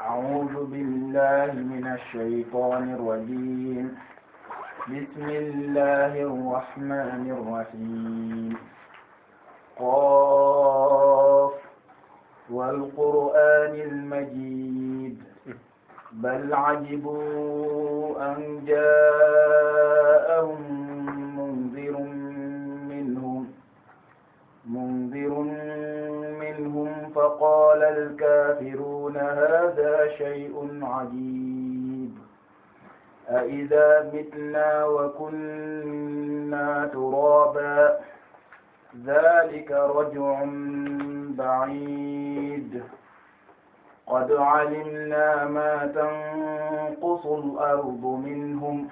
أعوذ بالله من الشيطان الرجيم بسم الله الرحمن الرحيم قاف والقرآن المجيد بل عجبوا أن جاءهم منذر منهم منذر فقال الكافرون هذا شيء عجيب أإذا متنا وكنا ترابا ذلك رجع بعيد قد علمنا ما تنقص الأرض منهم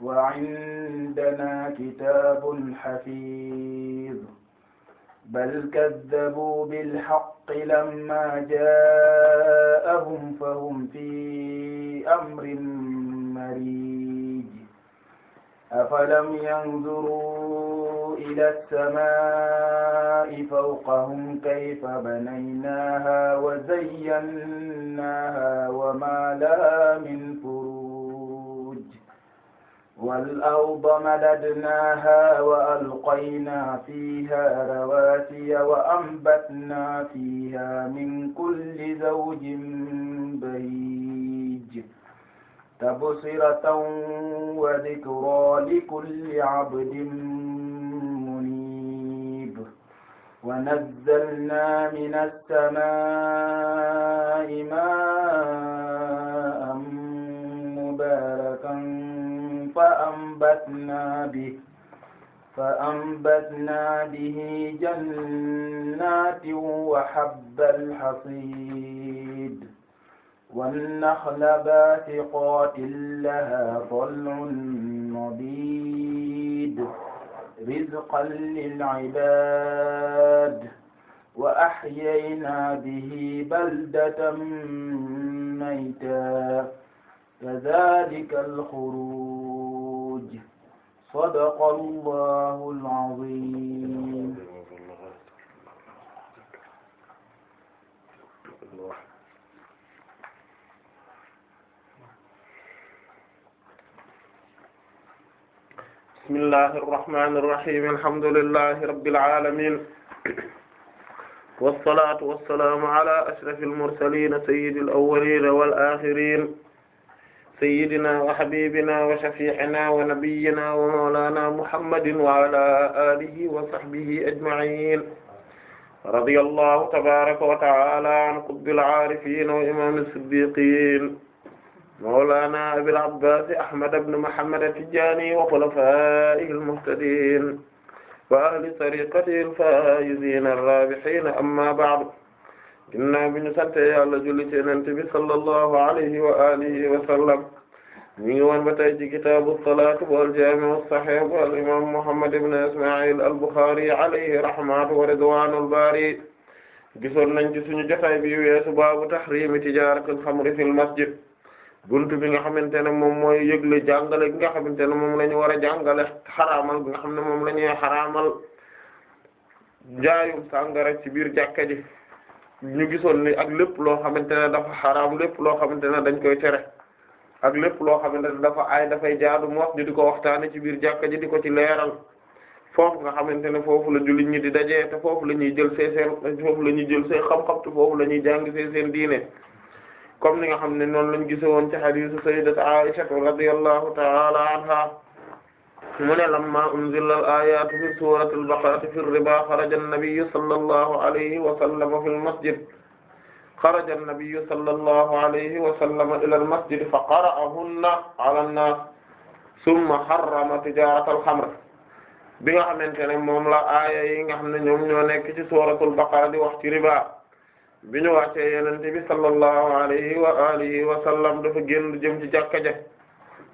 وعندنا كتاب حفيظ بل كذبوا بالحق الحق لما جاءهم فهم في أمر مريج أفلم ينظروا إلى السماء فوقهم كيف بنيناها وزيناها وما لها من فروج والأرض مددناها وألقينا فيها رواسي وأنبتنا فيها من كل زوج بهيج تبصرة وذكرى لكل عبد منيب ونزلنا من السماء ماء مباركا فأنبتنا به فأنبتنا به جنات وحب الحصيد والنخل باسقات لها طلع نضيد رزقا للعباد وأحيينا به بلدة ميتا كذلك الخروج mujj sadaqallahul azim bismillahir rahmanir rahim alhamdulillahi rabbil alamin was salatu was salamu ala ashrafil mursalin sayyidil awwalin wal akhirin sayyidina wa habibina wa shafi'ina wa nabiyyina wa mawlana muhammadin wa ala alihi wa sahbihi ajma'in radiyallahu tabaraka wa ta'ala an qutbil aarifin wa imam as-siddiqin mawlana abil abbas ahmad ibn muhammad at-tijani wa khulafa'ihi al-muhtadin wa ahli tariqatihi al-faa'izin ar-raabihin amma ba'd ginnaaw bi ñu sante yàlla julli ci yonent bi sallallahu alayhi wa alihi wa sallam ñu ngi woon ba tey ci kitaabu salaat bu al-jaami' as-sahih bu al-imaam Muhammad ibn Isma'il al-Bukhari alayhi rahmatu wa ridwaanul baari gisoon nañ ci suñu jotaay bi weesu baabu tahriimi tijaaratil xamri fil masjid buntu bi nga xamante ne moom mooy yëgle jàngale gi nga xamante ne moom la ñu war a jàngale xaraamal bi nga xam ne moom la ñuy xaraamal njaayum sàngara ci biir jàkka ji ñu gisoon ni ak lépp loo xamante ne dafa xaraam lépp loo xamante ne dañ koy tere ak lépp loo xamante ne dafa aay dafay jaadu moos ñu di ko waxtaane ci biir jàkka ji di ko ci leeral foofu nga xamante ne foofu la jullit ñi di dajee te foofu la ñuy jël see foofu la ñuy jël seen xam-xam la ñuy jàng see seen diine comme ni nga xam ne noonu lañ gisowoon ci hadiisu sayyidat Aisha radiyallahu ta'ala anha mu ne lamma unzila al ayatu fi surati albaqarati fi riba xaraja annabiyu sala allahu alayhi wa sallama fi lmasjid xaraja annabiyu sala allahu alayhi wa sallama ila almasjid fa qara'ahunna ala annaas summa harrama tijarata alxamr bi nga xamante ne moom la aaya yi nga xam ne ñoom ñoo nekk ci suratul baqara di wax ci riba bi ñu wàccee yenente bi sallallahu alayhi wa alihi wa sallam dafa génn jëm ci jàkka ja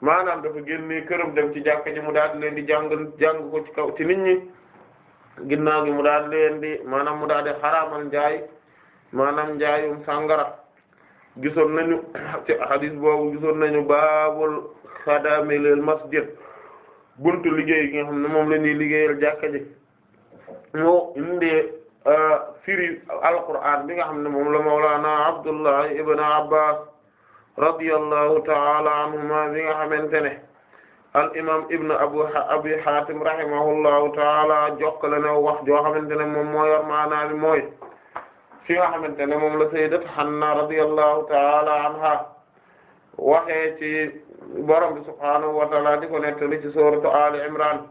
maanaam dafa génnee këram dem ci jàkka ji mu daal di leen di jàng jàng ko ci kaw ci nit ginnaaw gi mu daal di leen di maanaam mu daal di xaraamal njaay maanaam njaayum sàngara gisoon nañu ci hadith boobu nañu baabul xadaamilil masjid buntu liggéey gi nga xam ne moom la ñuy liggéeyal jàkka ji moo indee euh, firi alquran bi nga xam ne moom la mawlaana Abdullah ibn Abbas radiyallahu ta'ala anhuma bi nga xamante ne al imam ibn abu abi hatim rahimahullahu ta'ala jokkale na wax joo xamante ne moom moo yor maanaa bi mooy fi nga xamante ne moom la sayyidat Hanna radiyallahu ta'ala anha waxee ci borom bi subhaanahu wa ta'ala di ko nettali ci suuratu Ali Imran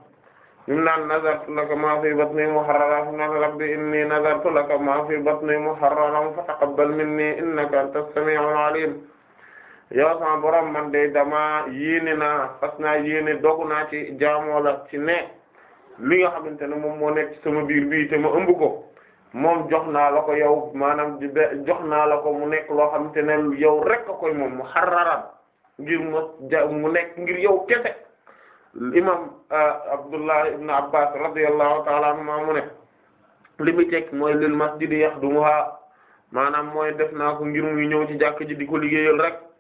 ñim naan nazartu laka maa fi batni muharraran fa naan rabbi inni nazartu laka maa fi batni muharraran fa taqabbal minni innaka anta as-sami'ul 'alim yow sama borom man de dama yéene naa fas naa yéene dogu naa ci jaamoo ci ne li nga xamante ne moom moo nekk sama biir bii te ma ëmb ko moom jox naa la ko yow maanaam jox naa la ko mu nekk loo xamante ne yow rek a koy mo mu xararam ngir mu nekk ngir yow kese imam euh, Abdullah ibn Abbas radiyallahu ta'ala anhuma mu ne li mu teg mooy lil masjidi yahdumuha maanaam mooy def naa ko ngir muy ñëw ci jàkk ji di ko liggéeyal rek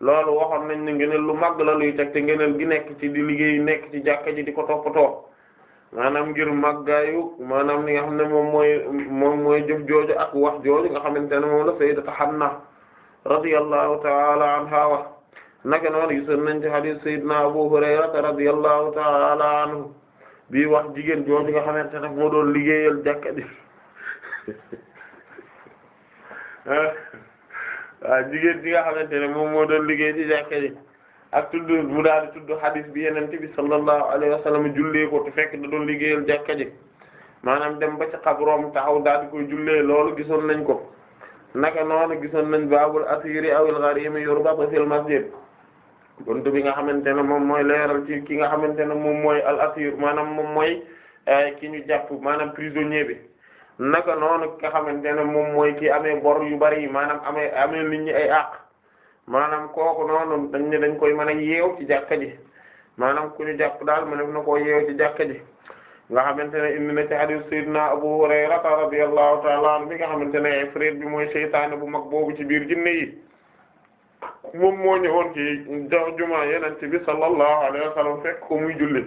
loolu waxoon nañ ne ngëneel lu mag la luy teg te ngëneel gi nekk ci di liggéey nekk ci jàkka ji di ko toppatoo maanaam ngir màggaayu maanaam li nga xam ne moom mooy moom mooy jëf jooju ak wax jooju nga xamante ne moom la sayyidatu Hanna radiyallahu ta'ala anha wax naka noonu gisoon nañ ci hadith sayyidina Abu Hurayra radiyallahu ta'ala anhu bi wax jigéen jooju nga xamante ne moo doon liggéeyal jàkka ji jigéen ji nga xamante ne moom moo doon liggéey ci jàkka yi ak tudd mu daal di tudd hadis bi yenente bi sallallahu alayhi wa sallam jullee ko te fekk da doon liggéeyal jàkka ji maanaam dem ba ci xabroom taxaw daal di koy jullee loolu gisoon nañ ko naka noonu gisoon nañ baabul asiri awil gharimi yurbatu fil masjid buntu bi nga xamante ne moom mooy leeral ci ki nga xamante ne moom mooy al asir maanaam moom mooy eh, ki ñu jàpp maanaam prisonnier bi naka noonu ki nga xamante ne moom mooy ki amee bor yu bari yi maanaam amee amee nit ñi ay àq maanaam kooku noonu dañ ne dañ koy mën a yeew ci jàkka ji maanaam ku ñu jàpp daal mën na koo yeew ci jàkka ji nga xamante ne indi na ci hadith sayyidina Abu Hurayra radiyallahu ta'ala anhu bi nga xamante ne ifrit bi mooy seytaane bu mag boobu ci biir jinne yi moom moo ñëwoon ci jaw juma yenente bi sallallahu alayhi wa sallam fekk ko muy julli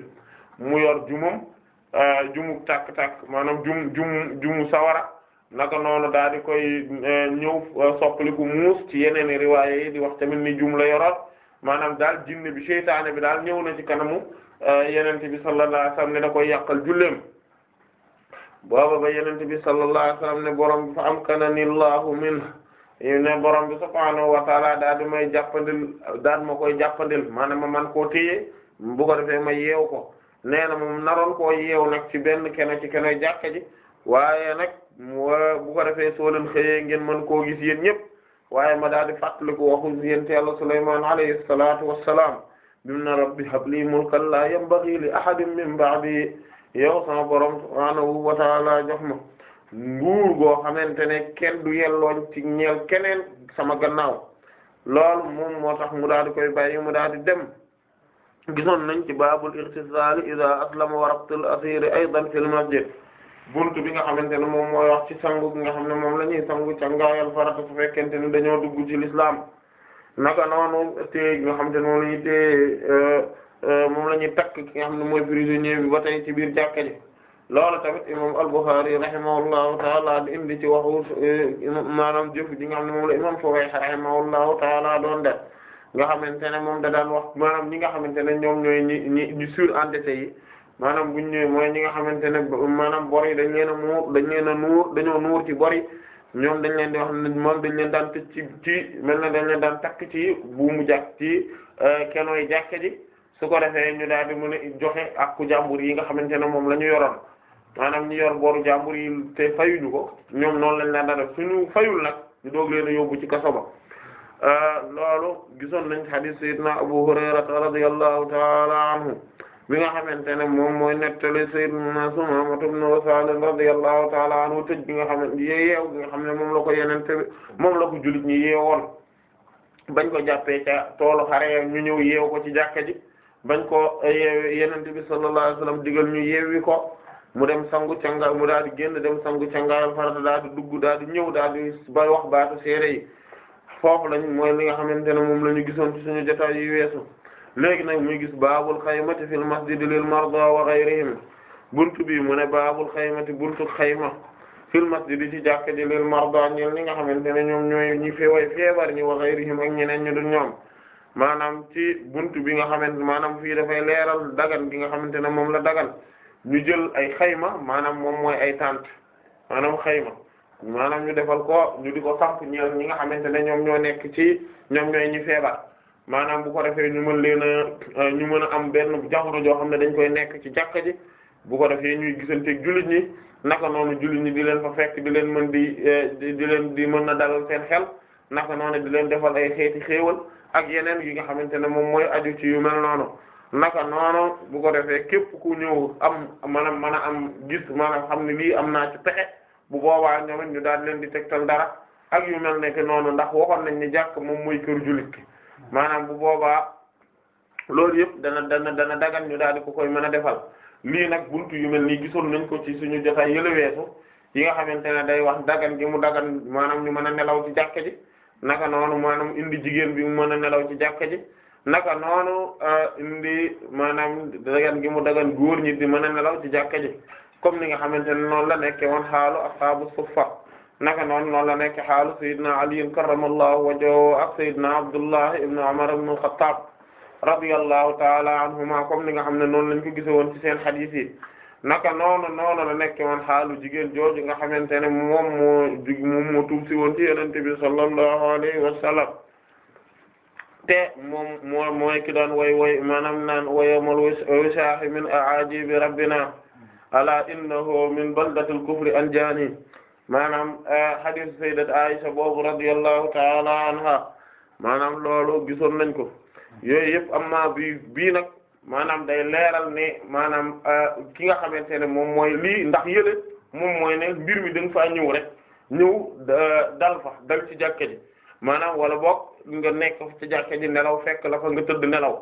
mu yor jumam Euh, jumu tàkk-tàkk maanaam jum jum sawara naka noonu daal di koy euh, ñëw euh, soppaliku muus ci yeneen riwaaya yi di wax tamit ni jum la yoroon maanaam daal jinne bi seytaane bi daal ñëw na ci kanamu yenente bi sallallahu alayhi wasallam ne da koy yàqal julleem booba ba yenente bi sallallahu alayhi wasallam ne borom bi fa am ne borom bi subhaanahu wa taala may jàppandil daal ma koy jàppandil maanaam ma man koo téye bu ko defee ma yeew ko nee na moom naroon koo yeew nag ci benn kene ci kene jàkka ji waaye nag bu ko defee soo leen ngeen mën koo gis yéen ñëpp waaye ma daal di fàttaliku waxu yéen te Yàlla Sulaymaan alayhi salaatu wassalaam bim na rabbi habli mulkan laa yanbaghi li ahadin min ba'di yow sama borom subhaanahu wa ta'aala jox ma nguur goo xamante ne kenn du yellooñ ci ñeel keneen sama gannaaw loolu moom moo tax mu daal di koy bàyyi mu daal di dem gisoon nañ ci baabul irtisal ida aslama wa rabtul asir aydan fil masjid buntu bi nga xamante ne moom mooy wax ci sangu bi nga xam ne moom la ñuy sangu cangaayal farata su fekkente ne dañoo dugg ci l'islam naka noonu téye nga xam ne moom la ñuy téye euh, euh, moom la ñuy takk ki nga xam ne mooy prisonnier bi ba tey ci biir jàkka ji loolu tamit imam al-Bukhari rahimahullahu taala di indi ci waxu euh, maanaam jëf ji nga xam ne moom la imam Suwayh rahimahullahu taala doon nga xamante ne moom da daan wax maanaam ñi nga xamante ne ñoom ñooy ñi ñi ñu surendetté yi maanaam bu ñëwee mooy ñi nga xamante ne maanaam bor yi dañ leen a muur dañ leen a nuur dañoo nuur ci bori ñoom dañ leen di wax ne moom dañ leen daan tëj ci ci mel na dañ leen daan takk ci buumu jàkk ci euh, kenooy jàkka ji su ko defee ñu daal di mën a joxe ak jàmbur yi nga xamante ne moom la ñu yoroon maanaam ñu yor boru jàmbur yi te fayuñu ko ñoom noonu lañ daan def suñu fayul nag ñu doog leen a yóbbu ci kaso ba loolu gisoon nañ hadith sayyidina Abu Hurayra radiyallahu ta'ala anhu bi nga xamante ne moom mooy nettali sayyidina Sumaama ibn Usaal radiyallahu ta'ala anhu tëj bi nga xam ne yeew bi nga xam ne moom la ko yeneen te moom la ko jullit ñi yeewoon bañ ko jàppee ca toolu xare ñu ñëw yeew ko ci jàkka ji bañ ko yeewe yenente bi sallallahu wasallam digal ñu yeewi ko mu dem sangu canga mu daal di génn dem sangu cangaayal farata daal di dugg daal di ñëw daal di ba wax baatu yi foofu lañ mooy li nga xamante ne moom la ñu gisoon ci suñu jotaay yu weesu léegi nag muy gis baabul xaymati di masjidi lil marda wa ghayrihim bunt bi mu ne baabul xaymati buntu xayma fil masjidi ci jàkka ji lil marda ñeel ñi nga xamante ne ñoom ñooy ñi feeway feebar ñi wa ghayrihim ak ñeneen ñu dul ñoom maanaam ci buntu bi nga xamante maanaam fii dafay leeral dagan gi nga xamante ne moom la dagan ñu jël ay xayma maanaam moom mooy ay tànt maanaam xayma maanaam ñu defal ko ñu di ko samp ñi nga xamante ne ñoom ñoo nekk ci ñoom ñooy ñi feebar maanaam bu ko defee ñu mën leen a euh, ñu mën a am benn jamono joo xam ne dañ koy nekk ci jàkka ji bu ko defee ñuy gisanteeg jullit ñi naka noonu jullit ñi di leen fa fekk di leen mën di euh, di leen di mën na dalal seen xel naka noonu di leen defal ay xeeti xéewal ak yeneen yi nga xamante ne moom mooy aju ci yu mel noonu naka noonu bu ko defee képp ku ñëw am mana mën a am gis maanaam xam ne lii am naa pexe. bu boobaa ñoom ñu daal leen di tegtal dara ak yu mel nekk noonu ndax waxoon nañ ni jàkk moom mooy kër jullit ki maanaam bu boobaa loolu yëpp dana dana dana dagan ñu daal di ko koy mën a defal lii nag buntu yu mel nii gisoon nañ ko ci suñu jotaay yële weesu yi nga xamante ne day wax dagan gi mu dagan maanaam ñu mën a nelaw ci jàkka ji naka noonu maanaam indi jigéen bi mu mën a nelaw ci jàkka ji naka noonu euh, indi maanaam dagan gi mu dagan góor ñi di mën a nelaw ci jàkka ji comme ni nga xamante ne noonu la nekke woon xaalu ashaabu suffa naka noonu la nekke xaalu sayyidina Ali karramallahu wajhahu ak sayyidina Abdullah ibn Umar ibn al-Khattab ta'ala anhuma comme nga xam ne noonu lañ ko gise woon ci seen hadith yi naka noonu noonu la nekke woon xaalu jigéen jooju nga xamante ne moom moo moom moo tuub si sallallahu alayhi wa te moom moo mooy ki daan way way maanaam naan wa yawmal wishaahi min a'ajibi rabbina ala innahu min baldatil kufri anjaani maanaam eh, hadith sayyidat Aisha boobu radiyallahu ta'ala anha maanaam loolu gisoon nañ ko yooyu yëpp amma bi bii nag maanaam day leeral ne maanaam eh, ki nga xamante ne moom mooy lii ndax yële moom mooy ne mbir mi da nga faa ñëw rek ñëw eh, dal fa dal ci jàkka ji maanaam wala boog nga nekk ci jàkka ji nelaw fekk la fa nga tëdd nelaw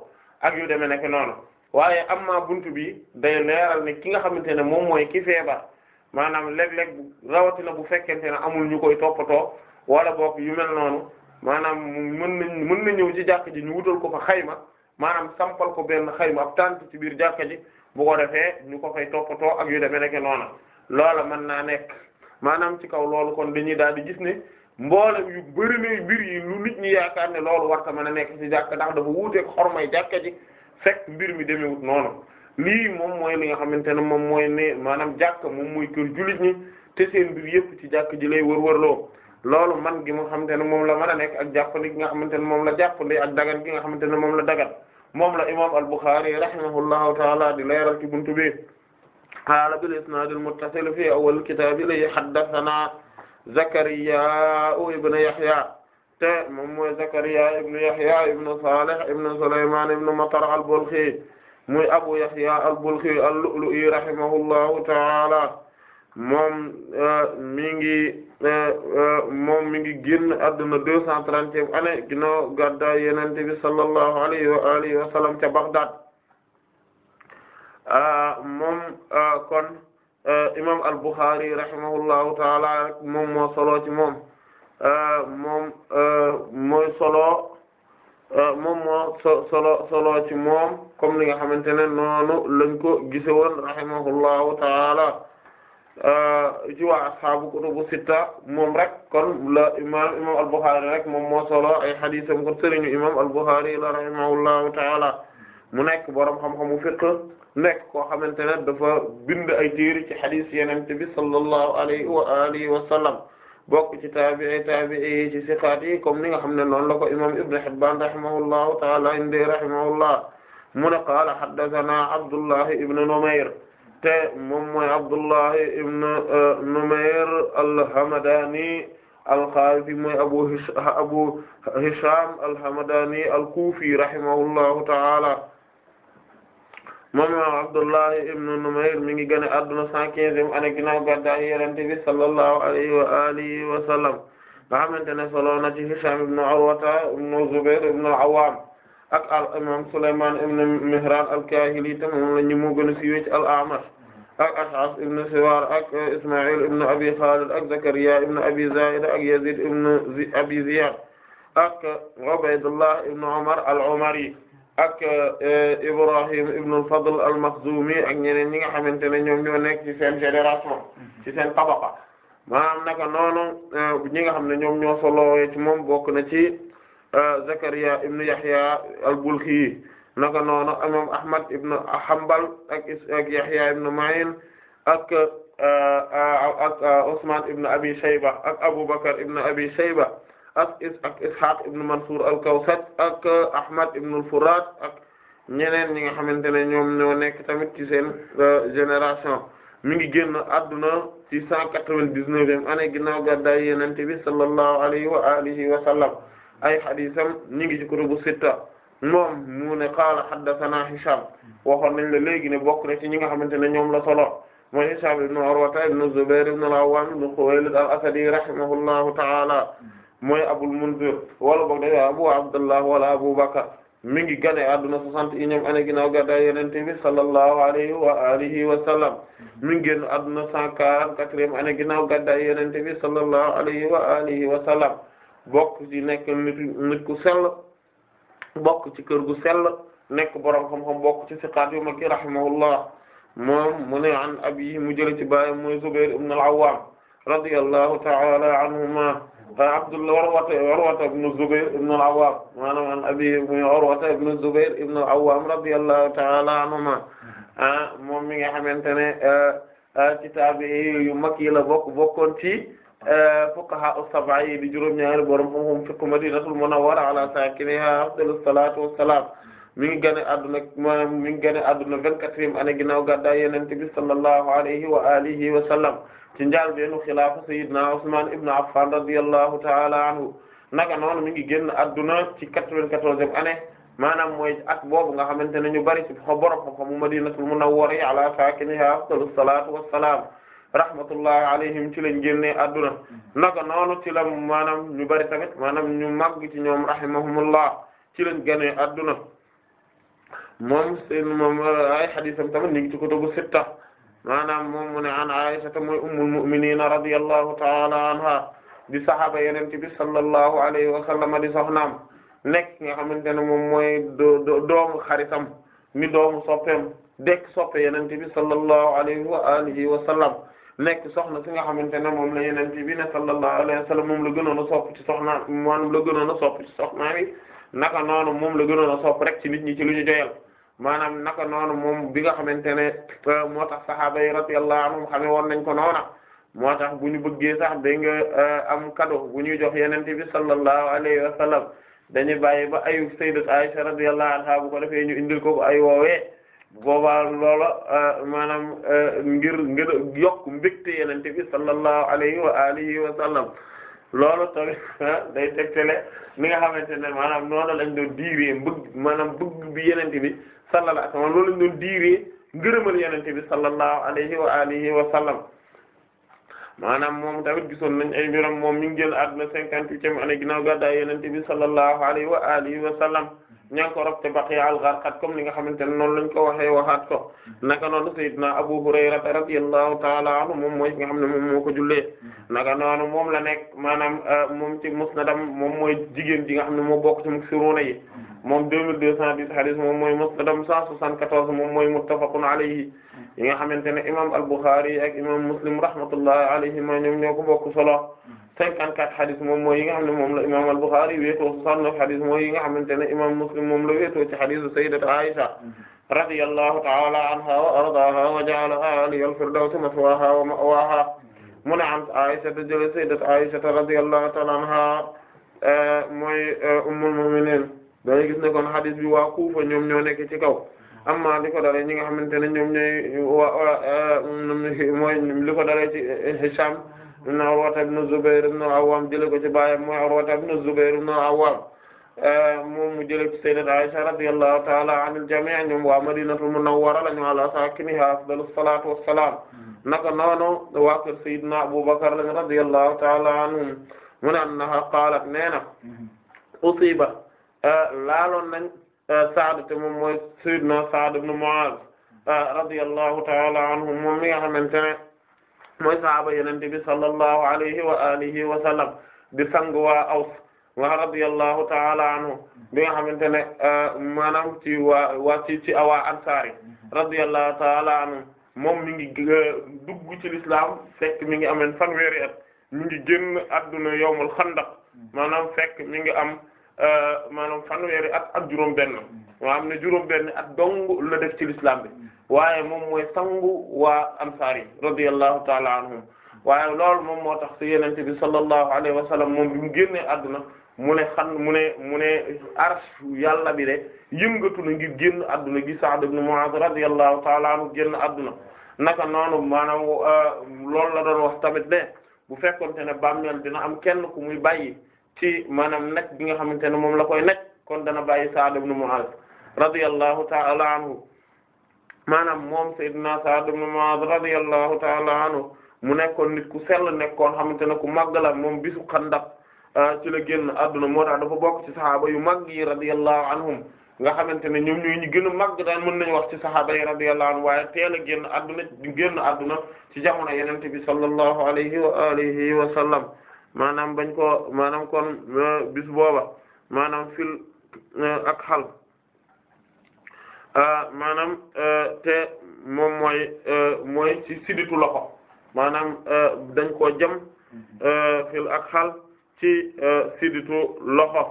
ak yu demee nekk noonu waaye am amma buntu bi day leeral ne ki nga xamante ne moom mooy ki feebar maanaam léeg-léeg rawatina bu fekkente ne amul ñu koy toppatoo wala boog yu mel noonu maanaam mën nañ mën na ñëw ci jàkka ji ñu wutal ko fa xayma maanaam sampal ko benn xayma ab tànt ci biir jàkka ji bu ko defee ñu ko fay toppatoo ak yu demee nekk noona loola mën naa nekk maanaam ci kaw loolu kon dañuy daal di gis ne mboole yu bëri mbir yi lu nit ñi yaakaar ne loolu war ta mën a nekk ci jàkka ndax dafa wuuteeg xormay jàkka ji fekk mbir mi demewut noonu lii moom mooy li nga xamante ne moom mooy ne maanaam jàkk moom mooy kër jullit ñi te seen mbir yëpp ci jàkk ji lay wër loo loolu man gi nga xamante ne moom la mën a nekk ak jàppandi gi nga xamante ne moom la jàppandi ak dagan gi nga xamante ne moom la dagan moom la imam al-Bukhari rahimahullahu taala di leeral ci buntu bi qaala bil isnaad al-muttasil fi awwal kitaab li haddathana Zakariya ibn Yahya te moom mooy Zakariya ibnu Yahya ibnu Salih ibnu Sulaymaan ibnu Matar al-Balkhi muy Abu Yahya al-Balkhi al-Lu'lu'i rahimahullahu ta'ala moom euh, mi ngi euh, euh, moom mi ngi génn adduna deux cent trentième année ginnaaw gàddaay Yonent bi sallallahu alayhi wa alihi ca Baghdad moom kon al-Bukhari rahimahullahu ta'ala moom moo solo moom moom mooy solo moom moo solo solo ci moom comme li nga xamante ne noonu lañ ko gise woon rahimahullahu taala ci waa ashaabu kutubu sitta moom rek kon la imam imam al-Bukhari rek moom moo solo ay xadiisam ko sëriñu imam al-Bukhari la rahimahullahu taala mu nekk borom xam-xamu fiqh nekk koo xamante ne dafa bind ay téere ci xadiis yenente bi sallallahu alayhi wa alihi wa sallam bokk ci taabi'i taabi'i ci siqaat yi comme ni nga xam ne noonu la ko imam Ibn Hibban rahimahullahu ta'ala indi rahimahullah mu ne qaala haddathana Abdullahi Ibn Numayr te moom mooy Abdullahi Ibn euh, Numayr al-Hamadani al-Khalifi mooy Abu Abu Hisham al-Hamadani al-Kufi rahimahullahu ta'ala moom imaam Abdullah ibn Numayr mi ngi gën a adduna cent quinzième année ginnaaw gàddaay Yonent bi sallallahu alayhi wa alihi wa sallam nga Hisham ibn Urwata ibn Zubair ibn al ak al imaam Sulaymaan ibn Mihraan al-Kaahili te mu gën a siiwee al-A'mash ak Ash'ath ibn Siwaar ak Isma'il ibn Abi Khalid ak Zakariya ibn Abi Zaa'ida ak Yazid ibn Abi Ziyad ak Ubaydullah ibn Umar al-Umari ak eh, Ibrahim ibn al-Fadl al-Makhzumi ak ñeneen ñi nga xamante ne ñoom ñoo nekk ci seen génération mhm. ci seen tabaqa maanaam naka noonu eh, ñi nga xam ne ñoom ñoo solowee ci moom bokk na ci eh, Zakariya ibn Yahya al-Balkhi naka noonu imam Ahmad ibn Hanbal ak ak Yahya ibn Ma'in ak ak Usman Abi Shayba ak Abu Bakr ibn Abi Shayba ak ak Ishaq ibn Mansour al-Kawsaj ak uh, Ahmad ibn al-Furat ak ñeneen ñi nga xamante ne ñoom ñoo nekk tamit ci seen uh, génération mi ngi génn adduna ci cent quatre-vingt-dix-neuvième année ginnaaw gàddaay Yonent bi sallallahu alayhi wa alihi wa sallam ay hadisam ñi ngi ci kutubu sitta moom mu ne qaala haddathana Hisham waxoon nañ la léegi ne bokk na ci ñi nga xamante ne ñoom la solo mooy Hisham ibn Urwa ibn Zubayr ibn al-Awwam ibn Khuwaylid al-Asadi rahimahullahu ta'ala mooy Abul Munzir wala boog Abu Abu Bakr mi ngi gane adduna soixante et unième année ginnaaw gàddaay Yonent bi sallallahu alayhi wa alihi wa sallam mi ngi génn adduna cent quarante-quatrième année ginnaaw gàddaay Yonent bi sallallahu alayhi wa alihi wa sallam bokk ci nekk nit sell bokk ci kër gu sell nekk borom xam-xam bokk ci siqaat yu mag moom mu ne an abi mu baayam mooy Zubayr ibn al-Awwam radiyallahu ta'ala anhuma Abdullah Urwata Urwata ibn Zubayr ibn al-Awwam maanaam an abiihi muy Urwata ibn Zubayr ibn al-Awwam radiyallahu ta'ala anhuma ah, moom mi nga xamante ne ah, ah, ci taabi'i yu mag yi la bokk bokkoon ci fuqaha as-sab'a yi di juróom-ñaari borom xam-xam fiqh Madinatul Munawwara ala saakiniha afdalu salaatu wassalaam mi ngi gane adduna maanaam mi ngi gane adduna vingt-quatrième année ginnaaw gàddaay Yonent bi sallallahu alayhi wa alihi wa sallam ci beenu xilaafa sayyidina Usman ibn Affan radiyallahu ta'ala anhu naka noonu mi ngi génn adduna ci quatre-vingt-quatorzième année maanaam mooy ak boobu nga xamante ne ñu bari ci xa borom xam-xamu Madinatul Munawwara ala saakinihaa afdalu salaatu wassalaam rahmatullahi alayhim ci lañ génnee adduna naka noonu ci la maanaam ñu bari tamit maanaam ñu màgg ci ñoom rahimahumullah ci lañ génnee adduna moom seen moom ay hadiisam tamit ñu ngi ci kutubu sitta maanaam moom mu ne an Aisha te mooy ummul mu'minin radiyallahu ta'ala anha di saxaaba yonent bi sallallahu alayhi wa sallam di soxnaam nekk nga xamante ne moom mooy doomu xaritam ni doomu soppeem dekk soppe yonent bi sallallahu alayhi wa alihi wa sallam nekk soxna si nga xamante ne moom la yonent bi ne sallallahu alayhi wa sallam moom la gënoon a sopp ci soxnaam moom la gënoon a sopp ci soxnaam naka noonu moom la gënoon a sopp rek ci nit ñi ci lu ñu maanaam naka noonu moom bi nga xamante ne euh, moo tax sahaaba yi radiyallahu anhum xame woon nañ ko noona moo tax bu ñu bëggee sax da nga euh, am cadeau bu ñuy jox yeneen bi sallallahu alayhi wa sallam dañuy bàyyi ba ayu sayyidat Aisha radiyallahu anha bu ko defee ñu indil ko bu ay woowee boobaa loola euh, maanaam ngir ngir yokk mbégte yenente bi sallallahu alayhi wa alihi wa sallam loolu tamit ah, day tegtale ni nga xamante ne maanaam noonu lañ doon diiree mbëgg maanaam bëgg bi yenente bi sallallahu alayhi wa sallam loolu lañ doon diiree ngërëmal yenente bi sallallahu alayhi wa alihi wa sallam maanaam moom tamit gisoon nañ ay mbiram moom mi ngi jël àdduna cinquante-huitième année ginnaaw gàddaay yenente bi sallallahu alayhi wa alihi wa sallam ña ngi ko rob te Baqi al-Gharqad comme ni nga xamante ne noonu lañu ko waxee waxaat ko naka noonu Seydina Abu Hurayra radiyallahu ta'ala anhu moom mooy nga xam ne moom moo ko jullee naka noonu moom la nekk maanaam euh, moom ci musnadam moom mooy jigéen ji nga xam ne moo bokk ci muksiruuna yi moom 2210 hadith moom mooy musnadam 174 moom mooy muttafaqun alayhi yi nga xamante ne imam al-Bukhari ak imam Muslim rahmatullahi alayhima ñoom ñoo ko bokk solo 54 xadis moom mooy yi nga xam ne moom la imaam al-Bukhari wéetoo 69 xadis mooy yi nga xamante ne Muslim moom la wéetoo ci xadisu sayyidati Aisha radiyallahu ta'ala anha wa ardaaha wa ja'ala a'aliya al-firdawsi maswaaha wa ma'waaha mu ne am Aisha ta jële sayyidati Aisha radiyallahu ta'ala anha eh, mooy eh, ummul mu'minin gis ne kon xadis bi waa Kuufa ñoom ñoo nekk ci kaw amma li ko dalee ñi nga xamante ne ñoom ñooy waa eh, mooy li ko dalee ci Hisham ibn Urwata ibn Zubayr ibn al-Awwam jëlee ko ci baayam mooy Urwata ibn Zubayr ibn al-Awwam eh, moom mu jëlee ci sayyidat Aisha radiyallahu ta'ala anil jami' ñoom waa Madinatul Munawwara lañu ala sakiniha afdalu salaatu wassalaam naka noonu waa kër Sayyidina Abubakar lañu radiyallahu ta'ala anhum mu ne annaha qaalat nee na usiba eh, laaloon nañ eh, Saad te moom mooy Sayyidina Saad ibn Mu'az radiyallahu ta'ala anhum moom mi nga xamante ne mooy sahaaba yenente bi sallallahu alayhi wa alihi wa sallam di sang waa aws wa radiyallahu ta'ala anhu bi nga xamante ne uh, maanaam ci waa waa ci ci awaa ansaari radiyallahu ta'ala anhu moom mi ngi uh, dugg ci lislaam fekk mi ngi ameen fanweeri at mi ngi génn adduna yowmul xandaq maanaam fekk mi ngi am uh, maanaam fanweeri at ak juróom benn maa am ne juróom benn at dong la def ci lislaam bi waaye moom mooy sangu waa ansaar yi radiyallahu taala anhum waaye loolu moom moo tax si yenente bi sallallahu alayhi wa sallam moom bi mu génnee àdduna mu ne xan mu ne mu ne arsh yàlla bi de yëngatu na ngir génn àdduna gi Sa'd ibn Mu'adh radiyallahu taala anhu génn àdduna naka noonu maanaam euh, loolu la doon wax tamit ne bu fekkonte ne bàmmeel dina am kenn ku muy bàyyi ci maanaam nekk bi nga xamante ne moom la koy nekk kon dana bàyyi Sa'd ibn Mu'adh radiyallahu taala anhu maanaam moom Seydina Sa'd ibn Mu'adh radiyallahu ta'ala anhu mu nekkoon nit ku sell nekkoon xamante ne ku màgg la moom bisu Xandaq ah, ci la génn adduna moo tax dafa bokk ci saxaaba yu màgg yi radiyallahu anhum nga xamante ne ñoom ñooy ñu gën a màgg daan mën nañu wax ci saxaaba yi radiyallahu anhum waaye teel a génn adduna génn adduna ci jamono Yonent bi sallallahu alayhi wa alihi wa sallam maanaam bañ ko maanaam kon ah, bis booba maanaam fil ah, ak Euh, maanaam euh, te moom mooy euh, mooy ci siditu loxo maanaam dañ koo jam fil ak xal ci siditu loxo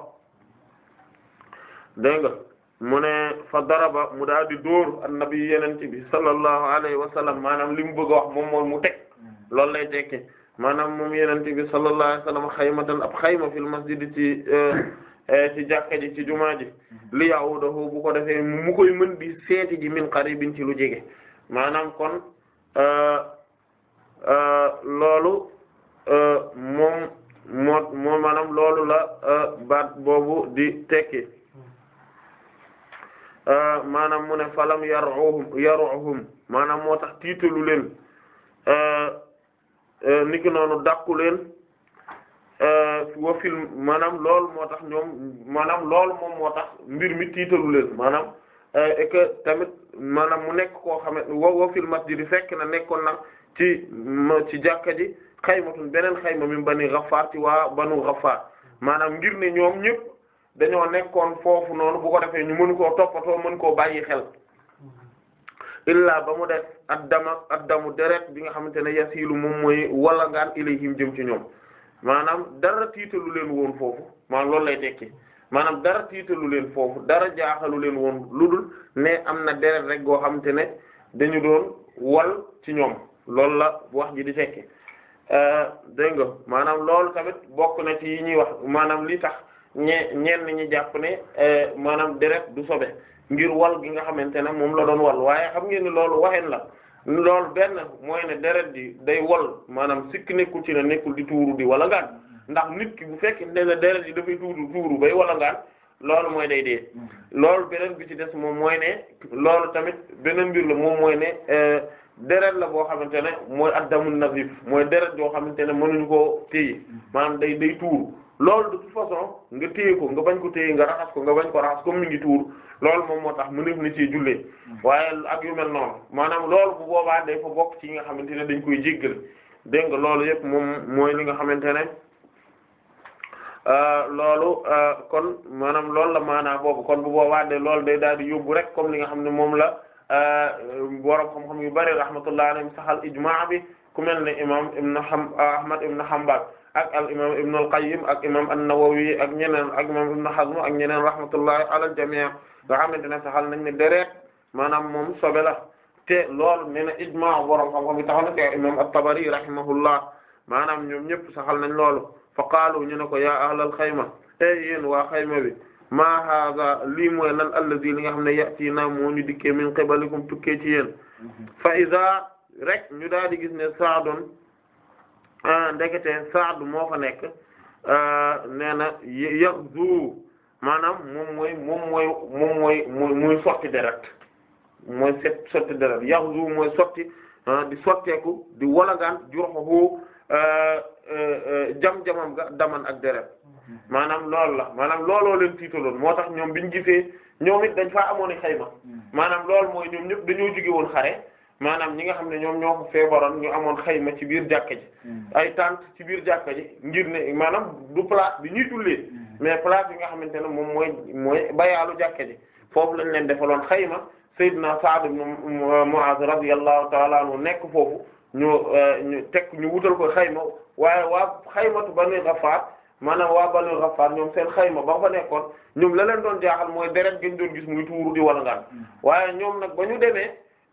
dégg nga mu ne fa daraba mu daal di dóor annabi yeneen ci bi sallallahu alayhi wa sallam maanaam li mu bëgg a wax moom mooy mu teg loolu lay tekki maanaam moom yeneen ci bi sallallahu alayhi wa sallam xaymatan ab xayma fil masjid ci E, ci jàkka ji ci jumaa ji li ya'uduhu bu ko defee mu koy mën di seeti min qaribin ci lu jege maanaam kon e, e, loolu moom moo moo maanaam loolu la baat boobu di tekki maanaam mu ne falam yaruhum yaruhum maanaam moo tax tiitalu leen niki noonu dàqu leen Euh, wa fil maanaam loolu moo tax ñoom maanaam loolu moom moo tax mbir mi tiitalu leen maanaam euh, et que tamit maanaam mu nekk koo xam ne wa wa fil masjid fekk na nekkoon na ci ci jàkka ji xaymatun beneen xayma mi bani Ghaffar ci waa banu Ghaffar maanaam ngir ne ñoom ñëpp dañoo nekkoon foofu noonu bu ko defee ñu mënu koo toppatoo mën koo bàyyi xel illaa ba mu def addama damu deret bi nga xamante ne yasilu moom mooy wala ngaan ilayhim jëm ci ñoom maanaam dara tiitalu leen woon foofu maanaam loolu lay tekki maanaam dara tiitalu leen foofu dara jaaxalu leen woon lu dul ne am na deret rek goo xamante ne dañu doon wal ci ñoom loolu la wax ji di tekki euh, dégg nga maanaam loolu tamit bokk na ci ñuy wax maanaam li tax ñe ñenn ñi jàpp ne euh, maanaam deret du sobe ngir wal gi nga xamante ne moom la doon wal waaye xam ngeen loolu waxen la loolu benn mooy ne deret ji day wol maanaam sikk nekkul ci ne nekkul di tuuru di wala ngaan ndax nit ki bu fekkente ne deret ji dafay tuuru tuuru bay wala ngaan loolu mooy day dee loolu beneen bi ci des moom mooy ne loolu tamit beneen mbir la moom mooy ne euh, deret la boo xamante ne mooy addamun nazif mooy deret yoo xamante ne mënuñu koo téye maanaam day day tuuru loolu de toute façon nga téye ko nga bañ ko téye nga raxas ko nga bañ ko raxas comme mi ngi tuur loolu moom moo tax mu mëneef na ci jullee hmm. waaye ak yu mel noonu maanaam loolu bu boobaa day fa bokk ci yi nga xamante ne dañ koy jéggal dégg nga loolu yëpp moom mooy li nga xamante ne euh, loolu euh, kon maanaam loolu la maanaa boobu kon bu boobaa de loolu day daal di yóbbu rek comme li nga xam ne moom la euh, borom xam-xam yu bari rahmatullah alayhi saxal ijmaa bi ku mel ne imam ibn Ahmad na Hanbal ak al imam Ibn al-Qayyim ak imam an-Nawawi ak ñeneen ak imam Ibn Hazm ak ñeneen rahmatullahi ala jamii nga xamante ne saxal nañ ne deret maanaam moom sobe la te loolu nee na ijmaa borom xam-xam yi taxaw na te imam tabari rahimahullah maanaam ñoom ñëpp saxal nañ loolu fa qaalu ñu ne ko ya ahlal xayma te yéen waa xayma bi maa haaza lii mooy lan alladi li nga xam ne ya'tiinaa moo ñu dikkee min qibalikum tukkee ci yéen mhm. fa iza rek ñu daal di gis ne saadun Ah, ndekete Saad moo fa nekk ah, nee na yaghzu maanaam moom mooy moom mooy moom mooy muy sotti deret mooy set sotti deret yaghzu mooy sotti ah, di sotteeku di walagaan jurhuhu jam-jamam ga daman ak deret maanaam loolu la maanaam looloo la tiitaloon moo tax ñoom biñu gisee ñoom it dañ faa amoon i xayma hmm. maanaam loolu mooy ñoom ñëpp dañoo jóge woon xare maanaam ñi nga xam ne ñoom ñoo ko feebaroon ñu amoon xayma ci biir jàkka ji mm. ay tànt ci biir jàkka ji ngir ne maanaam du place bi ñuy jullee mm. mais place bi nga xamante ne moom mooy mooy bayaalu jàkka ji foofu lañ leen defaloon xayma Seydina Sa'd ibn Mu'adh radiyallahu ta'ala anhu nekk foofu ñu euh, ñu teg ñu wutal ko xayma waaye waa xaymatu Banu Ghaffaar maanaam waa Banu Ghaffaar ñoom seen xayma ba fa nekkoon ñoom la leen doon jaaxal mooy deret gañ doon gis muy tuuru di walangaan mm. waaye ñoom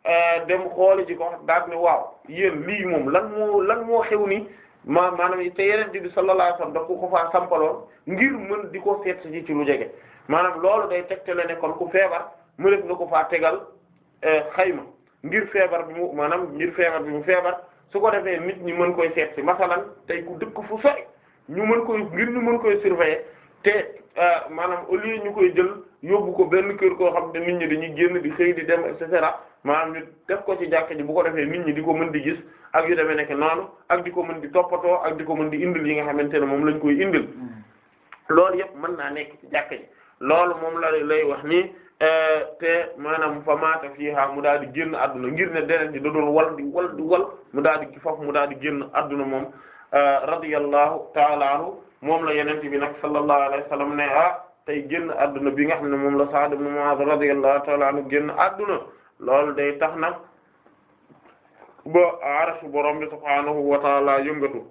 Euh, dem xooli ji ko daal waaw yéen lii moom lan moo lan moo xew nii ma maanaam te yeneen bi sallallahu alayhi wasallam daf ko ko faa sampaloon ngir mën di ko seet ji ci lu jege maanaam loolu day teg tegtale ne kon ku feebar mu def nga ko faa tegal euh, xayma ngir feebar bi mu maanaam ngir feebar bi mu feebar su ko defee nit ñi mën koy seet si masalan tey ku dëkk fu sori ñu mën koy ngir ñu mën koy surveiller te euh, maanaam au lieu ñu koy jël. yóbbu ko benn kër koo xam te nit ñi dañuy génn di xëy di dem et cetera maanaam ñu def ko ci jàkk ji bu ko defee nit ñi di ko mën di gis ak yu demee nekk noonu ak di ko mën di toppatoo ak di ko mën di indil yi nga xamante ne moom lañ koy indil mm. loolu yëpp mën naa nekk ci jàkk ji loolu moom la lay wax ni eh, te maanaam fa maata fiiha mu daal di génn adduna ngir ne deret ji da doon wal di wal di wal mu daal di foofu mu daal di génn adduna moom eh, radiyallahu ta'ala anhu moom la yenente bi nag sallallahu alayhi ne ah tey génn adduna bi nga xam ne moom la Sa'd ibn Mu'adh radiyallahu ta'ala anhu génn adduna loolu day tax na ba arasu borom bi subhaanahu wa ta'ala yëngatu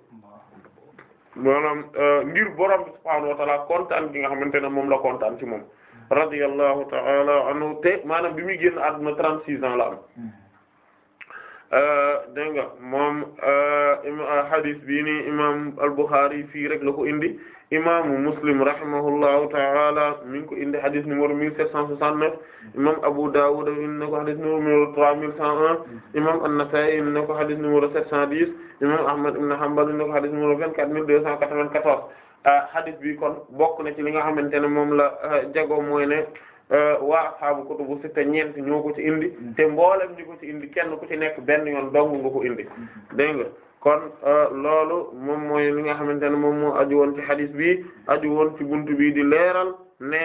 maanaam euh, ngir borom bi subhaanahu wa ta'ala kontaan gi nga xamante ne moom la kontaan ci moom radiyallahu ta'ala anhu te maanaam bi muy génn adduna trente-six ans la am hmm. euh, dégg nga moom euh, hadith bii nii imam al-Bukhari fii rek la ko indi imaamu muslim rahimahullahu ta'ala mi ngi ko indi hadith numéro 1769 imam Abu Dawud indi na ko hadith cent 3101 imam An-Nasa'i indi na ko hadith numéro 710 imam Ahmad ibn Hanbal indi na ko hadith numéro 24294 ah, hadith bi kon bokk na ci li nga xamante ne moom la ah, jago mooy ne ah, waa ashaabu kutubu sitta ñeent ñoo ko ci indi te mboolem ñi ko ci indi kenn ku ci nekk benn yoon dong ko indi dégg kon euh, loolu moom mooy li nga xamante ne moom moo aju woon ci hadith bi aju woon ci buntu bi di leeral ne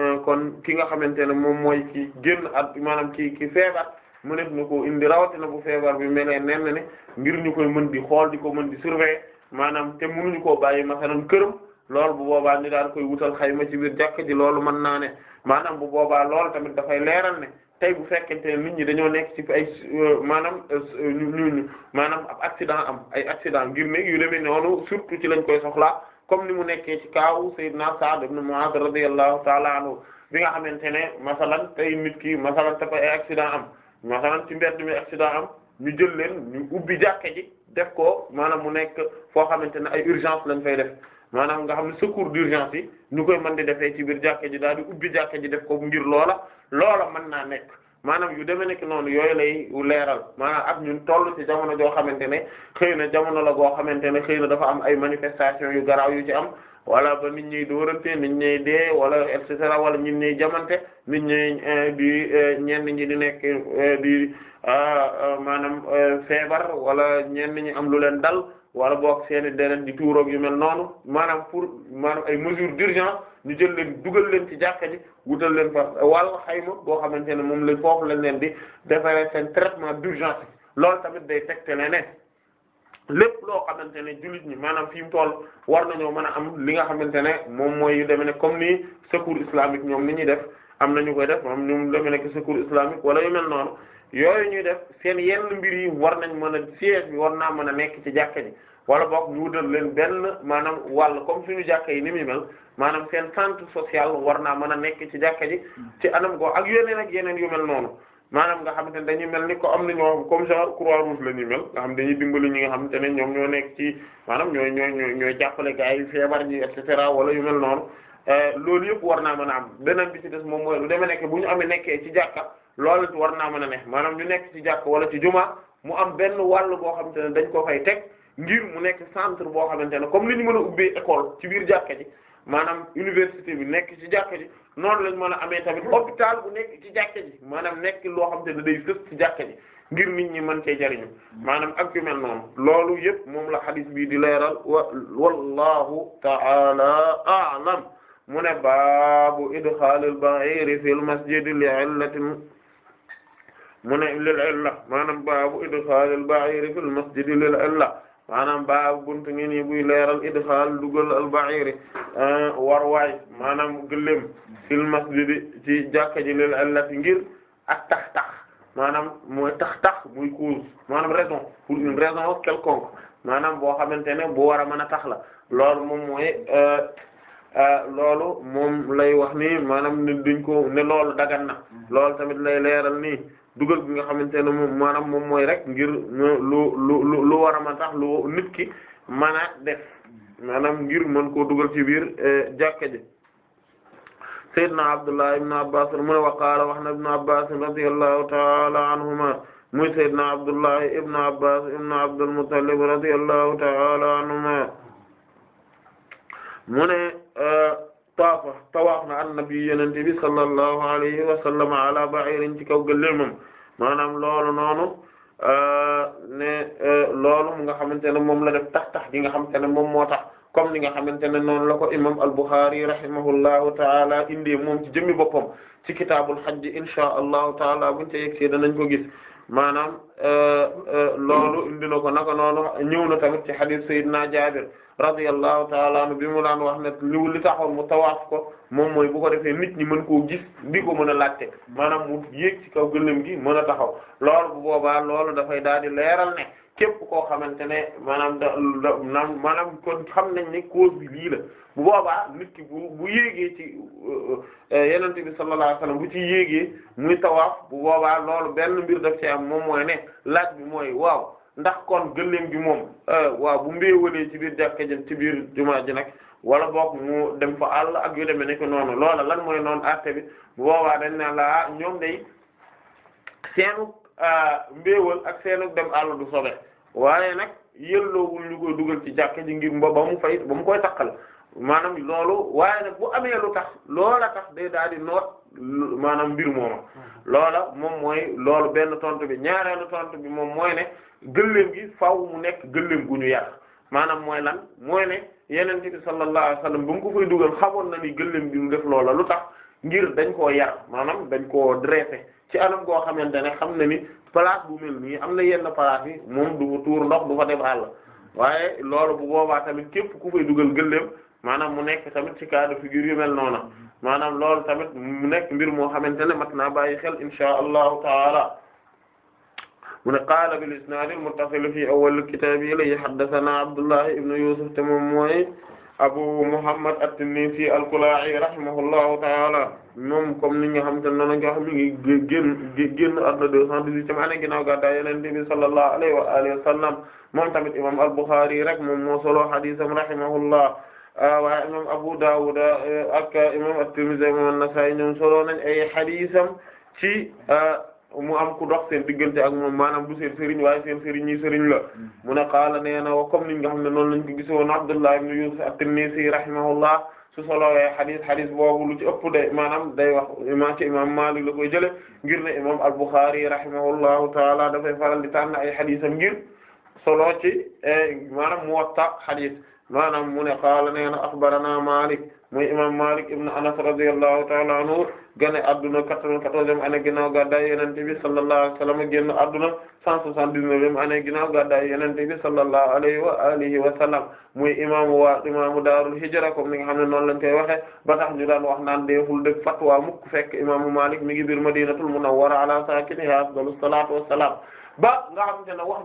euh, kon ki nga xamante ne moom mooy ci génn at maanaam ci ki feebar mënees na ko indi rawatina bu feebar bi mel ne ne ngir ñu koy mën di xool di ko mën di surveiller maanaam te mënuñu koo bàyyi masalan këram loolu bu boobaa ñu daal koy wutal xayma ci biir jàkk ji loolu mën naa ne maanaam bu boobaa loolu tamit dafay leeral ne. tey bu fekkente ne nit ñi dañoo nekk ci ay euh, maanaam euh, maanaam accident am ay accident ngir ne yu demee noonu surtout ci lañ koy soxla comme ni mu nekkee ci kaawu Seydina Sa'd ibn Mu'adh radiyallahu ta'ala anhu bi nga xamante ne masalan tey nit ki masalan dafa ay accident am masalan ci mbedd mi accident am ñu jël leen ñu ubbi jàkke ji def ko maanaam mu nekk foo xamante ne ay urgence lañ fay def maanaam nga xam ne secours d'urgence yi ñu koy mën di defee ci biir jàkke ji daal di ubbi jàkke ji def ko ngir loola loola mën naa nekk maanaam yu demee nekk noonu yooyu lay leeral maanaam ak ñun toll ci jamono joo xamante ne xëy na jamono la goo xamante ne xëy na dafa am ay manifestation yu garaaw yu ci am wala ba nit ñi dóorante nit ñi dee wala et cetera wala nit ñi jamante nit ñi eh, di eh, ñenn ñi di nekk eh, di ah, ah, maanaam feebar wala ñenn ñi am lu leen dal wala boog seeni deret di tuuroog yu mel noonu maanaam pour maanaam ay mesures d'urgence ñu jël leen dugal leen ci jàkka ji wutal leen fa wàllu xayma boo xamante ne moom lañ foofu lañ leen di defaree seen traitement d'urgence loolu tamit day tegtale ne lépp loo xamante ne jullit ñi maanaam fi mu toll war nañoo mën a am li nga xamante ne moom mooy deme ne comme ni secours islamique ñoom ni ñuy def am nañu ñu koy def moom ñoom demee nekk secours islamique wala yu mel noonu yooyu ñuy def seen yenn mbir yi war nañ mën a siège bi war naa mën a nekk ci jàkka ji wala book ñu wutal leen benn maanaam wàll kom suñu jàkka yi ni muy mel maanaam seen centre social war naa mën a nekk ci jàkka ji ci anam goo ak yeneen ak yeneen yu mel noonu maanaam nga xamante ne dañuy mel ni ko am na ñoo comme genre croix dañuy dimbali ñi nga xamante ne ñoom ñoo nekk ci maanaam ñooy ñooy ñooy jàppale gaa yi feebar ñi et cetera yu noonu euh, loolu yëpp war naa mën a am beneen bi ci des moom mooy lu demee nekk bu ñu amee nekkee ci jàkka lool war naa mën a ne maanaam ñu nekk ci jàkka wala ci juma mu am benn wàll boo xamante ne dañ koo fay teg ngir mu nekk centre boo xamante ne comme li ñu mën a ubbee école ci biir jàkka ji maanaam université bi nekk ci jàkka ji noonu lañ mën a amee tamit hôpital bu nekk ci jàkka ji maanaam nekk loo xam te ne day sës ci jàkka ngir nit ñi mën cee jariñu maanaam ak yu mel loolu yëpp moom la hadith bi di leeral wa wallahu ta'ala a'lam mu ne baabu idxaalil ba'iiri fil masjidi li illatin ne lil maanaam baabu idxaalil ba'iiri maanaam baabu buntu ngi nii buy leeral idxaal dugal al-ba'iiri eh, warwaay maanaam gëléem fil di ci jàkka ji lil allati ngir ak tax tax maanaam mooy tax tax muy cause maanaam raison pour raison quelconque maanaam boo xamante ne bu war a mën a tax la lool moom mooy eh, eh, loolu moom lay wax nii maanaam ne duñ ko ne loolu dagan na mm-hmm. loolu tamit lay leeral nii dugal bi nga xamante ne moom maanaam moom mooy rek ngir lu lu lu war a ma tax lu nit ki def maanaam ngir mën koo dugal ci biir eh, jàkka ji sayyidna Abdullah ibn Abbas mu ne waqaala wax na ibn Abbas radiyallahu ta'ala anhuma anhuma mu ne eh, taafa tawaaf na an nabi yenente bi sallallahu alayhi wa sallam ala ba'irin ci kaw gëléemam maanaam loolu noonu euh, ne euh, loolu mu nga xamante ne moom la def tax tax gi nga xamante ne moom moo tax comme ni nga xamante ne noonu la ko imam al-Bukhari rahimahullahu taala indi moom ci jëmmi boppam ci kitaabul hajj inshaa allahu taala buñu ca yegg see danañ ko gis maanaam euh, loolu indi na ko naka noonu ñëw na tamit ci hadith sayyidina Jaabir radiyallahu taala anhu bi mu laan wax ne liw li taxoon mu tawaaf ko moom mooy bu ko defee nit ñi mën koo gis di ko mën a laajte maanaam mu yéeg ci kaw gëléem gi mën a taxaw loolu bu boobaa loolu dafay daal di leeral ne képp koo xamante ne maanaam da maanaam kon xam nañ ni cause bi lii la bu boobaa nit ki bu bu yéegee ci euh, euh, yenente bi sallallahu alayhi wasallam bu ci yéegee muy tawaaf bu boobaa loolu benn mbir daf ci am moom mooy ne laaj bi mooy waaw ndax kon gëléem gi moom euh, waaw bu mbéewalee ci biir jàkka ci biir jumaa ji nag wala boog mu dem fa àll ak yu demee nekk noonu loola lan mooy noon àtte bi bu boobaa dañ naan laa ah, ñoom day seenu ah, mbéewal ak seenu dem àll du sobe waaye nag yelloowul ñu koy dugal ci jàkka ji ngir mba ba fay ba mu koy takkal maanaam loolu waaye nag bu amee tax loola tax day daal di noot maanaam mbir mooma loola moom mooy loolu benn tontu bi ñaareelu tontu bi moom mooy ne gëléem gi faaw mu nekk gëléem gu ñu yar maanaam mooy lan mooy ne. yeneen bi sallallahu alayhi wasallam ba mu ko fay dugal xamoon na ni gëléem bi mu def loola lu tax ngir dañ koo yar maanaam dañ koo dressé ci anam goo xamante ne xam na ni palaat bu mel nii am na yenn palaat yi moom du tuur ndox du fa def àll waaye loolu bu boobaa tamit képp ku fay dugal gëléem maanaam mu nekk tamit ci cas de figure yu mel noona maanaam loolu tamit mu nekk mbir moo xamante ne mat naa bàyyi xel insha allahu taala mu ne qaala bil isnaad al muttasil fi awwal kitaab yi haddasanaa Abdullah ibn Yusuf te moom mooy Abu Muhammad at-Tinnisi al-Kalaa'i rahimahullahu ta'ala moom comme ni nga xam te noonu nga xam ne ngi génn génn àdduna deux cent dix-huitième année ginnaaw gàddaay Yonent bi sallallahu alayhi wa alihi wa sallam moom tamit imam al-Bukhari rek moom moo solo hadiisam rahimahullah ah, waaye imam Abu Dawud ah, ak imam at-Tirmidhi imam an-Nasa'i ñoom solo nañ ay hadiisam ci ah, mu am ku dox seen diggante ak moom maanaam du seen sëriñ waaye seen sëriñ ñi sëriñ la mu ne qaala nee na wa comme niñ nga xam ne noonu lañ ko gise woon Abdullah ibn Yusuf at-Tinnisi rahimahullah su solowee xadis xadis boobu lu ci ëpp day maanaam day wax imaam ci imaam Maalik la koy jële ngir ne imaam al-Bukhari rahimahullahu taala dafay faral di tànn ay xadisam ngir solo ci e, maanaam Muwatta xadis maanaam mu ne qaala nee na axbarana Maalik muy imaam Maalik ibn Anas radiyallahu taala gane adduna 94e année ginnaaw gàddaay Yonent bi sallallahu alayhi wa sallam génn adduna 179e année ginnaaw gàddaay Yonent bi sallallahu alayhi muy imaamu waa imaamu daarul hijra comme xam ne noonu lañ koy waxee ba tax wax naan deeful dëgg fatwa mukk fekk imaamu Malik mi ngi biir Madinatul Munawwara ala saakinihaa afdalu salaatu wa salaam ba nga xamante ne wax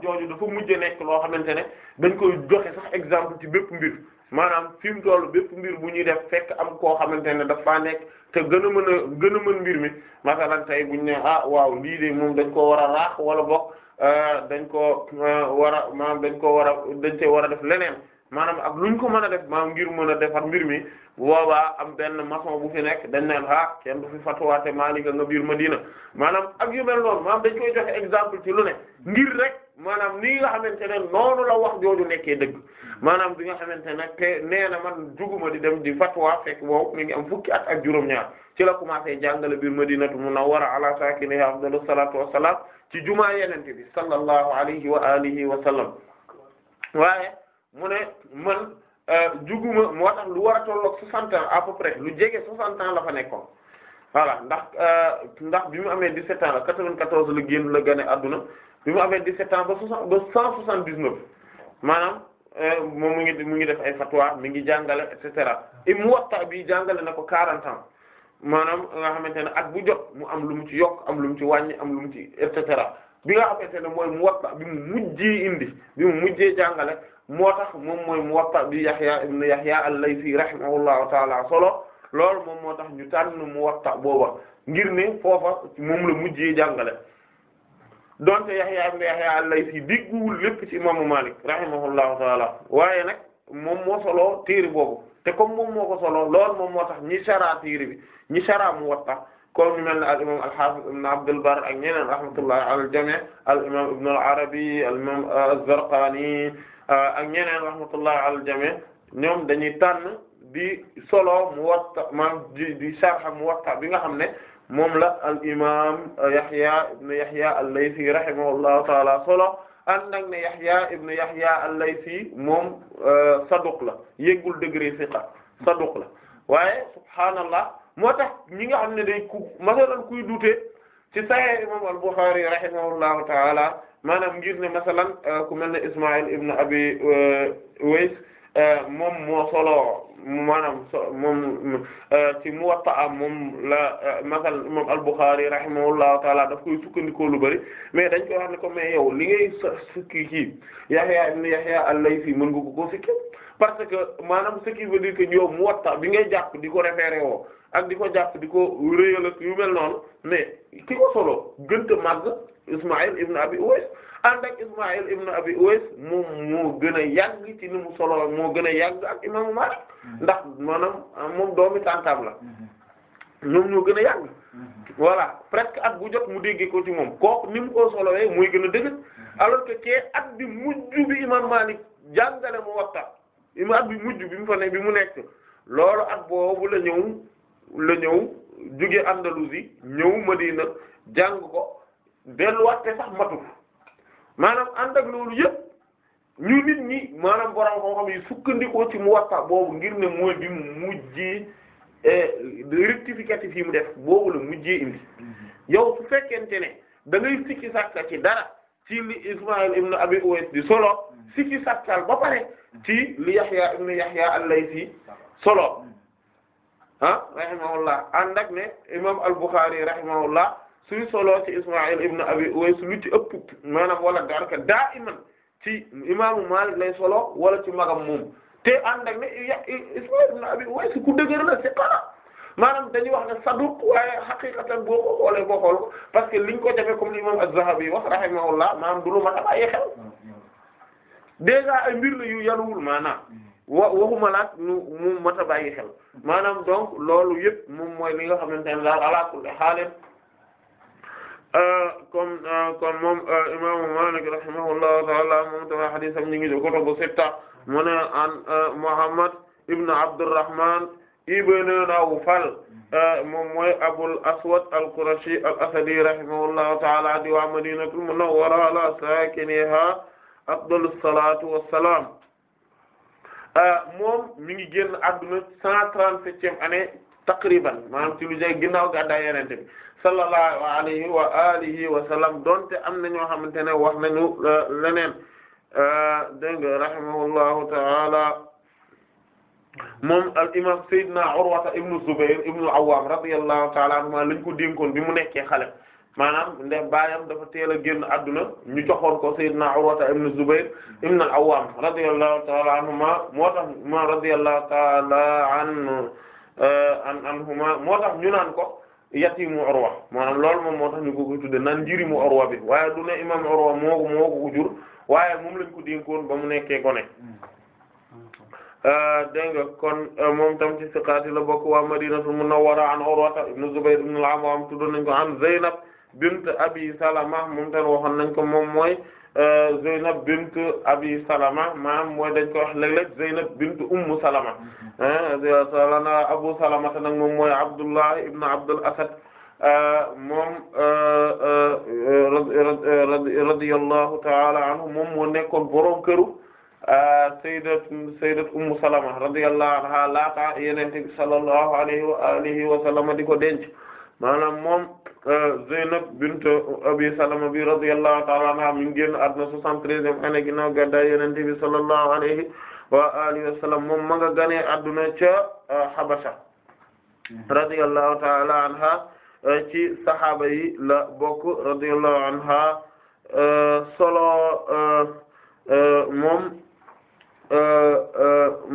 loo xamante ne dañ koy joxe sax exemple ci bépp mbir maanaam fi mu toll bépp mbir bu ñuy def fekk am koo xamante ne dafa nekk. te gën a mën a gën mbir mi masalan tey buñ ne ah waaw lii de moom dañ ko war a raax wala bokk euh, dañ ko euh, war a maanaam dañ ko war a dañ cee war a def leneen maanaam ak luñ ko mën a def maanaam ngir mën a defar mbir mi boobaa am benn maçon bu fi nekk dañ naan ah kenn du fi fatuwaate Malika nga biir Madina maanaam ak yu mel noonu maanaam dañ koy joxe exemple ci lu ne ngir rek maanaam ni nga xamante ne noonu la wax jooju nekkee dëgg maanaam bi nga xamante nag te nee na man juguma di dem di fatwa fekk boobu mi ngi am fukki at ak juróom-ñaar ci la commencé jàngale biir Madinatu Munawwara ala saakinihaa afdalu salaatu wa salaam ci jumaa Yonent bi sallallahu alayhi wa alihi wa sallam waaye mu ne man euh, juguma moo tax lu war a tolloog 60 ans à peu près lu jege 60 ans la fa nekkoon voilà ndax euh, ndax bi mu amee 17 ans la 94 la génn la gane adduna bi mu amee 17 ans ba 60 ba 179 maanaam. Euh, moom mu ngi mu ngi def ay fatwa mi ngi jàngale et cetera mu Muwatta bi jàngale na ko 40 ans maanaam nga xamante ne at bu jot mu am lu mu ci yokk am lu mu ci wàññi am lu ci et cetera bi nga xamante ne mooy Muwatta bi mu mujjee indi bi mu mujjee jàngale moo tax moom mooy Muwatta bi Yahya ibn Yahya al-Laythi rahimahullahu ta'ala solo lool moom moo tax ñu tànn Muwatta booba ngir ni foofa moom mu mujjee jàngale. donte Yahya ibn Yahya al-Laythi dégguwul lépp ci imaamu Malik rahimahullahu taala waaye nag moom moo soloo boobu te comme moom lool ko soloo loolu moom moo tax ñi saraa bi ñi saraa Muwatta comme ñu mel ne al imam al-Hafiz ibn Abd al-Barr ak ñeneen rahmatullahi ala al-jami' euh, ak ñeneen rahmatullahi ala ñoom dañuy tànn di solo Muwatta maanaam di di Muwatta bi nga xam ne moom la al imaam Yahya ibn Yahya al-Laythi rahimahullahu taala solo ànd ak ne Yahya ibn Yahya al-Laythi moom euh, saduq la yeggul degré thiqa saduq la waaye subhaanallah moo tax ñi nga xam ne day ku masalan kuy duute ci Sahih imaam al-Bukhari rahimahullahu taala maanaam ngir ne masalan euh, ku mel ne Isma'il ibn Abi euh, Uways Euh, moom moo solo maanaam moom ci mu Muwatta am moom la euh, masal moom al-Bukhari rahimahullahu taala daf koy sukkandikoo lu bari mais dañ koy wax ko mais yow li ngay sa sukki ci Yahya ibn Yahya al-Laythi mën nga ko koo sikki parce que maanaam ce qui veut dire que yow Muwatta bi ngay jàpp di ko référé woo ak di ko jàpp di ko ak yu mel noonu mais ki ko solo gënta màgg Ismaïl ibn Abi Uways ànd ak Ismaïl ibn Abi Uways moom moo gën a yàgg ci ni mu solo moo gën a yàgg ak imaamu Maalik mm-hmm. ndax maanaam ah, moom doomi tàntaam la mm-hmm. ñoom ñoo gën a yàgg mm-hmm. voilà presque at bu jot mu déggee ko ci moom kook ni mu koo solowee muy gën a dëgg alors que kee at bi mujj bi imam Maalik bi mujj bi mu bi mu nekk loolu at ñëw jóge Andalousie ñëw Madina jàng ko delluwaat te sax matu maanaam ànd loolu yëpp ñu nit ñi maanaam borom xam-xam yi sukkandikoo ci Muwatta boobu ngir ne mooy bi mu mujjee eh, rectificatif yi mu def boobu la mujjee indi mhm. yow su fekkente ne da ngay sikki sàkka ci dara ci li Ismaïl ibn Abi Uways solo mhm. sikki sàkkal ba pare mhm. ci li Yahya ibn Yahya al-Laythi solo ah rahimahullah ànd ne imam al-Bukhari rahimahullah suñu solo ci Isma'il ibn Abi Uways lu ci ëpp maanaam wala daanaka daa iman ci imaamu Maalik lay solo wala ci magam muum te ànd ak ne Isma'il ibn Abi Uways ku dëgër la c'est pas maanaam dañuy wax ne saduq waaye xaqiqatan boo ko xoolee boo xool ko parce que liñ ko jafe comme l'imam Az-Zahabi wax rahimahullah maanaam du lu ma xabaayee xel déjà ay mbir la yu maanaam wa waxuma mu mat a bàyyi xel maanaam donc loolu yëpp moom mooy li nga xamante ne daal ala comme euh, comme moom euh, imaamu Maalik rahimahullahu ta'ala moom tamit hadiisam ñu ngi ci kutubu sitta mu ne an euh, Muhammad ibn Abdurrahman ibn Nawfal moom mooy Abul Aswad al-Qurashi al-Asadi rahimahullahu ta'ala di waa Madinatul Munawwara ala saakiniha afdalu salaatu wassalaam moom mi ngi génn adduna cent trente-septième année taqriban maanaam ci lu jege ginnaaw gàddaay Yonent bi sallallahu alayhi wa alihi wa sallam donte am na ñoo xamante ne wax nañu euh, leneen euh, dégg nga rahimahullahu ta'ala moom al imam Seydina Urwata ibnu Zubayr ibnu Awwam radiyallahu ta'ala anhuma lañ ko dénkoon bi mu nekkee xale maanaam nde baayam dafa teel a génn adduna ñu joxoon ko Seydina Urwata ibnu Zubayr ibnu Awwam radiyallahu ta'ala anhuma moo tax ma radiyallahu ta'ala euh, an anhuma moo tax ñu naan ko yatimu Urwa maanaam loolu moom moo tax ñu ko koy tudde nan njiri mu bi waaye du ne imam Urwa moo ko moo ko jur waaye moom lañ ko dénkoon ba mu nekkee gone euh, dégg nga kon euh, moom tam ci siqaati la bokk waa Madinatul Munawwara an Urwata ibn Zubayr ibn al-Awwam tuddoon nañ ko an Zaynab bint Abi Salama moom tan waxoon nañ ko moom mooy Euh, Zeynab bint Abi Salama maam mooy dañ ko wax léeg-léeg Zeynab bint Ummu Salama salana Abu Salama te nag moom mooy Abdullah ibn Abdul Asad euh, moom euh, radiyallahu ta'ala anhu moom moo nekkoon borom këru sayyidat sayyidat Ummu Salama radiyallahu anha laata Yonent bi sallallahu alayhi wa alihi wa sallam di ko denc maanaam moom euh, Zeynab bint Abi Salama bi radiyallahu ta'ala anha mi ngi génn àdduna 73e année ginnaaw gàddaay Yonent bi sallallahu alayhi wa alihi wa sallam moom ma nga ganee àdduna ca euh, Habasha hmm. radiyallahu ta'ala anha euh, ci saxaaba yi la bokk radiyallahu anha solo moom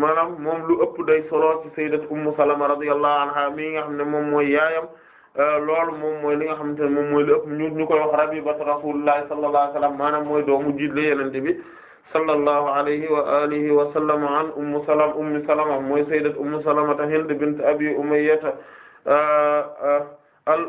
maanaam moom lu ëpp day solo ci sayyidat Ummu Salama radiyallahu anha mi nga xam ne moom mooy yaayam Euh, loolu moom mooy li nga xamante ne moom mooy li ëpp ñu ñu koy wax rabibatu rasulillahi sallallahu alayhi wa sallam maanaam mooy doomu jiit la yenente bi sallallahu alayhi wa alihi wa sallam an ummu salama ummu salama mooy sayyidat ummu salamata hind bint abi umayyata euh, euh, al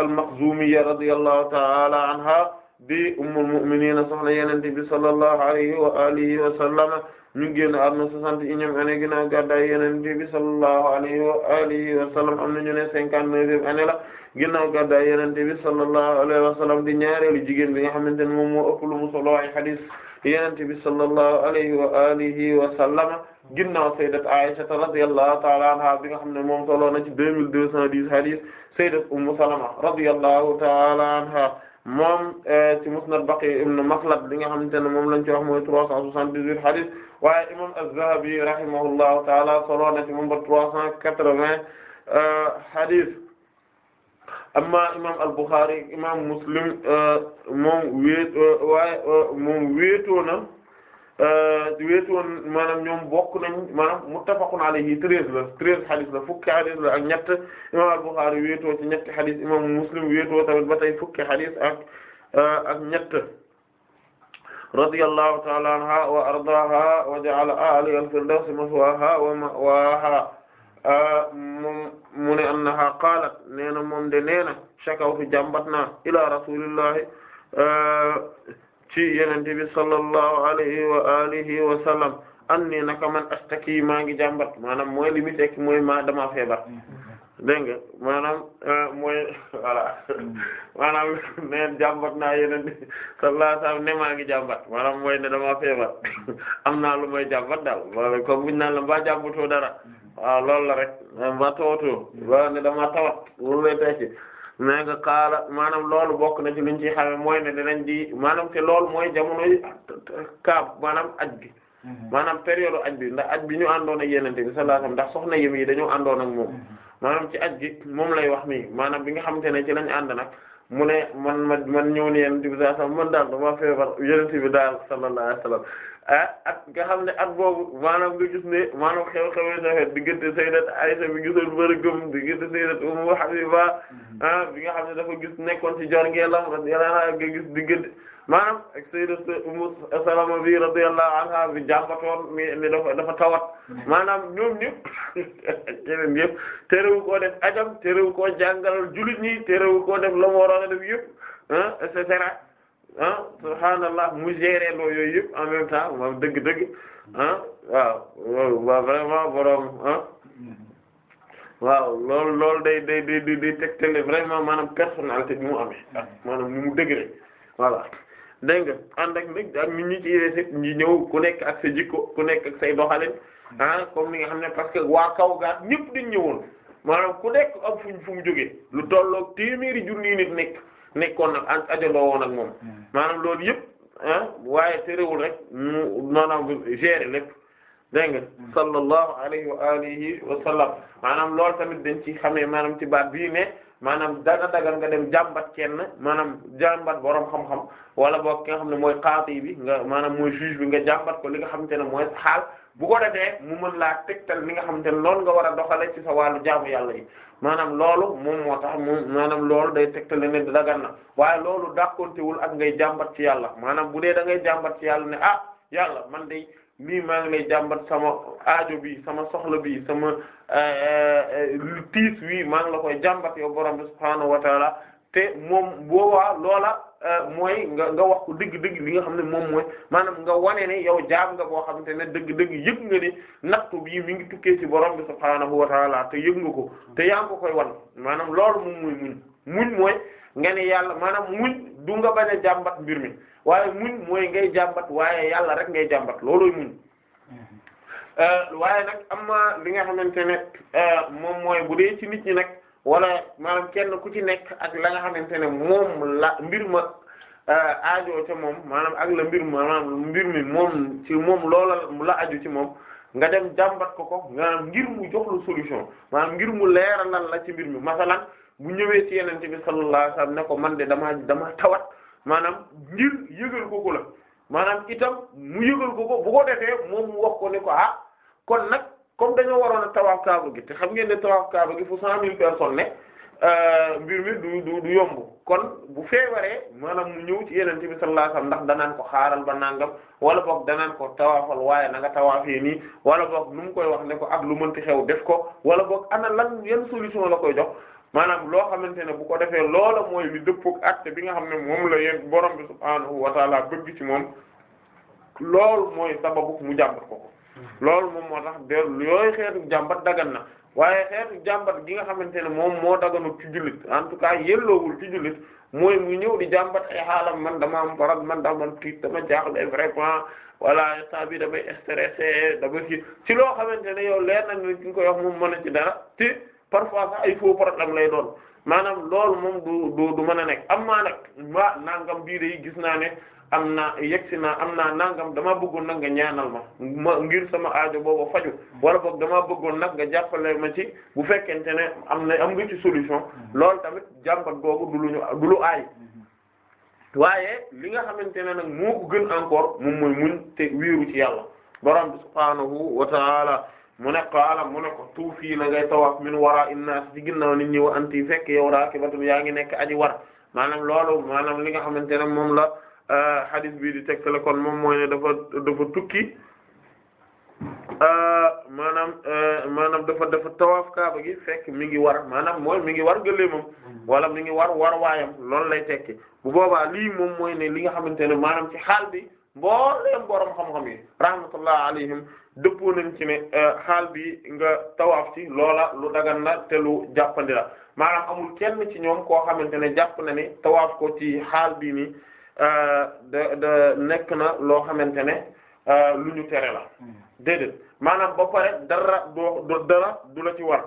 al makhzumiyya radiyallahu ta'ala anha di ummul mu'minin soxna yenente bi sallallahu alayhi wa alihi wa sallam ñu ngi génn àdduna soixante et unième année ginnaaw gàddaay Yonent bi sallallahu alayhi wa alihi wa sallam am na ñu ne cinquante-neuvième année la ginnaaw gàddaay Yonent bi sallallahu alayhi wa sallam di ñaareelu jigéen bi nga xamante ne moom moo ëpp lu mu solo ay hadith Yonent bi sallallahu alayhi wa alihi wa sallam ginnaaw sayyidat Aisha radiyallahu ta'ala anha bi nga xam ne moom solo na ci deux mille deux cent dix hadith sayyidat Ummu Salama radiyallahu ta'ala anha moom eh, ci Musnad Baqi ibn Makhlad li nga xamante ne moom lañ ci wax mooy trois cent soixante-dix-huit hadith waaye imam az-Zahabi rahimahullahu taala solo na ci moom ba trois cent quatre-vingts euh, hadith amma imam al-Bukhari imam Muslim euh, moom wéet euh, waaye moom wéetoo na wéetoon maanaam ñoom bokk nañ maanaam muttafaqun alayhi treize la treize hadith la fukki hadith la ak ñett imam al-Bukhari wéetoo ci ñetti hadith imam Muslim wéetoo tamit ba tey fukki hadith ak ak radiyallahu ta'ala anha wa ardaha wa ja'ala aliha al-firdawsi maswaha wa ma'waha ah, moom mu ne annaha qaalat nee na moom de nee na shakawtu jàmbat naa ila rasulillahi ah, ci yonent bi sallallahu alayhi wa alihi wa sallam anni naka man astaki maa ngi jàmbat maanaam mooy li muy tekki mooy maa damaa feebar mm-hmm. dégg nga maanaam euh, mooy voilà mm. maanaam neen jàmbat naa yeneen bi sallallahu ne maa ngi jàmbat maanaam mooy ne dama feebar am naa lu may jàmbat daal loolu comme buñu naan la mbaa jàmbatoo dara mm-hmm. waaw la rek mbaa tawatoo wala mm-hmm. ne dama tawat loolu lay tekki mais nga kaala maanaam loolu bokk na ci liñ ciy xame mooy ne dinañ di maanaam te loolu mooy jamono yi kaab maanaam aj gi mm-hmm. maanaam période aj bi ndax aj bi ñu àndoon ak yenente bi sallallahu alayhi wasallam ndax soxna yém yi dañoo àndoon ak moom maanaam ci aj gi moom lay wax nii maanaam bi nga xamante ne ci lañ ànd nag mu ne man ma man ñëw ne yenente bi sallallahu alayhi wasallam man daal dama feebar yenente bi daal sallallahu alayhi wasallam ah ak nga xam ne at boobu maanaam nga gis ne maanaam xew-xewee nawet diggante sayyidat Aisha bi gisoon bërëgëm diggante sayyidat Ummu Habiba mm-hmm. ah bi nga xam ne dafa gis nekkoon ci jor ngeelam radiyallahu anha nga gis diggante maanaam ak sayyidat Ummu bi radiyallahu anha bi jàmbatoon mi dafa dafa tawat maanaam ñoom ñëpp keneen yëpp terewu koo def ajam terewu koo jàngalal jullit ñi terewu koo def la def yëpp ah et cetera ah subhaanallah mu géré loo yooyu yëpp en même dëgg-dëgg ah, waaw waaw vraiment borom ah waaw loolu loolu day day day day tegtale vraiment maanaam personnalité bi mu amee maanaam ni mu dëgg rek dégg nga ànd ak nag ak nit ñi ci ñi ñëw ku nekk ak sa jikko ku nekk ak say doxalin ah comme ni nga xam ne parce que waa kaw gaat ñëpp dañ ñëwoon maanaam ku nekk ak fuñ fu mu jógee lu tollook téeméeri junni nit nekk nekkoon nag ak ajandoo woon ak moom hmm. maanaam loolu yëpp ah waaye terewul rek mu maanaam gérer lépp nga hmm. sallallahu alayhi wa alihi wa sallam maanaam loolu tamit dañ ci xamee maanaam ci baat bii ne maanaam dana dagal nga dem jàmbat kenn maanaam jàmbat borom xam-xam wala boo kenn xam ne mooy qaadi bi nga maanaam mooy juge bi nga jàmbat ko li nga xamante ne mooy xaal bu ko defee mu mën laa tegtal li nga xamante ne loolu nga war a doxale ci sa wàllu jaamu yàlla yi maanaam loolu moom moo tax moom maanaam loolu day tegtal ne dagan na waaye loolu wul ak ngay jàmbat ci yàlla maanaam bu dee da ngay jàmbat ci yàlla ne ah yàlla man day lii maa ngi lay jàmbat sama aajo bi sama soxla bi sama Euh, euh, tiis wii maa la koy jàmbat yow borom bi subhaanahu wa taala te moom boobaa loola euh, mooy nga nga wax ko dëgg-dëgg li nga xam ne moom mooy maanaam nga wane ne yow jaam nga boo xamante ne dëgg-dëgg yëg nga ne nattu bii mi ngi tukkee ci borom bi subhaanahu wa taala te yëg nga ko te yaa ngi ko koy wan maanaam lool moom mooy muñ muñ mooy nga ne yàlla maanaam muñ du nga bañ a jàmbat mbir mi waaye muñ mooy ngay jàmbat waaye yàlla rek ngay jàmbat loolooy Euh, waaye nag am na li nga xamante ne euh, moom mooy bu dee ci nit ñi nag wala maanaam kenn ku ci nekk ak la nga xamante ne moom mbir ma euh, aajo ca moom maanaam ak la mbir ma mbir mi moom ci moom loola la aju ci moom nga dem jàmbat ko ko maanaam ngir mu jox la solution maanaam ngir mu leeralal la ci mbir mi masalan bu ñëwee ci yeneen bi sallallahu alayhi wasallam ne ko man de damaa damaa tawat maanaam ngir yëgal ko la maanaam itam mu yëgal ko bu ko defee moom mu wax ko ne ah kon nag comme dañoo waroon a tawaaf kaaba gi te xam ngeen ne tawaaf kaaba gi fu cent mille personnes ne euh, mbir mi du du yomb kon bu feebaree maanaam mu ñëw ci yenente bi sallallahu alayhi wasallam ndax danaan ko xaaral ba nangam wala boog danaan ko tawaafal waaye na nga tawaafee nii wala boog nu mu koy wax ne ko ak lu mënti xew def ko wala boog ana lan yan solution la koy jox maanaam loo xamante ne bu ko defee loola mooy li dëppoo ak acte bi nga xam ne moom la yéen borom bi subhaanahu wa taala bëgg ci moom loolu mooy sababu mu jàmbat ko ko hmm. loolu moom moo tax dellu yooyu xeetu jàmbat dagan na waaye xeetu jàmbat gi nga xamante ne moom moo daganul ci jullit en tout cas yelloowul ci jullit mooy mu ñëw di jàmbat ay man dama am farat man dama am tiit dama jaaxle vraiment voilà instant bi damay stressé dama ci ci loo xamante ne yow leer na ni ki nga koy wax moom mën na ci dara parfois sax ay faux problème lay doon maanaam loolu moom du du du mën a nekk am maa nag waa nangam bii yi gis naa ne am naa yegg si naa am naa nangam damaa bëggoon nag nga ñaanal ma ma ngir sama aajo boobu faju wala boog damaa bëggoon nag nga jàppale ma ci bu fekkente ne am na am nga ci solution hmm. loolu tamit jàmbat googu du lu ñu du lu aay hmm. waaye li nga xamante ne nag moo ko gën encore moom mooy muñ te wiiru ci yàlla borom bi subhaanahu wa taala mu ne qaala mu ne ko tuufii na ngay tawaaf min wara'i naas ci ginnaaw nit ñi wa anti fekk yow raakibatun yaa ngi nekk aji war maanaam loolu maanaam li nga xamante ne moom la euh, hadith bii di tegtale kon moom mooy ne dafa dafa tukki euh, maanaam euh, maanaam dafa dafa tawaaf kaaba gi fekk mi ngi war maanaam mooy mi ngi war gëléemam wala mi ngi war war waayam loolu lay tekki bu boobaa lii moom mooy ne li nga xamante ne maanaam ci xaal bi mbooleem borom xam-xam yi rahmatullah alayhim dëppoo nañ ci ne euh, xaal bi nga tawaaf ci loola lu dagan te lu jàppandi la maanaam amul kenn ci ñoom koo xamante ne jàpp na ni tawaaf ko ci xaal bi nii euh, da nekk na loo xamante ne euh, lu ñu tere la hmm. déedéet maanaam ba pare dara du la ci war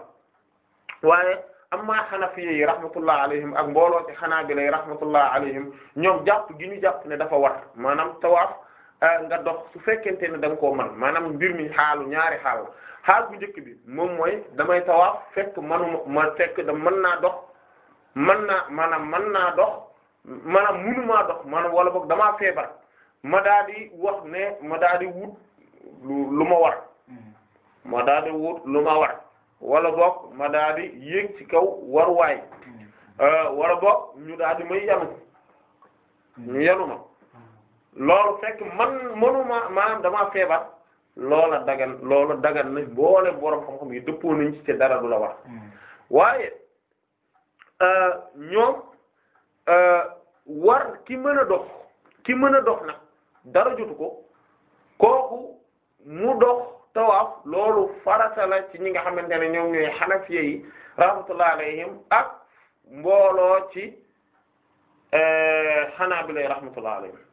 waaye amma xanafiya yi rahmatullah alayhim ak mbooloo ci xanaabila yi rahmatullah alayhim ñoom jàpp gi ñu jàpp ne dafa war maanaam tawaaf Ah, nga dox su fekkente ne da nga koo man maanaam mbir mi xaalu ñaari xaal la xaal bu njëkk bi moom mooy damay tawaaf fekk manuma ma fekk da mën naa dox mën naa maanaam mën naa dox maanaam munumaa dox wala boog damaa feebar ma daa wax ne ma daa mm-hmm. di wut lu ma war ma daa wut lu war wala boog ma daa di yéeg ci kaw waruwaay mm-hmm. ah, wala boog ñu daa di yanu ñu yanu loolu fekk man mënuma maanaam damaa feebar loola dagan loola dagan na boole borom xam-xam yi dëppoo nañ ci dara du la wax hmm. waaye euh, ñoom euh, war ki mën a dox ki mën a dox na dara jotu ko kooku mu dox tawaaf loolu farata la ci ñi nga xamante ne ñoom ñooy xanafiye yi rahmatullah alayhim ak mbooloo ci xanaabila euh, rahmatullah alayhim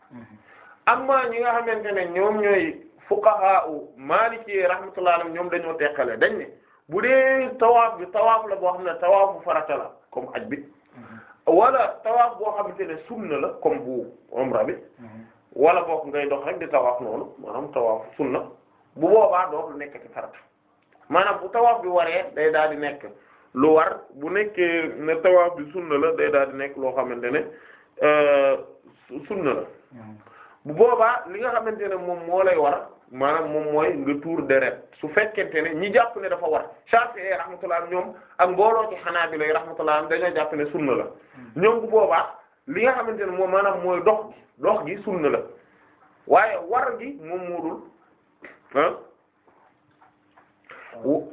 amma ñi nga xamante ne ñoom ñooy fuqaha u maliki rahmatullahi alayhim ñoom dañoo teqale dañ ne bu dee tawaaf bi tawaaf la boo xam ne tawaaf bu farata la comme aj bi mhm. wala tawaaf boo xamante ne la comme bu umra bi mhm. wala boog ngay dox rek di tawaaf noonu maanaam tawaaf sunna bu boobaa dootul nekk ci farata maanaam bu tawaaf bi waree day daal di nekk lu war bu nekkee ne tawaaf bi sunna la day daal di nekk loo xamante ne euh, sunna la mhm. bu boobaa li nga xamante ne moom moo lay war maanaam moom mooy nga tuur deret su fekkente ne ñi jàpp ne dafa war Shafi'i rahmatullah ñoom ak mbooloo ci Hanabila yi rahmatullah dañoo jàpp ne sunna la ñoom bu boobaa li nga xamante ne moom maanaam mooy dox gi dox gi la waaye war gi moom moo dul ah,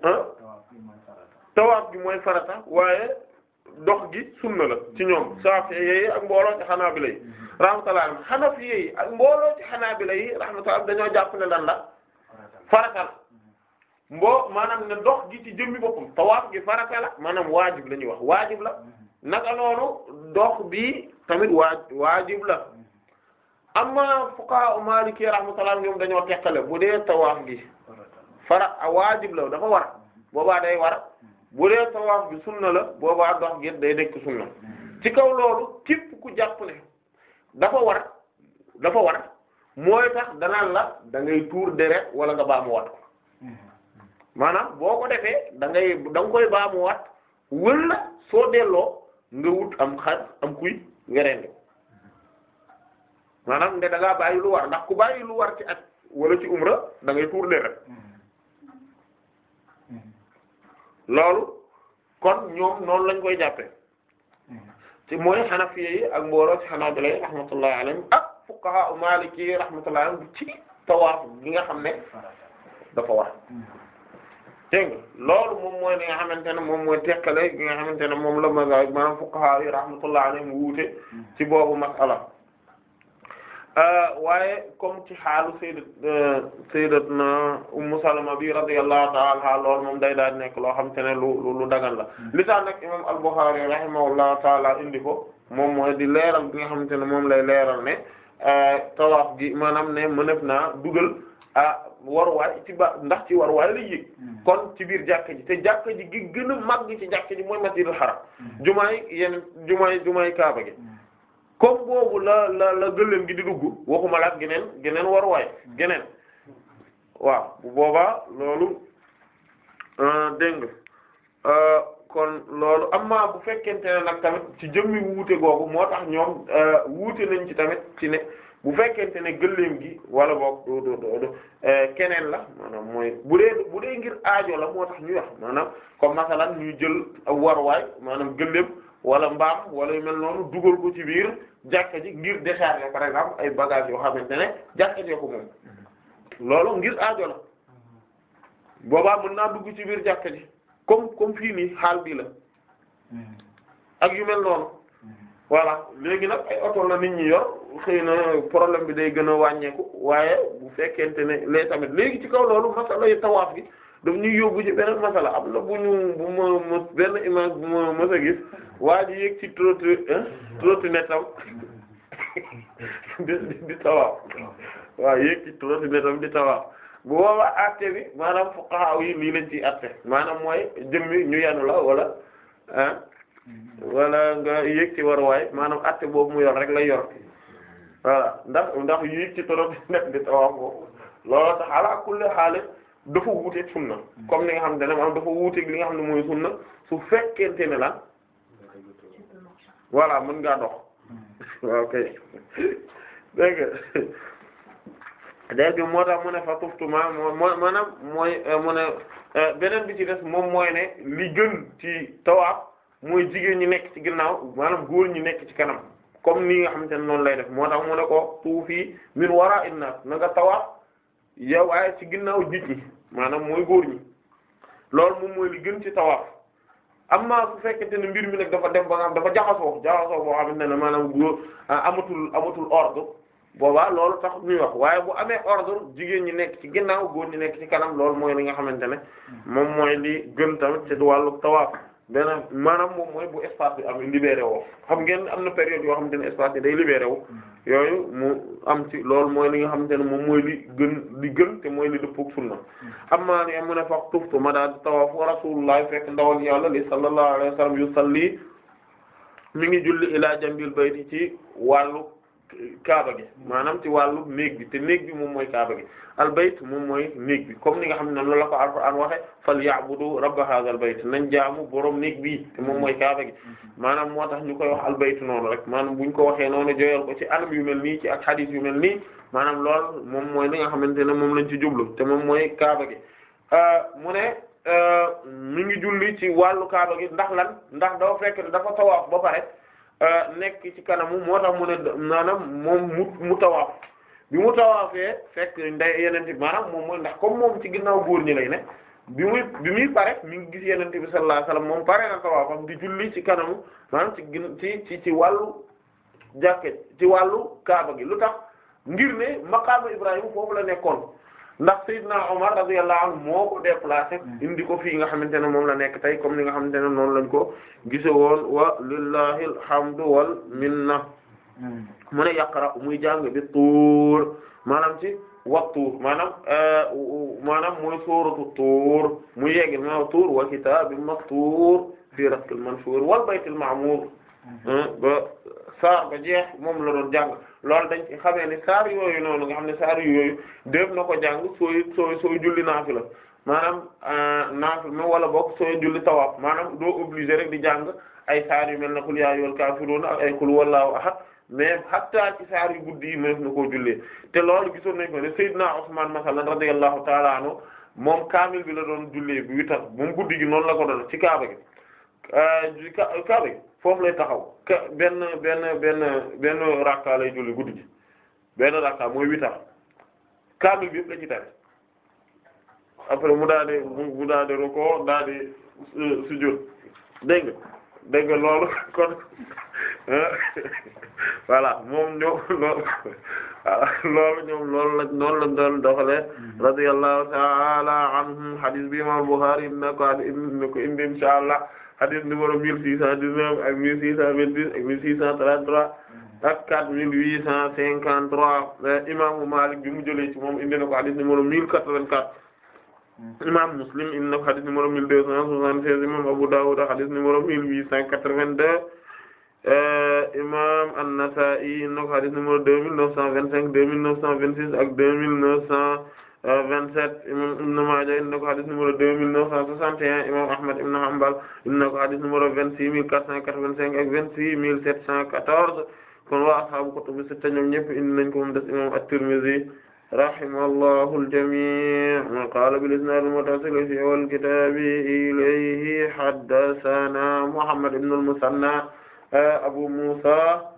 ah. tawaaf gi mooy farata waaye dox gi sunna la ci ñoom Shafi'i yi ak mbooloo ci Hanabila yi rahmatullah xanafi yi ak mbooloo ci xanaabila yi rahmatullah dañoo jàpp ne la farata mboo maanaam ne dox gi ci jëmmi boppam tawaaf gi farata la maanaam waajib la ñuy wax waajib la mhm. naka noonu dox bi tamit waaj waajib la mhm. amma fuqaha maliki rahmatullah ñoom dañoo teqale bu dee tawaaf gi fara a waajib la dafa war mhm. boobaa day war bu dee tawaaf bi sunna la boobaa dox gi day nekk sunna ci kaw loolu képp ku jàpp ne dafa war dafa war mooy tax danaan la dangay ngay tuur deret wala nga baamuwaat ko maanaam boo ko defee da ngay da nga koy baamuwaat wala soo delloo nga wut am xar am kuy nga rendi maanaam nde danga ngaa bàyyi lu war ndax ku bàyyi lu war ci at wala ci umra da ngay tuur deret mm-hmm. loolu kon ñoom noonu lañ koy jàppe ci mooy xanafiye ak mbooloo ci xanaabila yi rahmatullahi alayhim ak fuqaha maliki yi rahmatullahi alayhim ci tawaaf gi nga xam ne dafa war dégg loolu moom mooy li nga xamante ne moom mooy tekkale gi nga xamante ne moom la mazhab maanaam fuqaha yi rahmatullahi alayhim wuute ci boobu masala Euh, waaye comme ci xaalu sayyidat euh, sayyidatna ummu salama bi radiyallahu ta'ala anha moom day daal nekk loo xam te ne lu lu dagan la hmm. li tax nag imam al-Bukhari rahimahullahu ta'ala indi ko moom mooy di leeral bi nga xamante ne moom lay leeral ne euh, tawaaf gi maanaam ne mënef naa dugal ah waruwaay ci ba ndax ci waruwaay lay yéeg hmm. kon ci biir jàkka ji te jàkka ji gi gën a màgg ci jàkka ji mooy masjidul haram hmm. jumaay yeneen jumaay jumaay kaaba gi comme boobu la la la gëléem gi di dugg waxuma laat geneen geneen waruwaay geneen waaw bu boobaa loolu euh, dégg nga euh, kon loolu amaa bu fekkente ne nag ci jëmmi wuute googu moo tax ñoom euh, wuute nañ tamit ci ne bu fekkente ne gëléem gi wala boog keneen la mooy bu dee bu dee ngir aajo la moo tax ñuy wax maanaam comme masalan ñuy jël waruwaay maanaam gëléem wala mbaam wala yu mel noonu dugal ko ci biir jàkka ji ngir décharger pare exemple ay bagages yoo xamante ne jàkka jee ko moom loolu ngir aajo la boobaa mën naa dugg ci biir jàkka ji comme kom fii nii xaal bii la ak yu mel noonu voilà léegi nag ay oto la nit ñi yor xëy na problème bi day gën a wàññeeku waaye bu fekkente ne lee tamit léegi ci kaw loolu masala yi tawaaf gi daf ñuy yóbbu ci beneen masala am na bu ñu bu ma benn image bu ma mës gis waa ji yéeg ci trottinette am di tawaaf waaw yéeg ci trottinette am di tawaaf bu boobaa acte bi maanaam fuqaha yi lii lañ ci acte maanaam mooy jëmmi ñu yanu la wala ah wala nga yéeg ci waruwaay maanaam acte boobu mu yor rek la yor voilà ndax ndax yéeg ci trottinette di tawaaf boobu looloo tax ala kulli haal dafa wuuteeg sunna comme ni nga xam ne maanaam dafa wuuteeg li nga xam ne mooy sunna su fekkente ne la. voilà mën ngaa dox hmm. ok dégg moo tax mu ne fa tuftuma moo moo maanaam mooy euh, mu ne euh, beneen bi ci def moom mooy ne li ci tawaab mooy jigéen ñi nekk ci ginnaaw maanaam góor ñi nekk ci kanam comme nii nga xamante ne noonu lay def moo tax mu ne ko tuufi min wara'in nas na nga tawaab yow waaye ci ginnaaw nit ñi maanaam mooy góor ñi loolu moom mooy li gën ci tawaab am amma su fekkente ne mbir mi nag dafa dem ba nga dafa jaxasoo jaxasoo boo xam ne ne maanaam bu ah, amatul amatul ordre boobaa loolu tax ñuy wax waaye bu amee ordre jigéen ñi nekk ci ginnaaw góor ñi nekk ci kanam loolu mooy li nga xamante ne moom mooy li gën tam ci wàllu tawaaf beneen maanaam moom mooy bu espace bi am libéré woo xam ngeen am na période yoo xam ne espace yi day libéré wu yooyu mu am ci loolu mooy li nga xamante ne moom mooy li gën li gën te mooy li dëppoo ak sunna amma ne mu ne fa tuftu ma daal tawaaf rasulullah fekk ndawal yàlla li sallallahu alayhi wa sallam yusalli mi ngi julli ila jambil bayti ci wàllu kaaba gi maanaam ci wàllu néeg bi te néeg bi moom mooy kaaba gi albayt moom mooy néeg bi comme ni nga xam ne noonu la ko an waxe fal ya'budu rabba hadha albayt nañ jaamu borom néeg bi te moom mooy kaaba gi maanaam moo tax ñu koy wax albayt noonu rek maanaam bu ñu ko waxee noonu jooyal ko ci anam yu mel nii ci ak hadith yu mel nii maanaam lool moom mooy li nga xamante ne moom lañ ci jublu te moom mooy kaaba gi euh, mu ne euh, mi ngi julli ci wàllu kaaba gi ndax lan ndax dafa fekk dafa tawaaf ba pare Euh, nekk ci kanamu moo tax mu ne maanaam moom mu mu tawaaf bi mu tawaafee fekk nday yeneen bi moom mooy ndax comme moom ci ginnaw góor ñi lay ne bi muy bi muy pare mi ngi gis yeneen bi sallallahu alayhi moom pare na tawaafam di julli ci kanamu maanaam ci gin ci ci ci wàllu jàkke ci wàllu kaaba gi lu tax ngir ne maqaama Ibrahima foofu la nekkoon ndax Seydina Omar radiyallahu anhu moo ko déplacé hmm. indi ko fii nga xamante ne moom la nekk tey comme ni nga xamante ne noonu lañ ko gise woon wa lillahi alhamdu wal minna hmm. mu ne yaqra muy jàng bi tuur maanaam ci wa tuur maanaam euh, maanaam mooy suuratu tuur muy yeggil ma tuur wa kitaabin maktuur fii raskil manshuur wal baytil ma'muur hmm. ba saar ba jeex moom la doon jàng loolu dañ ci xamee ni saar yooyu noonu nga xam ne saar yooyu def na ko jàng sooy sooy sooy julli naafila maanaam euh, naafila wala bokk sooy julli tawaaf maanaam doo obligé rek di jàng ay saar yu mel ne qul yaa ayyuhal kaafiruun ak ay qul huwallaahu ahad mais hatta ci saar yu guddi yi mëneef na koo jullee te loolu gisoon nañ ko ne Seydina Usmaan masalan radiyallahu ta'ala anhu moom kaamil bi la doon jullee bu witar moom guddi gi noonu la ko doon ci kaaba gi euh, ci kaaba gi foofu lay taxaw ka benn benn benn benn lay julli guddi gi benn rakka mooy witar kaamil bi yëpp la ñuy tari après mu daal mu daal di rukkoo daal di euh, sujjóot dégg nga dégg moom ñoom loolu loolu ñoom loolu la noonu mm-hmm. radiyallahu ta'ala anhum hadith bi imam Bukhari na ko na ko indi inshallah hadith numéro mille six cent dix-neuf ak mille six cent vingt-dix ak mille six cent trente-trois ak quatre mille huit cent cinquante-trois eh, mu jëlee ci moom indi na ko hadith numéro mille quatre-vingt-quatre imam Muslim indi na ko hadith numéro mille deux cent soixante-seize imam Abu Dawud hadith numéro mille huit cent quatre-vingt-deux eh, imam An-Nasa'i indi na ko deux mille neuf cent vingt-cinq deux mille neuf cent vingt-six ak deux mille neuf cent 27 imam Ibn Maaja indi na ko hadith numéro 2961 imam Ahmad ibn Hanbal indi na ko hadith numéro 26485 ak 26714 kon wa ashaabu kutubu sitta ñoom ñëpp indi nañ ko moom des imam At-Tirmidhi rahimahullahu al-jamii' wa qaala bil-isnaad al-muttasil fii wal-kitaabi ilayhi Muhammad ibn al-Musanna Abu Musa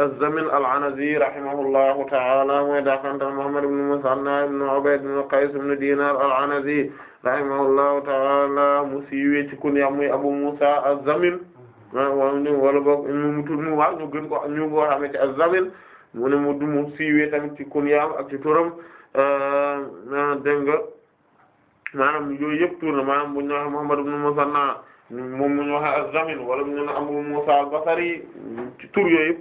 az-Zamin al-Anazi rahimahullahu ta'ala mooy daakantal Muhammad ibn Musanna ibn Ubayd ibn Qays ibn Dinar al-Anazi rahimahullahu ta'ala mu siiwee ci Abu Musa az-Zamin wala mu tudd mu waaw ñu gën ko ñu ngi ko xamee ci az mu ne ah, nga maanaam yooyu yëpp Muhammad ibn Musanna mu ñu waxee zamin wala mu ñu Abu Musa al-Basri ci tur yooyu yëpp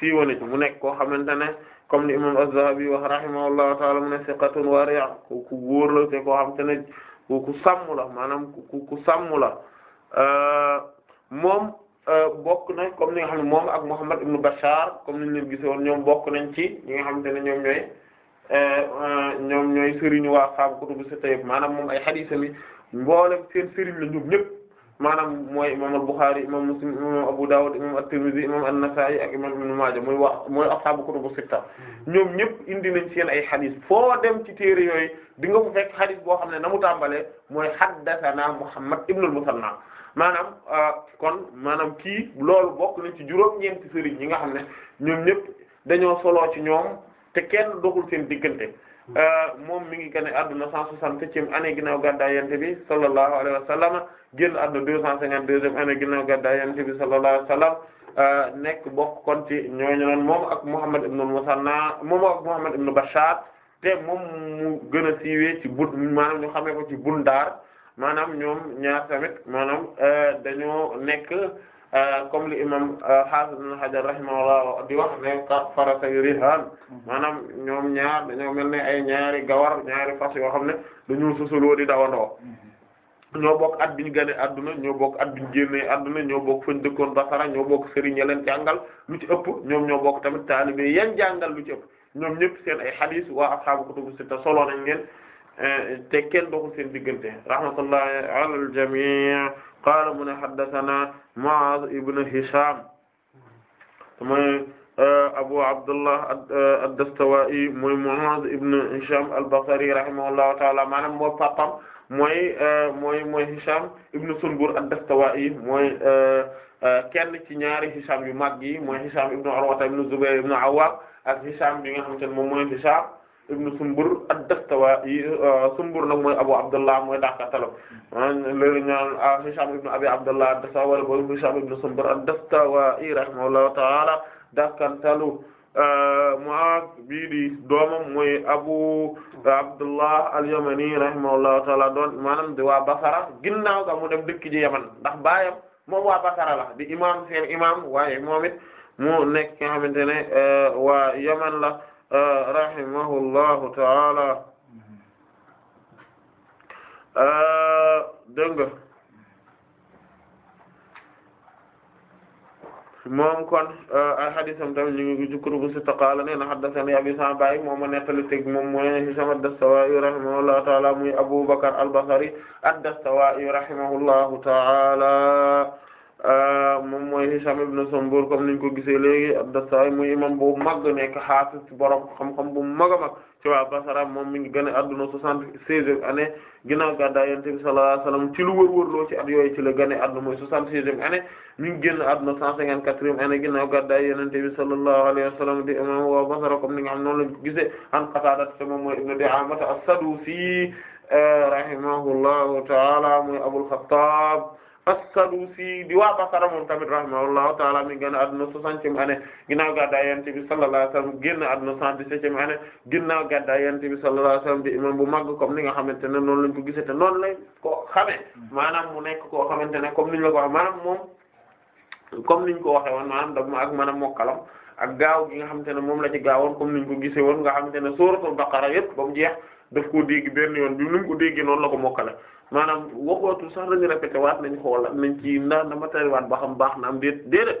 siiwale ci mu nekk koo xamante ne comme ni imam Az-Zahabi wax rahimahullahu taala mu ne siqatun wari' ku ku wóor la te koo xamante ne ku ku sàmm la maanaam ku ku sàmm la euh, moom euh, bokk na comme ni nga xam ne moom ak Muhammad ibn Bashar comme niñ leen gisoon ñoom bokk nañ ci ñi nga xamante ne ñoom ñooy euh, ñoom ñooy sëriñu waa saabu kutubu sitta yëpp maanaam moom ay xadiisam yi mboolem seen sëriñ la ñoom ñëpp maanaam mooy imam al-Bukhari imam Muslim imam Abu Dawud imam at-Tirmidhi imam an-Nasa'i ak imam Ibn Maaja muy waa mooy ashaabu kutubu sitta hmm. ñoom ñëpp indi nañ seen ay xadis foo dem ci téere yooyu di nga ko fekk xadis boo xam ne na mu tàmbalee mooy haddathana Muhammad ibn al naa maanaam ah, kon maanaam kii loolu bokk nañ ci juróom-ñeenti sëriñ ñi nga xam ne ñoom ñëpp dañoo soloo ci ñoom te kenn doxul seen diggante Euh, moom mi ngi gane adduna cent soixante-septième année ginnaaw gàddaay yonent bi sallallahu alayhi wa sallam génn adduna deux cent cinquante-deuxième année ginnaaw gàddaay yonent bi sallallahu alayhi wa sallam euh, nekk bokk kon ci ñooñu moom ak Muhammad ibn Musanna moom ak Muhammad ibn Bashar te moom mu gën a siiwee ci bun maanaam ñu ko ci Bundar maanaam ñoom ñaar tamit maanaam euh, dañoo nekk comme li imam euh, Hafiz Ibn Hajar o di wax ne farasa yu rihaan maanaam ñoom ñaar dañoo mel ne ay ñaari gawar ñaari fas yoo xam ne dañoo susuloo di dawandoo ñoo bokk at bi ñu gane adduna ñoo bokk at bi ñu génnee adduna ñoo bokk fañ dëkkoon Basara ñoo bokk sëriñ ya leen jàngal lu ci ëpp ñoom ñoo bokk tamit taalibe yan jàngal lu ci ñoom ñëpp seen ay hadith waa ashaabu kutubu sitta solo nañ leen euh, te kenn doxul seen diggante rahmatullahi alal jamii qaala mu ne haddathana Mu'aaz ibn Hishaam mooy eh, Abu Abdullah eh, ad-Dastuwaa'i mooy Mu'aaz ibn Hishaam al-Basri rahimahullahu ta'ala maanaam moo papam mooy eh, mooy mooy Hishaam ibn Sunbur ad-Dastuwaa'i mooy kenn ci ñaari Hishaam yu mag yi mooy Hishaam ibn Urwa ibn Zubayr ibn Awwaam ak Hishaam bi nga xamante ne moom mooy Hishaam ibnu Sumbur ad-Dastawa'i euh, Sumbur nag mooy Abu Abdullah mooy dàqantalam ah, léegi ñaan ah, Hisham ibnu Abi Abdullah ad-Dastawa'i wala boobu Hisham ibnu Sumbur ad euh, bii di doomam mooy Abu Abdullah al-Yamani rahimahullahu ta'ala doon maanaam di waa Basra ginnaaw ga mu dem dëkk Yaman ndax baayam moom waa Basra la di imaam seen imaam ne euh, waa Yaman la. rahimahullahu taala dégg nga moom kon ay hadiisam tamit ñu ngi ci kutubu sitta qaala nee na haddathanii Abii Sa'd baay moom a nettali teg moom mooy Hishaam ad-Dastawaa'i rahimahullahu ta'aala muy Abuu Bakr al-Basri ad-Dastawaa'i rahimahullahu ta'aala Euh, moom mooy Hisham ibn Sambour comme niñ ko gisee léegi ad-Dastawi muy imam bu mag nekk hafiz borom xam-xam bu mag a mag ci waa Basra moom mi ngi gën a adduna soixante-seizième année ginnaaw gàddaay Yonent bi sallallahu alayhi wasallam ci lu wër-wërloo ci at yooyu ci la gën a adduna mooy soixante-seizième wasallam di imam waa Basra comme ni nga xam noonu an Qatada te mooy ibn Di'ama as-Sadusi rahimahullahu ta'ala mooy Abul Khattab as-Sadusi di waa Basra moom tamit rahimahullahu taala mi génn àdduna soixantième année ginnaaw gàddaay Yonent bi sallallahu alayhi wasallam génn àdduna cent dix-septième année ginnaaw gàddaay Yonent bi sallallahu alayhi wasallam di bu mag comme ni nga xamante ne noonu lañ ko gisee te noonu lañ ko xamee maanaam mu nekk ko xamante ne comme niñ la ko wax maanaam moom comme niñ ko waxee woon maanaam daf ma ak maanaam mokkalam ak gaaw gi nga xam ne moom la ci gaawoon comme niñ ko gise woon nga xamante ne suuratul Baqara yëpp ba jeex daf yoon bi ko déggee la ko mokkale maanaam waxootu sax lañu répété waat nañ xoola nañ ci ndax dama tariwaat ba xam baax na am déet déedéet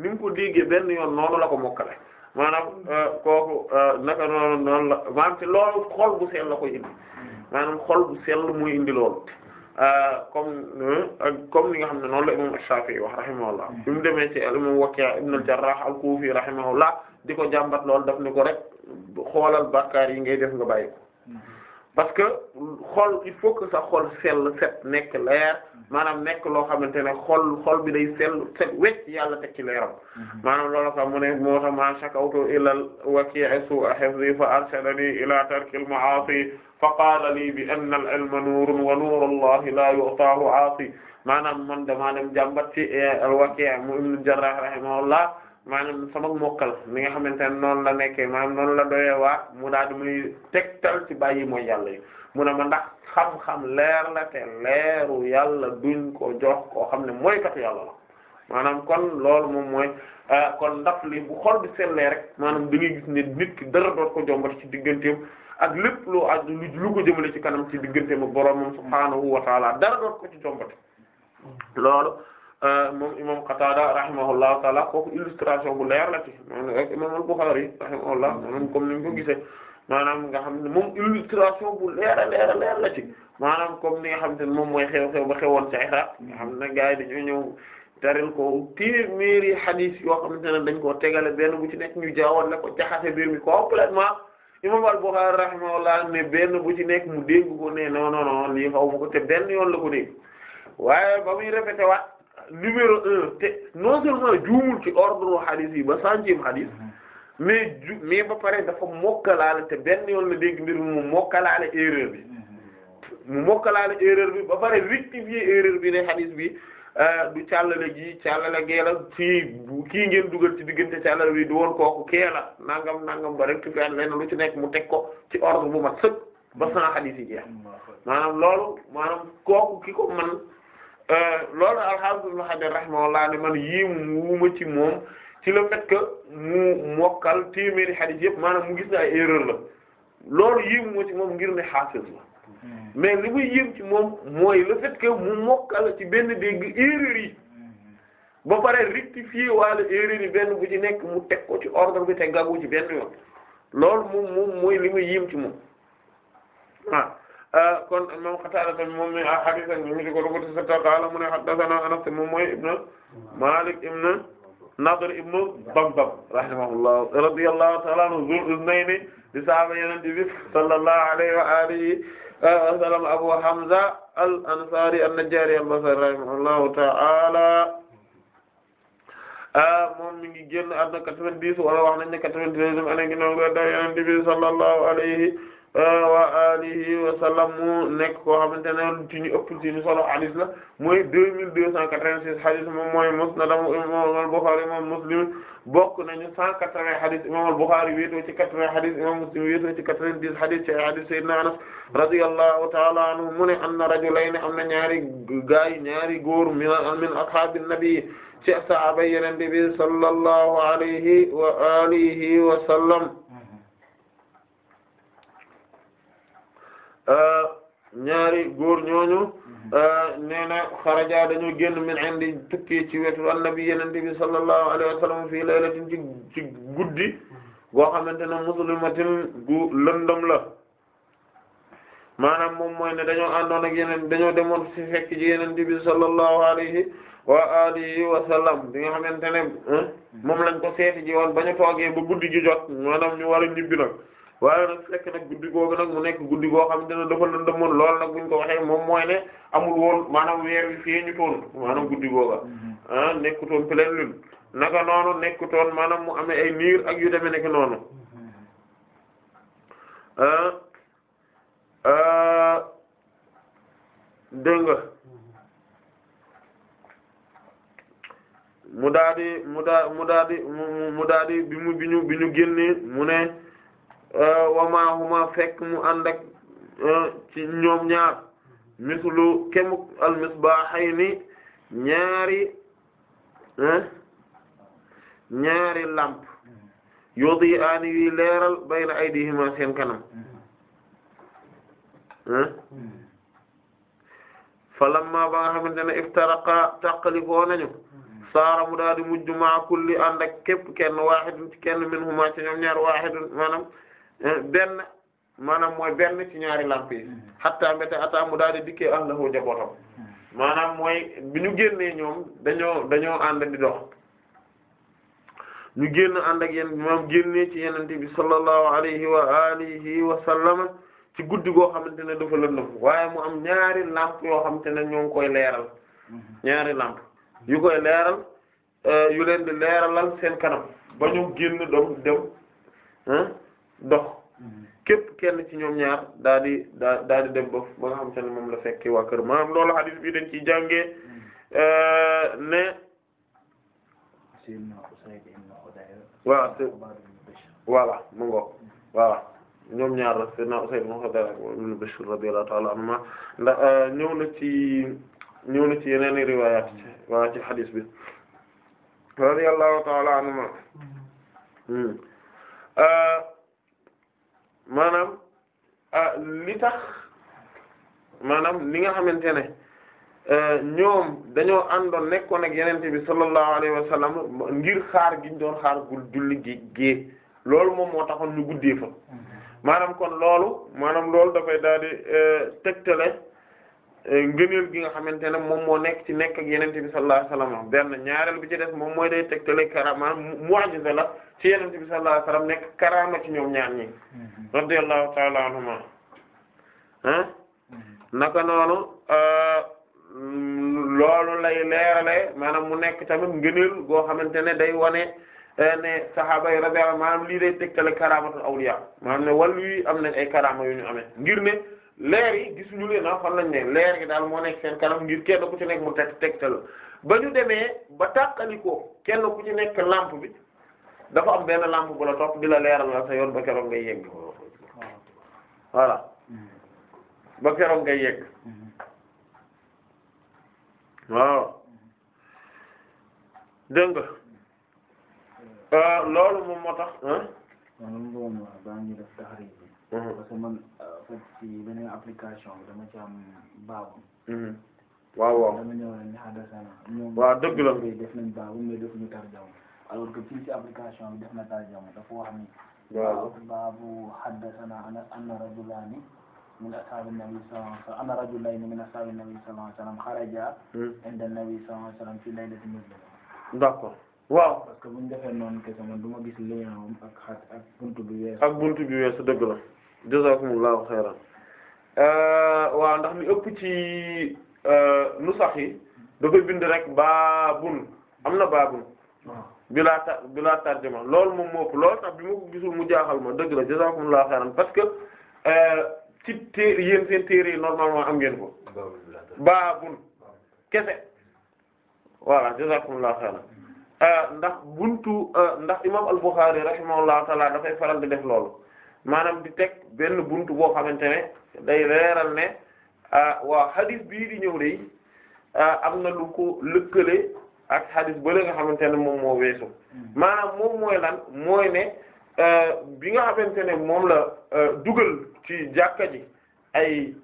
ni mu ko déggee benn yoon noonu la ko mokkale maanaam euh, kooku euh, naka noonu noonu la maanaam ci loolu xol bu sell la koy indi maanaam xool bu sell muy indi loolu euh, comme comme li nga xam ne noonu la imam Shafi'i wax rahimahullah bi mu demee ci al imam Waki' a al-Jarrah al-Kufi rahimahullah di ko jàmbat loolu daf ne ko rek xoolal bàkkaar yi ngay def nga bàyyi parce que xol il faut que sa xol sell set nekk leer maanaam nekk loo xamante ne xol xol bi day sell set wecc yàlla teg ci leeram mhm. maanaam loolu ka mu ne moo tax ma shakawtu ilal waki'i su'a hifzi fa arshadani ila tarkil ma'asi fa qaala lii bi anna al ilma nuurun wa nuuru allahi la yu'taahu aasi maanaam man damaa dem jàmbat ci eh, al waki'i mu ibn jarrah rahimahullah maanaam sama mokkal mi nga xamante ne noonu la nekkee maanaam noonu la doyee waa mu daal di teg tal ci bàyyi mooy yàlla yi mu ne ma ndax xam-xam leer la te leeru yàlla duñ ko jox koo xam ne mooy kat yàlla la maanaam kon loolu moom mooy ah, kon ndax li bu xol bi seetlee rek maanaam da ngay gis ne nit ki dara doot ko jombati ci digganteem ak lépp lu aju lu ko jëmale ci kanam ci digganteem ak boroomam subhaanahu wa dara doot ko ci jombati loolu Euh, moom imam Qatada rahimahullahu taala kooku illustration bu leer la ci ak imam al-Bukhari rahimahullah maanaam comme ni ñu ko gisee maanaam nga xam ne moom illustration bu leer a leer la ci maanaam comme ni nga xam te moom mooy xew-xew ba xewoon ca Iraq nga xam ne gars yi dañoo ñëw taril ko téeméeri hadith yoo xamante ne dañ koo tegale benn bu ci nekk ñu jaawoon la ko jaxase biir mi complètement imam al-Bukhari rahimahullah ne benn bu ci nekk mu dégg ko ne non non non lii xaw ma ko te benn yoon la ko dégg waaye ba muy numéro un te non seulement juumul ci ordre hadith yi ba centième hadith mhm. mais ju mais ba pare dafa mokkalaale te benn yoon la dégg mbir mu mokkalaale erreur bi mhm. mu mokkalaale erreur bi ba pare rectifier erreur bi ne hadith bi euh, du càllale gi càllale gee la fii kii ngeen dugal ci diggante càllale bi du woon kooku kee la nangam nangam ba rectifier leen lu ci nekk mu teg ko ci ordre bu ma sëkk ba cent hadith yi jeex maanaam loolu maanaam kooku ki ko man Euh, loolu al-Hafiz Ibn Hajar rahimahullah ne man yéemu wu ci moom ci la fait que mu mokkal téeméeri hadith yëpp maanaam mu gis ne la loolu yéemu ma ci moom ngir ne hafiz hmm. mais li muy yéem ci moom mooy le fait que mu mokkal ci benn dégg erreur yi hmm. ba pare rectifier wala erreur yi benn bu ci nekk mu teg ko ci ordre bi te gàggu ci benn yoon loolu moom mooy li muy yéem ci moom ah. Ah, kon moom Qataada tamit moom mi ah hadith ak ñu ngi ko doon ko qaala mu ne haddathana Anas moom mooy ibn Malik ibn Nadr ibn Damdam rahimahullah radiyallahu ta'ala anhu Zul Uznayni di sahaaba Yonent bi sallallahu alayhi wa alihi ah, wa sallam Abu Hamza al-Ansari an-Najjari al-Basri rahimahullahu ta'ala ah, moom mi ngi génn àdduna 90 wala wax nañ ne 93 ane ginnaaw ga da Yonent bi sallallahu alayhi wa alihi wa mu nekk koo xamante ne ci ñu ëpp ci ñu solo hadith la mooy deux mille deux cent quatre-vingt-six hadith moom mooy musnad imam al-Bukhari imam Muslim bokk nañu cent quatre-vingts hadith imam al-Bukhari wéetoo ci quatre-vingts hadith imam Muslim wéetoo ci quatre-vingt-dix hadith ci hadith Sayyidina Anas radiyallahu ta'ala anhu mu ne anna rajulayni am na ñaari gaay ñaari góor min min ashabi nabi ci sahaaba yenente bi sallallahu alayhi wa alihi wa ñaari góor ñooñu mm-hmm. euh, nee na xaraja dañoo génn min indi tukkee ci wetu annabi yonent bi sallallahu alayhi wa sallam fii laylatin ci ci guddi mm-hmm. goo xamante ne muslimatin gu lëndëm la maanaam moom mooy ne dañoo àndoon ak yeneen dañoo demoon ci fekk ci yonent bi sallallahu alayhi wa alihi wa sallam bi nga xamante ne mm-hmm. moom lañ ko seeti ji woon ba ñu toogee ba guddi gi jot maanaam ñu war a ñibbi waaye nag fekk nag guddi googu nag mu nekk guddi goo xam ne dafa lëndëmoon lool nag buñ ko waxee moom mooy ne amul woon maanaam weer wi feeñu toon maanaam guddi googa mm-hmm. ah nekkutoon pleine lune naka noonu nekkutoon maanaam mu amee ay niir ak yu demee nekk noonu mm-hmm. ah, ah dégg nga mm-hmm. mu daal di mu daal mu daal di mu mu daal di bi mu bi ñu bi ñu génnee mu ne. Euh, wa maahuma fekk mu ànd ak euh, ci ñoom ñaar mislu kemuk almisbahayni ñaari ñaari lamp yodi aani yuy leeral bayna aydihima seen kanam falamma ba nga xamante ne iftaraqa tàqalikoo nañu saara mu daal di mujj ma kulli ànd ak képp kenn waahidun ci kenn minhuma ci ñoom ñaar waahidun maanaam Eh, benn maanaam mooy benn ci ñaari lamp yi xattaa hmm. mbéte ataa mu daal di dikkee ahlahu njabootam hmm. maanaam mooy bi ñu génnee ñoom dañoo dañoo ànd di dox ñu génn ànd ak yéen maanaam génnee ci yenente bi sallallahu alayhi wa alihi wa sallam ci guddi goo xamante ne dafa lëndëm waaye mu am ñaari lamp yoo xamante ne ñoo ngi koy leeral hmm. ñaari làmp yu koy leeral eh, yu leen di leeralal seen kanam ba ñu génn doom dem eh, dox hmm. képp kenn ci ñoom ñaar daal di daa daal di dem ba ba nga xamante ne moom la fekki waa kër maanaam loolu hadith bi dañ ciy jàngee hmm. euh, ne waaw voilà mu hmm. ñoom ñaar la sayyidna Usayd ibn Khudayr ibn Bishr radiyallahu ta'ala anhuma ndax euh, ñëw na ci ñëw na ci yeneen i riwaayaat ci hadith bi radiyallahu ta'ala anhuma euh, maanaam ah, li tax maanaam li nga xamante ne eh, ñoom dañoo àndoon nekkoon ak yenente bi sallallahu alayhi wa sallam ngir xaar giñ doon xaar gul julli gi gée loolu moom moo taxoon ñu guddee fa maanaam kon loolu maanaam loolu dafay daal di eh, tegtale eh, ngëneel gi nga xamante ne moom moo nekk ci nekk ak yenente bi sallallahu alayhi benn ñaareel bi ci def moom mooy day tegtale kara mu mu'jiza la ci Yonent bi sallallahu nekk karaama ci ñoom ñaar ñi mm-hmm. radiyallahu ta'ala anhuma ah naka noonu euh, loolu lay leerale maanaam mu nekk tamit ngëneel goo xamante ne day wane euh, ne sahaaba yi radiyallahu maanaam lii day tegtale karaamatul awliya maanaam ne wàllu yi am nañ ay karaama yu ñu amee ngir ne leer yi gisuñu leen a ah, fan lañ ne leer gi daal moo nekk seen kanam ngir kenn ku ci nekk mu teg tegtal ba ñu demee ba tàqalikoo kenn ku ci nekk lampe bi dafa am benn lampe bu la topp di la leeral la sa yoon ba keroog ngay yegg voilà ba keroog ngay yegg waaw dégg euh, loolu moom moo tax mhm. parce que man ci beneen application bi dama ci am baabu. Mhm. waaw waaw dama ñëw rek ah, ñu xaaral waaw dëgg la def nañ baabu mais def ñu tarjama alors que fii ci application bi def na tarjama dafa wax ni waaw baabu haddathana anas anna rajulani min ashaabi nabi sallallahu alayhi wa sallam anna rajulayni min ashaabi nabi sallallahu alayhi wa sallam xaraja hmm. inda nabi sallallahu alayhi wa sallam fi laylati muslim d'accord waaw parce que buñ defee noonu kese man du ma gis lien am ak xat ak buntu bi weesu ak buntu bi weesu dëgg la jazakumullahu xayran euh, waaw ndax li ëpp ci euh, nu sax yi da koy bind rek baabun am na baabun ah. bilaa ta bilaa tarjuma loolu moom moo loolu tax bi ma gisul mu jaaxal ma dëgg la jazakumullahu xayran parce que euh, ci téere yéen seen téere yi normalement am ngeen ko. baabun kese voilà jazakumullahu xayran euh, ndax buntu euh, ndax imaam al-Bukhari rahimahullahu dafay faral di def loolu maanaam di teg benn buntu boo xamante ne day leeral ne waa hadith bii di ñëw de am na lu ko lëkkale. ak xadis bële nga xamante ne moom moo weesu maanaam moom mooy lan mooy ne euh, bi nga xamante ne moom la euh, dugal ci jàkka ji ay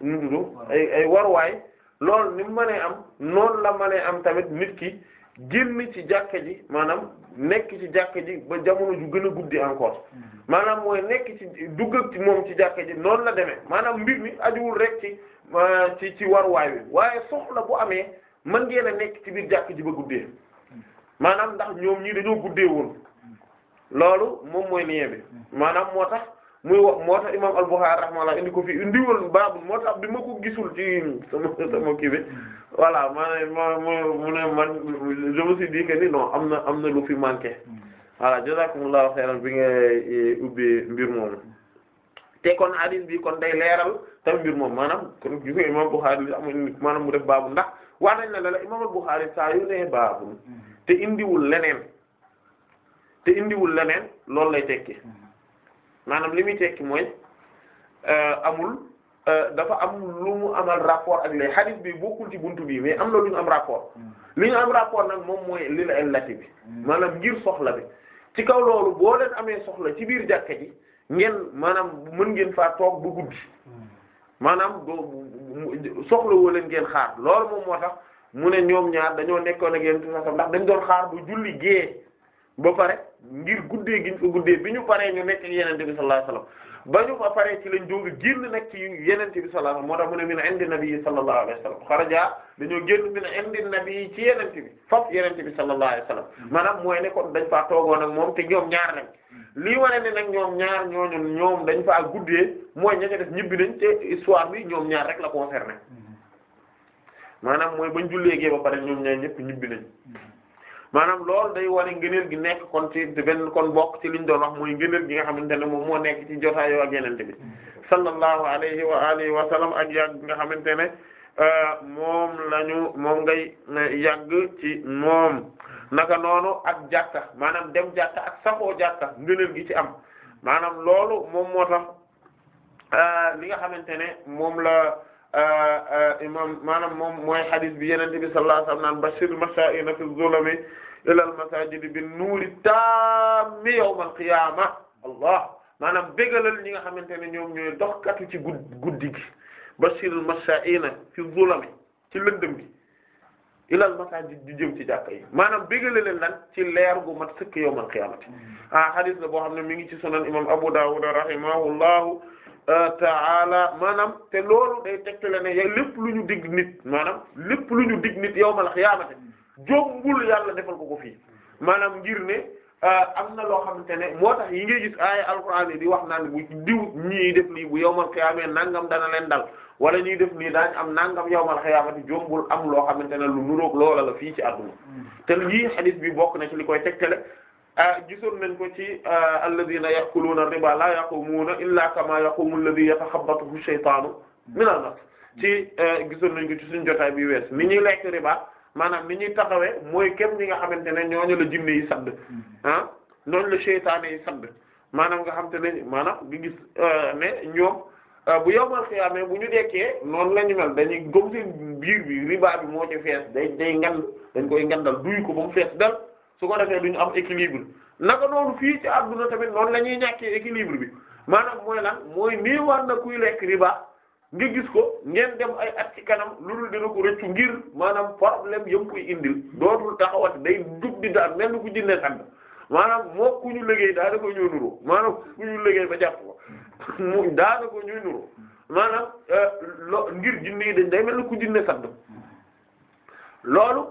ndudu ay warwaay loolu ni mu mënee am noonu la mënee am tamit nit ki génn ci jàkka ji maanaam nekk ci jàkka ji ba jamono ju gën a guddi encore mm-hmm. maanaam mooy nekk ci dugg ci moom ci jàkka ji noonu la demee maanaam mbir mi ajuwul rek ci euh, ci ci warwaay wi waaye soxla bu amee man ngeen nekk ci biir jàkk ji ba guddee maanaam ndax ñoom ñii dañoo guddee woon loolu moom mooy lien bi maanaam moo tax muy wax moo tax imaam al-Bukhari rahimahullah indi ko fi indiwul baabu moo tax bi ma ko gisul ci sama sama kii bi voilà ma mu ne man je me suis dit am na am na lu fi manqué voilà jazakumullahu khairan bi nga e, ubbee mbir moomu te kon hadith bi kon day leeral tam mbir moom maanaam kon gis nga imaam Bukhari li am mu def baabu ndax wax nañ ne la la imam al-Bukhari saa yu te indiwul leneen te indiwul leneen loolu lay tekki maanaam li muy tekki mooy euh, amul euh, dafa am lu mu amal rapport ak les hadith bi bokkul ci buntu bi mais am na lu ñu am rapport lu ñu am rapport nag moom mooy li la illati bi maanaam ngir soxla bi ci kaw loolu boo leen amee soxla ci biir jàkka ji ngeen maanaam mën ngeen faa toog bu guddi maanaam doo soxlawoo leen ngeen xaar loolu moom moo tax mu ne ñoom ñaar dañoo nekkoon ak yéen ndax dañ doon xaar bu julli gée ba pare ngir guddee giñ ko guddee bi ñu paree ñu nekk ak Yonent bi sallallahu alayhi wasallam ba ñu fa paree ci lañ jóg génn nag ci yeneen bi sallallahu alayhi wasallam moo tax mu ne min indi nabi sallallahu alayhi wasallam xaraja dañoo génn min indi nabi ci yeneen bi foofu yeneen bi sallallahu alayhi mm-hmm. maanaam mooy ne kon dañ faa toogoo nag moom te ñoom ñaar nag mm-hmm. lii wane ne nag ñoom ñaar ñooñu ñoom dañ faa guddee mooy ña ca def ñibbi nañ te histoire bi ñoom ñaar rek la concerné mm-hmm. maanaam mooy bañ jullee gee ba pare ñoom ñaar ñëpp ñibbi nañ. maanaam loolu day wane ngëneel gi nekk kon ci benn kon bokk ci liñ doon wax mooy ngëneel gi nga xamante ne moom moo nekk ci jotaayoo ak yenente bi sallallahu alayhi wa alihi wa sallam ak yàgg nga xamante ne euh, moom moom ngay euh, yàgg ci moom naka noonu ak jàkka maanaam dem jàkka ak saxoo jàkka ngëneel gi ci am maanaam loolu moom euh, li nga xamante ne moom la imam maanaam moom mooy hadith bi yeneen bi sallallahu alayhi wa naan bashir masha'ina fi zulami ilal masajidi bi nuuri taammi yawmal qiyaama allah maanaam bégalal ñi nga xamante ne ñoom ñooy doxkatu ci gud guddi gi bashiril mashaa'ina fi zulami ci lëndëm bi ilal masajid di jëm ci jàkka yi maanaam bégale leen lan ci leer gu mat sëkk yawmal qiyaamati hmm. ah hadith la boo xam ne mi ngi ci sunan imam Abu Dawud rahimahullahu euh, taala maanaam te loolu day tegtale ne lépp lu ñu dig nit maanaam lépp lu ñu dig nit yawmal qiyaamati jombul yàlla defal ko ko fii maanaam ngir ne euh, am na loo xamante ne moo tax yi ngay gis aaya alxuraan di wax naan bu diw ñii def lii bu yawmal xiyaamee nangam dana leen dal wala ñuy def nii daañ am nangam yawmal xiyaamati jombul am loo xamante ne lu nuroog loola la fii ci àdduna mm. te lii hadith bi bokk na ci li koy tegtale euh, gisoon nañ ko ci euh, alladhina ya'kuluna riba la yaqumuna illa kama yaqumu alladhi yatakhabbathu ash-shaytanu min al-mas ci gisoon nañ ko ci suñu jotaay bi wees ni ñuy lekk riba maanaam ni ñuy taxawee mooy képp ñi nga xamante ne ñooñu la jinne yi sadd mm-hmm. ah ñooñu la seytaane yi sadd maanaam nga xam te ne bi gi gis euh, ne ñoom euh, bu yowmal xiyaamee bu ñu dekkee noonu la ñu mel dañuy gëm biir bi riba bi moo ci fees day day ngand dañ koy ngandal duy ko ba mu fees dal su ko defee du ñu am équilibre naka noonu fii ci adduna tamit noonu la ñuy ñàkkee équilibre bi maanaam mooy lan mooy nii war na kuy lekk riba nga gis ko ngeen dem ay at ci kanam loolu dina ko rëccu ngir maanaam problème yëm koy indil dootul taxawat day dug di daan mel nu ku jinnee ànd maanaam moo ku ñu liggéey daa da ko ñu nuroo maanaam ku ñu liggéey ba jàpp ko mu daa da ko ñuy nuroo maanaam euh, lo ngir jinne yi dañ day mel ni ku jinne sadd loolu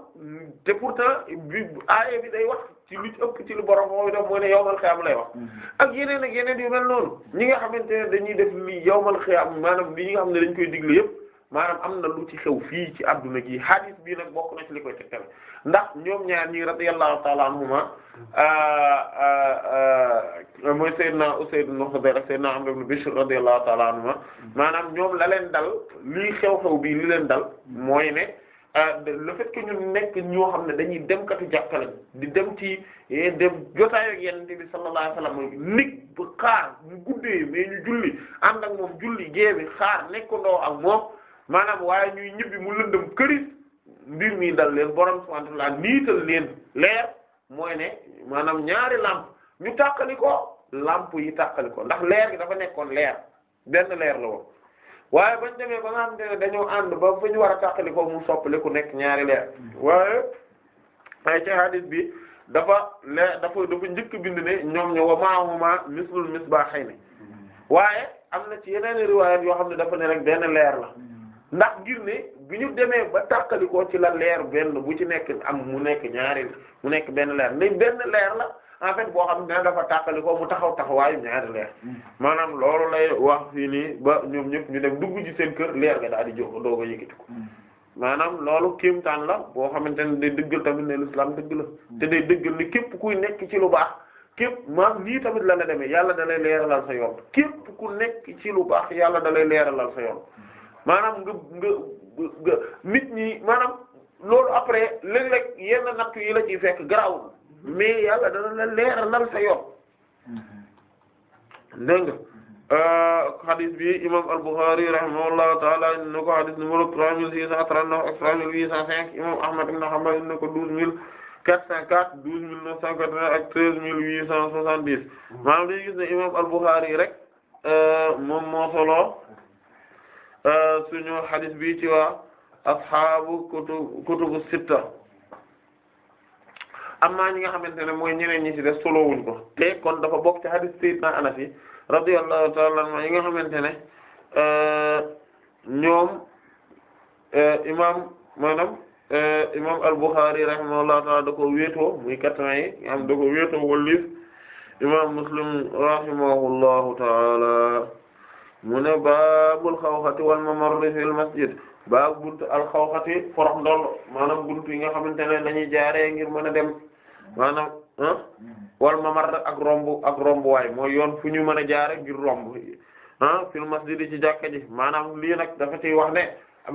te pourtant bi aaye bi day wax ci li ci ëpp ci lu borom moom itam mooy ne yawmal xiyaam lay wax mhm. ak yeneen ak yeneen yu mel noonu ñi nga xamante ne dañuy def li yawmal xiyaam maanaam li ñi nga xam ne dañ koy digle yëpp maanaam am na lu ci xew fii ci adduna gi hadith bii nag bokk na ci li koy tegtale ndax ñoom ñaar ñi radiyallahu ta'ala anhuma ah, ah, ah, mooy Seydina Usayd ibn Hudayr ak Seydina Amr ibn Bishr radiyallahu ta'ala anhuma mhm. maanaam ñoom la leen dal lii xew-xew bii li leen dal mooy ne Euh, le fait que ñu nekk ñoo xam ne dañuy dem katu jàppale di dem ci eh, dem jotaay ak yonent bi sallallahu alayhi wasallam lig bu xaar bu guddee mais ñu julli ànd ak moom julli gée bi xaar nekkandoo ak moom maanaam waaye ñuy ñibbi mu lëndëm këris mbir mi dal leen borom subhanahu wa ta'ala niital leen leer mooy ne maanaam ñaari lamp ñu tàqali ko lamp yi tàqali ko ndax leer gi dafa nekkoon leer benn leer la woon waaye bañ demee ba nga xam ne dañoo ànd ba fu ñu war a tàkkalikoo ko mu soppali ku nekk ñaari leer waaye ay ci hadith bi dafa leer dafa dafa njëkk bind ne ñoom ñoo wa maahuma mislul misbahayni waaye am na ci yeneen riwaayat yoo xam ne dafa ne rek benn leer la ndax ngir ne bi ñu demee ba tàqali ci la leer benn bu ci nekk am mu nekk ñaari mu nekk benn leer ne benn leer la en fait boo xam ne dafa tàqali ko mu taxaw taxawaayu ñaari leer mm. maanaam loolu lay wax fii nii ba ñoom ñëpp ñu dem dugg ci seen kër leer ga daal di jóg doo ko yëkkati ko mm. maanaam loolu kéemtaan la boo xamante ne day dëggal tamit ne l'islam dëgg la mm. te day dëggal ni képp kuy nekk ci lu baax képp maam lii tamit la la demee yàlla da lay leeralal sa yoon képp ku nekk ci lu baax yàlla da lay leeralal sa yoon maanaam nga nga nga nit ñi maanaam loolu après léeg-léeg yenn natt yi la ciy fekk garawul mais yàlla dana la leeralal sa yoon mm-hmm. dégg nga euh, bi imam al-Bukhari rahimahullahu taala indi na ko hadis numéro trois mille six cent trente-neuf ak trois mille huit cent cinq imam Ahmad ibn Hanbal indi ko douze mille quatre cent quatre douze mille neuf cent quatre-vingts ak treize mille huit cent soixante-dix mm-hmm. maanaam dañuy gis ne imam al-Bukhari rek euh, moom moo solo euh, bi ci waa ashaabu kutubu sitta amma ñi nga xamante ne mooy ñeneen ñi ci def solowuñ ko te kon dafa bokk ci hadith sayyidina Anas yi radiyallahu ta'ala anhu yi nga xamante ne ñoom imam maanaam imam al-Bukhari rahimahullahu ta'ala da ko muy quatre yi nga xam da ko wéetoo wallif imam Muslim ta'ala mu ne baabul xawxati wal mamarri fil masjid baab buntu al xawxati forox ndoll maanaam buntu yi nga xamante ne dañuy jaaree ngir mën a dem maanaam ah wal mamarra ak romb ak romb mooy yoon fu ñu mën a jaare ngir romb ah fil masjid ci jàkka ji maanaam lii nag dafa ciy wax ne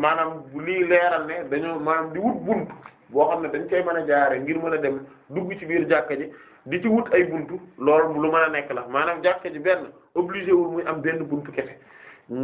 maanaam lii leeral ne dañoo maanaam di wut boo xam ne dañ koy mën a jaare ngir mën a dem dugg ci biir jàkka ji di ci ay buntu loolu lu mën nekk la maanaam jàkka ji benn obligé wul muy am benn buntu kese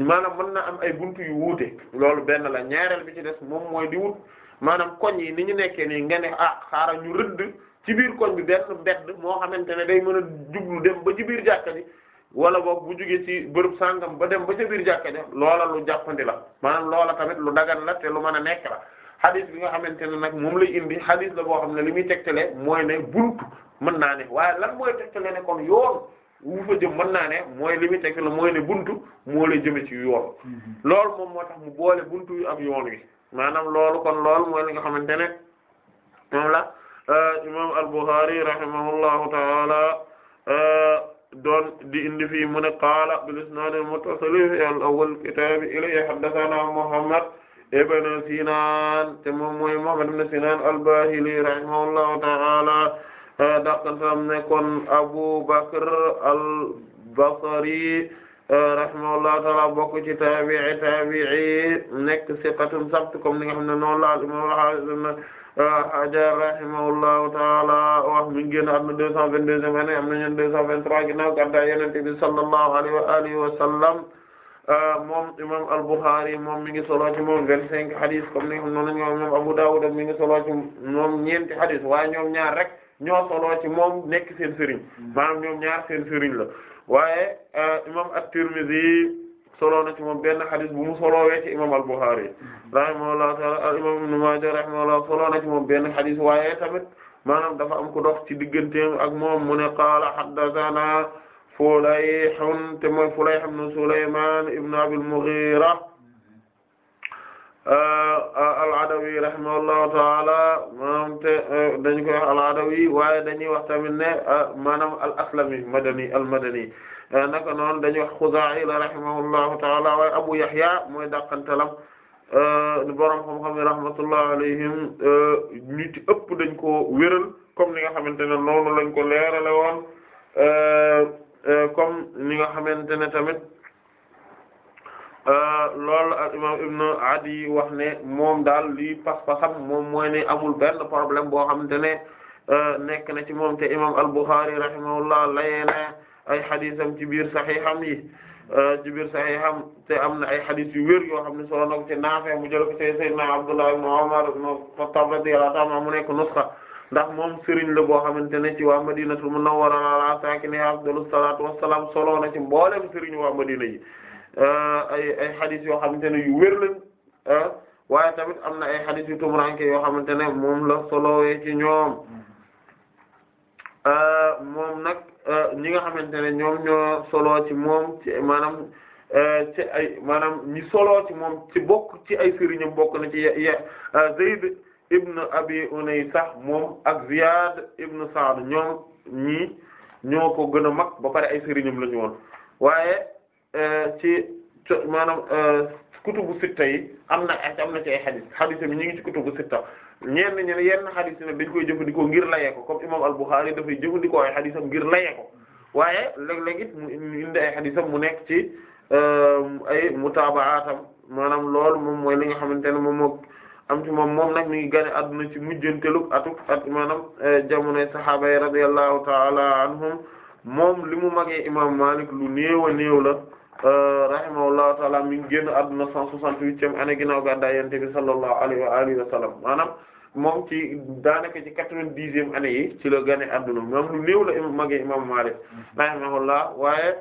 maanaam mën na am ay buntu yu wuute loolu benn la ñaareel bi ci des moom mooy di wut maanaam koñ yi ni ñu nekkee nii nga ne ah xaaral ñu rëdd ci biir koñ bi benn mbedd moo xamante ne day mën a jublu dem ba ci biir jàkka ji wala boog bu jugee ci bërëb sàngam ba dem ba ca biir jàkka ja loola lu jàppandi la maanaam loola tamit lu dagan la te lu mën a nekk la xadis bi nga xamante ne nag moom lay indi xadis la boo xam ne li muy tegtale mooy ne buntu mën naa ne waaye lan mooy tegtale ne kon yoon wu fa mën naa ne mooy li muy tegtale mooy ne buntu moo lay jëme ci yoon mm-hmm. lool moom moo tax mu boole buntu yu ak yoon wi maanaam loolu kon loolu mooy li nga xamante ne moom la Eh, imam al-Bukhari rahimahullahu ta'ala eh, doon di indi fii mu ne qaala bil isnad al-muttasil fi al-awwal kitab ilayhi haddathana Muhammad ibn Sinan te moom mooy Muhammad ibn Sinan al-Bahili rahimahullahu ta'ala eh, daqantam nekkoon Abu Bakr al-Basri rahimahullahu ta'ala bokk ci taabi'i taabi'i nekk siqatun sabt comme ni nga xam ne noonu la al-imam Hajar rahimahullahu ta'ala wax mi ngi génn am na deux cent vingt-deuxième année am na ñeen deux cent vingt-trois ginnaaw gàddaay Yonent bi sallallahu alayhi wa alihi wa sallam ah, moom imam al-Bukhari moom mi ngi solo ci moom vingt-cinq hadith comme ni nga xam noonu ñoom moom Abu Dawud mi ngi solo ci moom ñeenti hadith waaye ñoom ñaar rek ñoo solo ci moom nekk seen sëriñ maanaam ñoom ñaar seen sëriñ la waaye ah, imam at-Tirmidhi solo na ci moom benn hadith bu mu solowee ci rahimahullahu ta'ala al imam Ibn Maaja rahimahullah solo na ci moom benn xadis waaye tamit maanaam dafa am ku dox ci digganteem ak moom mu ne qaala haddathana Fulayh te mooy Fulayh ibn Sulaymaan ibn Abil Mughiira ah, al-Adawi rahimahullahu ta'ala maanaam te dañu koy wax al-Adawi waaye dañuy wax tamit ne maanaam al-Aslami madani al-madani naka noonu dañuy wax Xuzaa'i rahimahullahu ta'ala waaye Abu Yahya mooy dàqantalam Euh, borom xam-xam euh, yi rahmatullah alayhim ñu ci ëpp dañ ko wéral comme ni nga xamante ne noonu lañ ko leerale woon euh, comme ni nga xamante ne tamit lool al imam ibn Adi wax ne moom daal lii pas-pasam moom mooy ne amul benn problème boo xamante ne nekk na ci moom te imam al Bukhari rahimahullah layee ay xadisam ci biir saxiixam yi Euh, ci biir saxiixam te am na ay xadis yu wér yoo xam ne solo na ko ci Naafi' mu jël ko ci Sayyidina Abdullah ibn Umar ibn mu nekk nusxa ndax moom sëriñ la boo xamante ne ci waa Madinatul Munawwara ala saakinihaa afdalu salaatu wassalaam solo na ci mboolem sëriñ waa Madina yi euh, ay ay xadis yoo xamante ne yu wér lañ ah, waaye tamit am na ay xadis yu tumuranke yoo xamante ne moom la solowee ci ñoom euh, moom nag. Euh, ñi nga xamante ne ñoom ñoo solo ci moom ci maanaam euh, ci ay maanaam ñi solo moom ci bokk ci ay sëriñam bokk na ci euh, Zayd ibn Abi Unaysa moom ak Ziyad ibn Sa'd ñoom ñi ñoo ko gën a mag ba pare ay sëriñam la woon waaye ci maanaam kutubu sitta yi am na am na ci ay xadis xadis yi ñu ngi ci kutubu sitta ñenn ñi ne yenn xadis yi nag dañ koy jëfandikoo ngir layee ko comme imam al-Bukhari dafay jëfandikoo ay xadisam ngir layee ko waaye léeg-léeg it mu indi ay xadisam mu nekk ci euh, ay mutaabaatam maanaam loolu moom mooy li nga xamante ne moom moo am ci moom moom nag mi ngi gane adduna ci mujjantelu atuk at maanaam euh, jamonoy sahaaba yi radiyallahu taala anhum moom li mu magee imam Malik lu néew a néew la euh, rahimahullahu taala mi ngi génn adduna cent soixante-huitième année ginnaaw gàddaay Yonent bi sallallahu maanaam moom ci daanaka ci quatre-vingt-dixième année yi ci la gane adduna moom lu néew la imam Maalik mm-hmm. rahimahullah waaye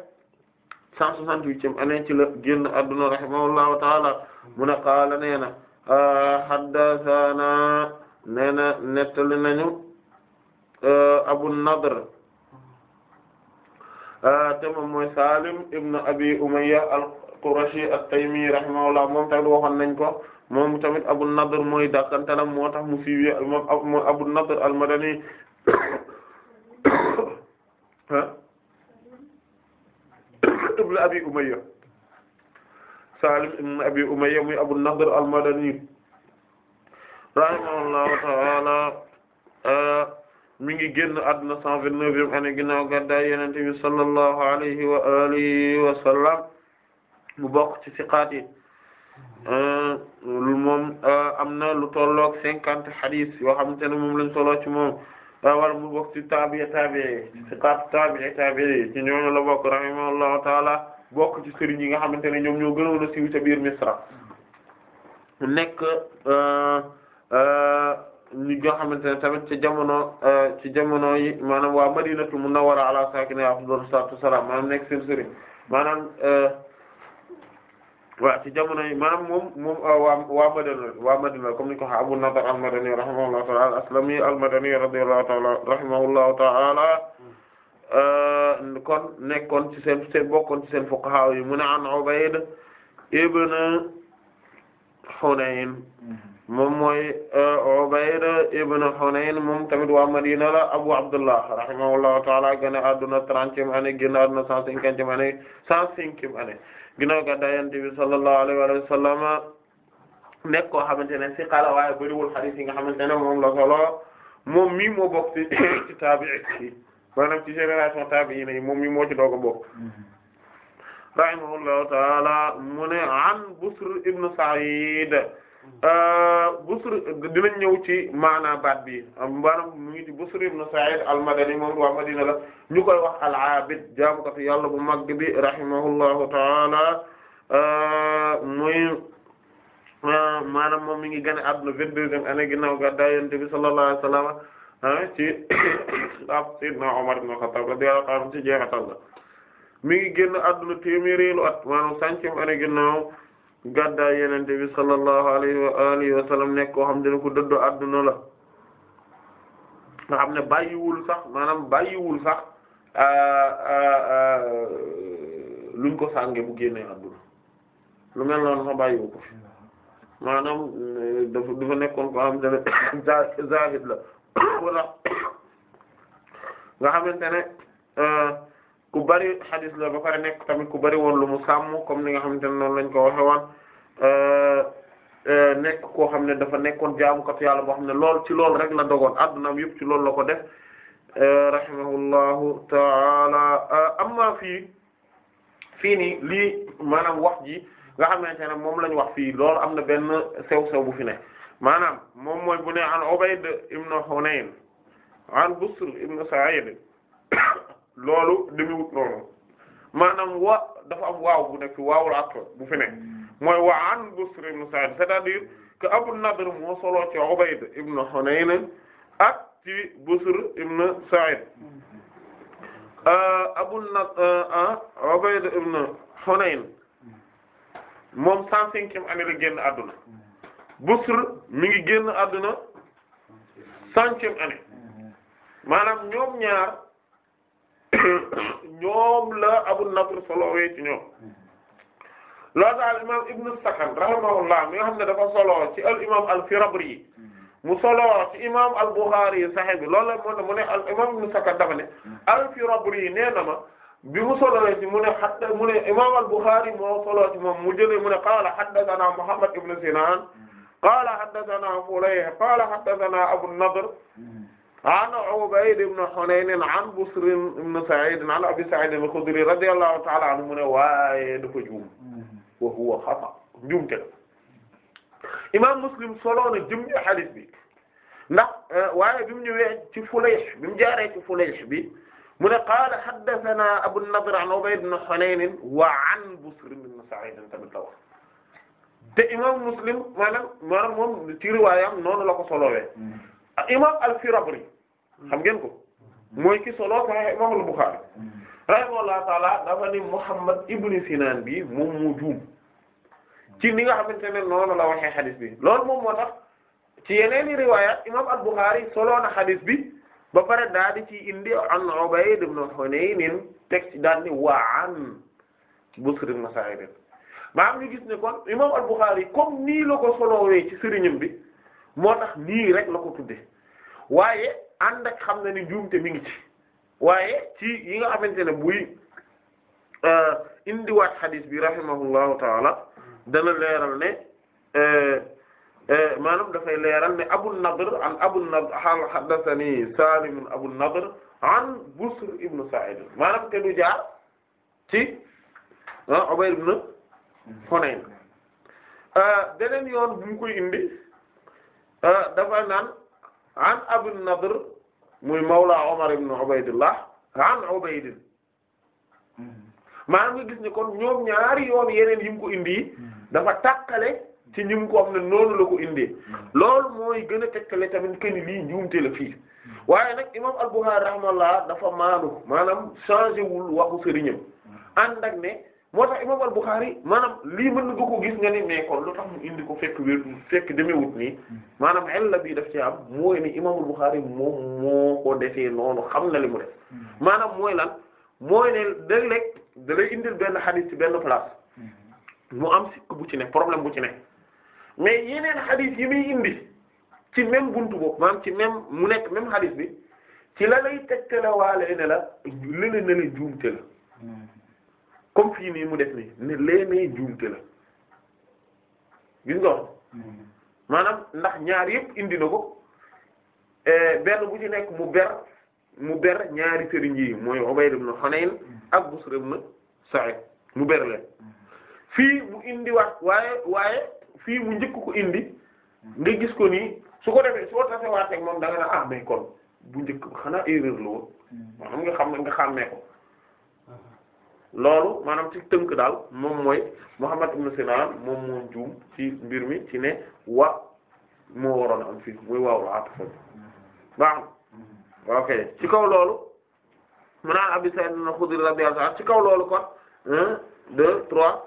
cent soixante-huitième année ci la génn adduna rahimahullahu taala mm-hmm. mu ne qaala nee na ah, haddathana nee na nettali nañu ah, Abu Nadr mm-hmm. ah, te moom mooy Salim ibn Abi Umayya al-Qurashi at-Taymi rahimahullah moom tamit waxoon nañ ko moom tamit Abu Nadr mooy dàqantalam moo tax mu fi Abu Nadr al-Madani ibn Abi Umayya Salim ibn Abi Umayya muy Abu Nadr al-Madani rahimahullahu ta'ala mi ngi génn àdduna cent vingt-neuvième année ginnaaw gàddaay Yonent bi sallallahu alayhi wa alihi wa mu bokk ci siqaat Euh, moom euh, am na lu tolloog cinquante xadis yoo xamante ne moom lañ tolloo ci moom euh, wala mu bokk ci tabi'i tabi'i ci ci ñooñu la bokk rahimahullahu taala bokk ci sëriñ yi nga xamante ne ñoom ñoo gënoon a siiw ca biir Misra nekk ñi nga xamante ne tamit ci jamono ci jamono yi maanaam waa Madinatul Munawwara ala saakinihaa afdalu salaatu wa salaam maanaam nekk seen sëriñ waaw ci jamonoy maanaam moom moom ah, waa waa Madina waa ni ko waxee Abu Nadar al ta'ala aslami al-Madani radiyallahu ta'ala ta'ala ah, kon nekkoon ci seen seen ci seen fuqaha an Ubayd ibn Hunayn moom mooy ah, Ubayd ibn Hunayn moom Madina la Abu Abdullah rahimahullahu ta'ala gane adduna 30e année adduna 150e année ginnaaw gàddaay Yonent bi sallallahu alayhi wa sallam nekk koo xamante ne si xala waaye bëriwul xadiis yi nga xamante ne moom la solo moom mii moo bokk ci ci taabi'i yi maanaam ci génération taabi'iin yi moom mii moo ci doog a bokk mm-hmm. rahimahullahu ta'ala mu an Busr ibn Sa'id Euh, Busr dinañ ñëw ci maana baat bi maanaam mu ngi ci Busr ibn Sa'id al-Madani moom waa Madina la ñu koy wax al-Abid jaamukatu yàlla bu mag bi rahimahullahu taala euh, muy euh, maanaam moom mi ngi gane àdduna vingt-deuxième année ginnaaw gàddaay Yonent bi sallallahu alayhi ah, ci ab Sayyidina ngi génn àdduna téeméeri lu at maanaam centième année ginnaaw gàddaay yenente bi sallallahu alayhi wa alihi wa sallam nekk koo xam ne ku dëddu adduna la nga xam ne bàyyiwul sax maanaam bàyyiwul sax ah, ah, ah, luñ ko sànge bu génnee adduna lu mel noonu sax bàyyiwu ko maanaam dafa dafa nekkoon koo xam ne zahid la wala nga xamante ne ku bari xadis la ba pare nekk tamit ku bari woon lu mu sàmm comme ni nga xamante ne noonu lañ ko waxe woon euh, euh, nekk koo xam ne dafa nekkoon jaamukat yàlla boo xam ne lool ci lool rek la dogoon addunaam yëpp ci loolu la ko def euh, rahimahullahu taala amma fii fii nii lii maanaam wax ji nga xamante ne moom lañ wax fii loolu am na benn sew-sew bu fi ne maanaam moom mooy bu ne an Ubayd ibn Hunayn an Busr ibn Sa'id loolu demewut noonu maanaam wa dafa am waaw bu nekk waawul at bu fi mooy wa an Busr ibn Sa'id c'est-à-dire que Abu Nadr moo soloo ci Ubayd ibn Hunayn ak ci Busr ibn Sa'id euh, Abu Nadr euh, ah, Ubayd ibn Hunayn moom cent cinquième année la génn àdduna Busr mi ngi génn àdduna centième année maanaam ñoom ñaar ñoom la Abu Nadr solowee ci ñoom mm-hmm. loolu daal imam Ibn Sakan rahimahullah mi nga xam ne dafa solo ci al imam al-Firabri mm-hmm. mu solo ci imam al-Bukhari bi loolu la moo tax mu ne al imam Ibn Sakan dafa ne mm-hmm. al-Firabri nee na bi mu solowee ci mu ne hatta mu ne solo ci moom mu jëlee mu ne qaala haddathana Muhammad ibn Sinan qaala haddathana Fulayh qaala haddathana Abu Nadr an Ubayd ibn Hunayn an Busr ibn Sa'id an Abi Sa'id al-Khudri radiyallahu ta'ala anhu mu ne waaye dafa juum wa huwa xata njuumte imaam Muslim solo na jëm ci hadith bi ndax eh, waaye bi mu ñëwee ci Fulayh bi mu jaaree ci Fulayh bi mu ne qaala haddathanaa Abu an-Nadr an Ubayd ibn Hunayn wa an Busr ibn Sa'id tamit la wax te imaam Muslim maanaam maanaam moom ci riwaayam noonu la ko solowee mm-hmm. imaam al-Firabri xam ngeen ko mooy ki solo Sahih Imam al-Bukhari mm-hmm. rahimahullahu taala dafa ni Muhammad ibn Sinan bi moom mu juum ci ni nga xamante ne noonu la waxee xadis bi loolu moom moo tax ci yeneen riwayat imam al-Bukhari soloo na xadis bi ba pare daa di ci indi an Ubayd ibn Hunayn teg ci daan ni waan Busr ibn Sa'id maam ñu gis ne kon imam al-Bukhari comme nii la ko solowee ci sëriñam bi moo tax nii rek la ko tudde waaye ànd ak xam na ni njuumte mi ngi ci waaye ci yi nga xamante ne buy euh, indiwaat xadis bi rahimahullahu taala dana leeral ne euh, euh, maanaam dafay leeral ne Abu Nadr an Abu Nadr xaal haddathani Salim Abu Nadr an Busr ibn Sa'id maanaam te du jaar ci ah, Ubayr ibn Hunayn beneen yoon bu mu koy indi dafa naan. an Abu Nadr muy mawla Umar ibn Ubaydillah an Ubayd maa ngi gis ne kon ñoom ñaari yoon yeneen yi mu ko indi dafa takkale ci ñi mu ko am ne noonu la ko indee loolu mooy gën a tekkale tamit que ni lii njuumte la waaye nag imam al-Bukhari rahimahullah dafa maanu maanaam changé wul waxu sëriñam ànd ak ne. moo tax imam al-Bukhari maanaam lii mën nga ko gis nga ni mais kon loo tax mu indi ko fekk wér fekk demewut nii hmm. maanaam la bii daf ci am mooy ni imam al-Bukhari moom moo ko defee noonu xam na li mu def hmm. maanaam mooy lan mooy ne léeg-léeg da lay benn xadis ci benn place hmm. mu am sikk bu ci ne problème bu ci ne mais yeneen xadis yi muy indi ci même bunt boo maanaam ci même mu nekk même xadis bi ci la lay tegtalawaale ne la lële ne la juumte comme fii nii mu def nii ne leenee juumte la gis nga hmm. maanaam ndax ñaar yëpp indi na ko eh, benn bu ci nekk mu ber mu ber ñaari sëriñ yi mooy Ubayd ibn Hunayn hmm. ak Busr ibn Sa'id mu ber leen hmm. fii mu indi wax waaye waaye fii mu njëkk ko indi nga gis ko nii su ko defee soo tasewaatee moom da nga ne ah kon bu njëkk xanaa erreur la woon maanaam nga xam nga ko loolu maanaam ci tënk daal moom mooy Muhammad ibn Sinan moom moo juum ci mbir mi ci ne wa moo waroon am fii muy waawul aatafa baax ok ci kaw loolu mu naan Abi Sa'id ci kaw loolu kon un deux trois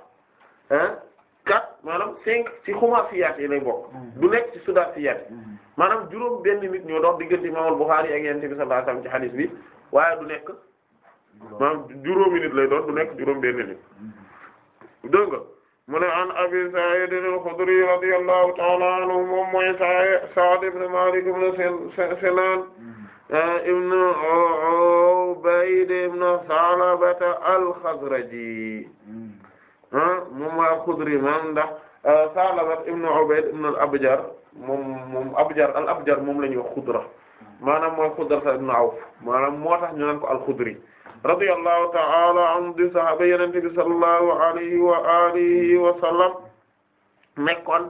un quatre maanaam cinq ci xumaasiyaat yi lay bokk du mm-hmm. nekk ci sudaasiyaat yi mm-hmm. maanaam juróom benn nit ñu dox diggante Imam al-Bukhari ak Yonent bi sallallahu ci hadith bi waaye du nekk maanaam juróomi nit lay doon du nekk juróom benn nit mu ne an Abi Sa'id al-Khudri radiyallahu ta'ala anhu moom mooy Sa'd ibn Malik ibn Sinan eh, ibn Ubayd ibn Salaba al eh, moom mooy al-Khudri ndax eh, Salaba ibn Ubayd ibn al moom moom Abjar al-Abjar moom la ñuy wax Khudra maanaam mooy Khudra radiyallahu ta'ala anhu di sahaba yonent bi sallallahu alayhi wa alihi wa sallam nekkoon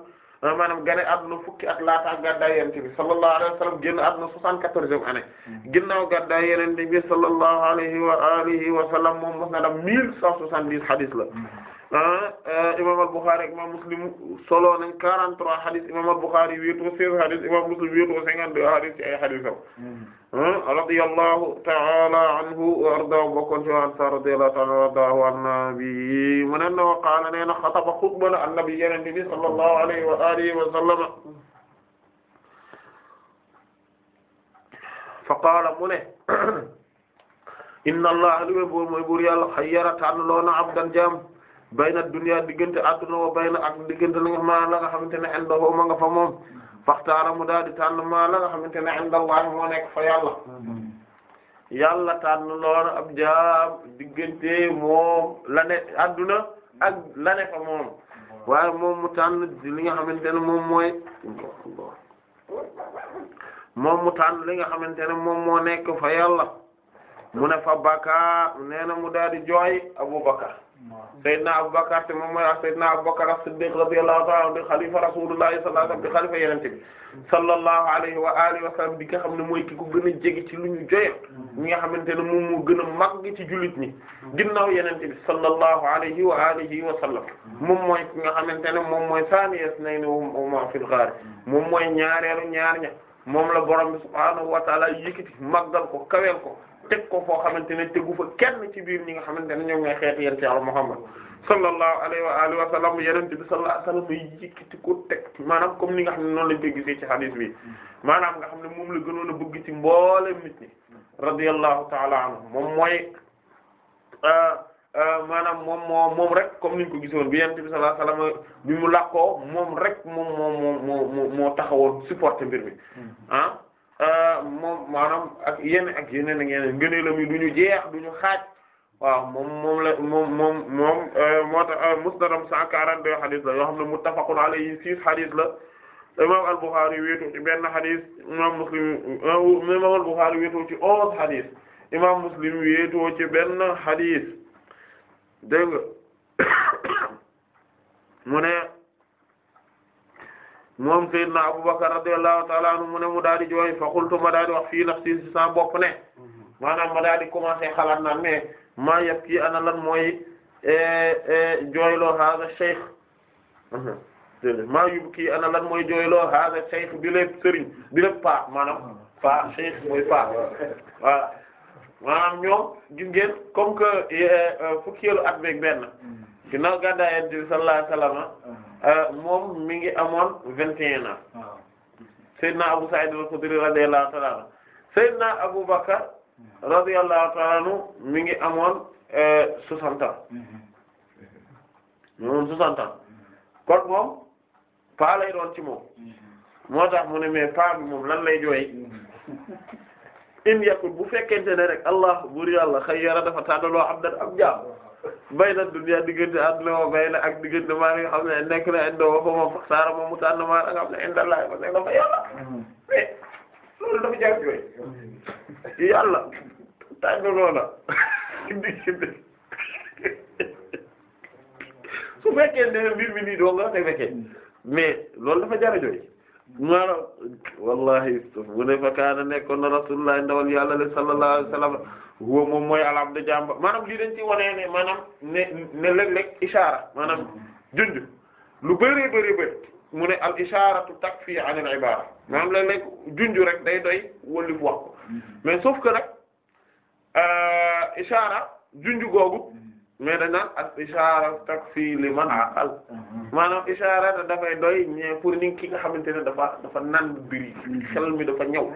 euh, maanaam gane àdduna fukki at laata gàddaay yonent bi sallallahu alayhi wa sallam génn àdduna soixante-quatorzième année mm-hmm. ginnaaw gàddaay yonent bi sallallahu alayhi wa alihi wa sallam moom mos na dam mille cent soixante-dix hadith la mm-hmm. Ah, ah, imam al-Bukhari ak imam Muslim solo nañ 43 hadis imam al-Bukhari wéetu 16 hadis imam Muslim wéetu 52 hadis ci ay hadisam hmm. ah, radiyallahu ta'ala anhu wa ardaahu bokkoon ci ansar radiyallahu ta'ala ardaahu an-nabi mu nen na wa qaala nee na xataba xutba la an-nabi yenente bi sallallahu alayhi wa alihi wa sallama fa qaala mu ne inna allaha li mooy buur yàlla xayyara tànn loo na abdan jaam bayna dunya diggante adduna wa bayna ak diggante la nga maa la nga xamante ne indahu ma nga fa moom faxtaara mu daal di tànn maa nga xamante ne indallahi moo nekk fa yàlla yàlla tànn loolu ab jaam diggante moom la adduna ak la fa moom waaye moom mu tànn li nga xamante ne moom mooy moom li nga xamante ne moom moo nekk fa yàlla mu ne fa baka nee na mu daal di jooy Abubakar Seydina Aboubacar te moom mooy ak Seydina Aboubacar as-Siddiq radiyallahu ta'ala di xalifa Rasulullah sallallahu alayhi wa sallam di xalifa Yonent bi sallallahu alayhi wa alihi wa sallam di nga xam ne mooy ki ko gën a jege ci lu ñu joye mm-hmm. ñi nga xamante ne moom moo gën a màgg ci jullit ñi ginnaaw Yonent bi sallallahu alayhi wa alihi wa sallam mm-hmm. moom mooy ki nga xamante ne moom mooy saani yasnayni huma fil ghaar mm-hmm. moom mooy ñaareelu ñaar ña moom la borom bi subhaanahu wa ta'ala yëkkati màggal ko kaweel ko teg ko foo xamante ne tegu fa kenn ci biir ñi nga xamante ne ñoom ñooy xeetu yonent Yàlla Muhammad sallallahu alayhi wa alihi wa sallam yonent bi sallallahu alayhi wa sallam yi yëkkati ko teg maanaam comme ni nga xam ne noonu lañ koy gisee ci hadith bi maanaam nga xam ne moom la gënoon a bëgg ci mboolem nit ñi radiyallahu ta'ala anhu moom mooy euh, euh, maanaam moom moo moom rek comme niñ ko gisoon bi yan bi sallallahu alayhi wa sallam bi mu làqoo moom rek moom moo moo moo moo taxawoon supporter mbir mi ah. Euh, moom maanaam ak yenn ak yeneen ak yeneen ngëneelam yi du ñu jeex du ñu xaaj waaw moom moom la moom moom moom euh, moo tax euh, musnadam 142 hadith la yoo xam ne muttafaqun alayhi six hadith la imam al-Bukhari wéetoo ci benn hadith imam Muslim imam al-Bukhari ci benn hadith dégg mu ne moom Seydina Abubakar radiyallahu ta'ala anhu mu ne mu daal di jooy fa qultu ma daal di wax fii nafsi sa bopp ne maanaam ma daal di commencé xalaat naan mais maa yab kii ana lan mooy jooyloo haaza shaykh maa yub kii ana lan mooy jooyloo haaza shaykh bi lépp sëriñ bi lépp paa paa shaykh mooy paa voilà maanaam ñoom gis ngeen comme que eh, eh, at beeg benn mm. ginnaaw gàddaay Yonent bi sallallahu alayhi Euh, moom mi ngi amoon vingt et un a ah. Seydina Abu Sa'id al-Khudri radiyallahu Abu Bakr hmm. radiyallahu ta'ala anhu mi ngi amoon euh, soixante ans hmm. moom soixante ans hmm. kon moom paa lay doon ci moom moo tax mu ne mais paa moom lan lay jooy in yakul bu fekkente ne rek allah bur yàlla xayyara dafa tànnaloo abdan ab jaam bayna dunya diggante adduna wa bayna ak diggante maa nga nekk na indoo wa foofu moom saara moom mu tànn maa nga xam ne inda Allah ma nekk dafa yàlla mm-hmm. mais loolu dafa jar jooy yàlla na diggante su fekkee ne mbir mi nii doo nga te fekkee mais dafa jar jooy maanaam wallahi mu ne fa kaana nekkoon na rasulullah ndawal yàlla sallallahu alayhi wasallam huwa moom mooy alabda jàmba maanaam lii dañ ci wanee ne maanaam ne ne léeg-léeg ishaara maanaam junj lu bëree bëri bëri mu ne al isharatu takfi an al ibara maanaam léeg-léeg junj rek day doy wallif wax ko mais sauf nag euh, ishaara junj googu mais dañ naan al ishaara takfi li man aqal maanaam ishaara da dafay doy ñe pour ni ki nga xamante ne dafa dafa nan xel mi dafa ñëw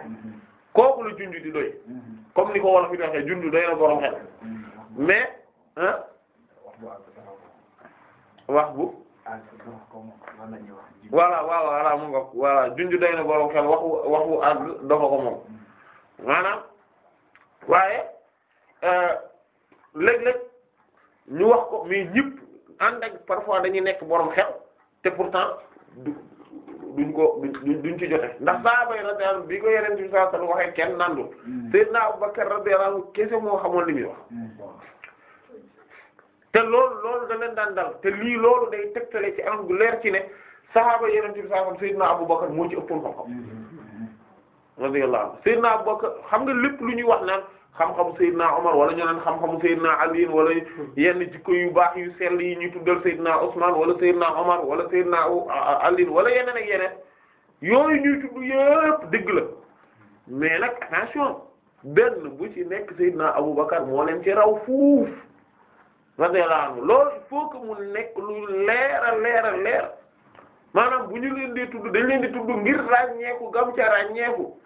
kooku la junj di doy comme ni ko wolof yi di waxee jundu day na borom xel mais ah wax bu voilà waaw voilà mu nga voilà jundu day na borom xel waxu waxu àgg dofa ko moom maanaam waaye euh, léeg-léeg ñu wax ko mais ñëpp ànd ak parfois dañuy nekk borom xel te pourtant duñ ko duñ ci jote ndax sahaaba yi radiyallahu anhum bi ko yeneen bi sallallahu alayhi wasallam waxee kenn nandul mm. sayyidina Abubakar radiyallahu anhu kese moo xamoon li wax mm. te loolu loolu da leen daan dal te lii loolu day tegtale ci anam leer ci ne sahaaba yeneen bi sallallahu alayhi na sayyidina Abubakar moo ci ëppoon xam-xam mm-hmm. Mm-hmm. radiyallahu anhu sayyidina Abubakar xam nga lépp lu ñuy wax naan xam-xamu Seydina Omar wala ñu naan xam-xamu Seydina Ali wala yenn jikko yu baax yu sell yi ñu tuddal Seydina Ousmane wala Seydina Omar wala Seydina Ali wala yeneen ak yooyu ñuy tudd yëpp dëgg mais nag attention benn bu ci nekk Seydina Aboubacar moo leen ci raw fuuf radiyallahu anhu loolu il mu nekk lu leer a leer a leer maanaam bu ñu leen di tudd dañ leen di tudd ngir ràññeeku gam ca ràññeeku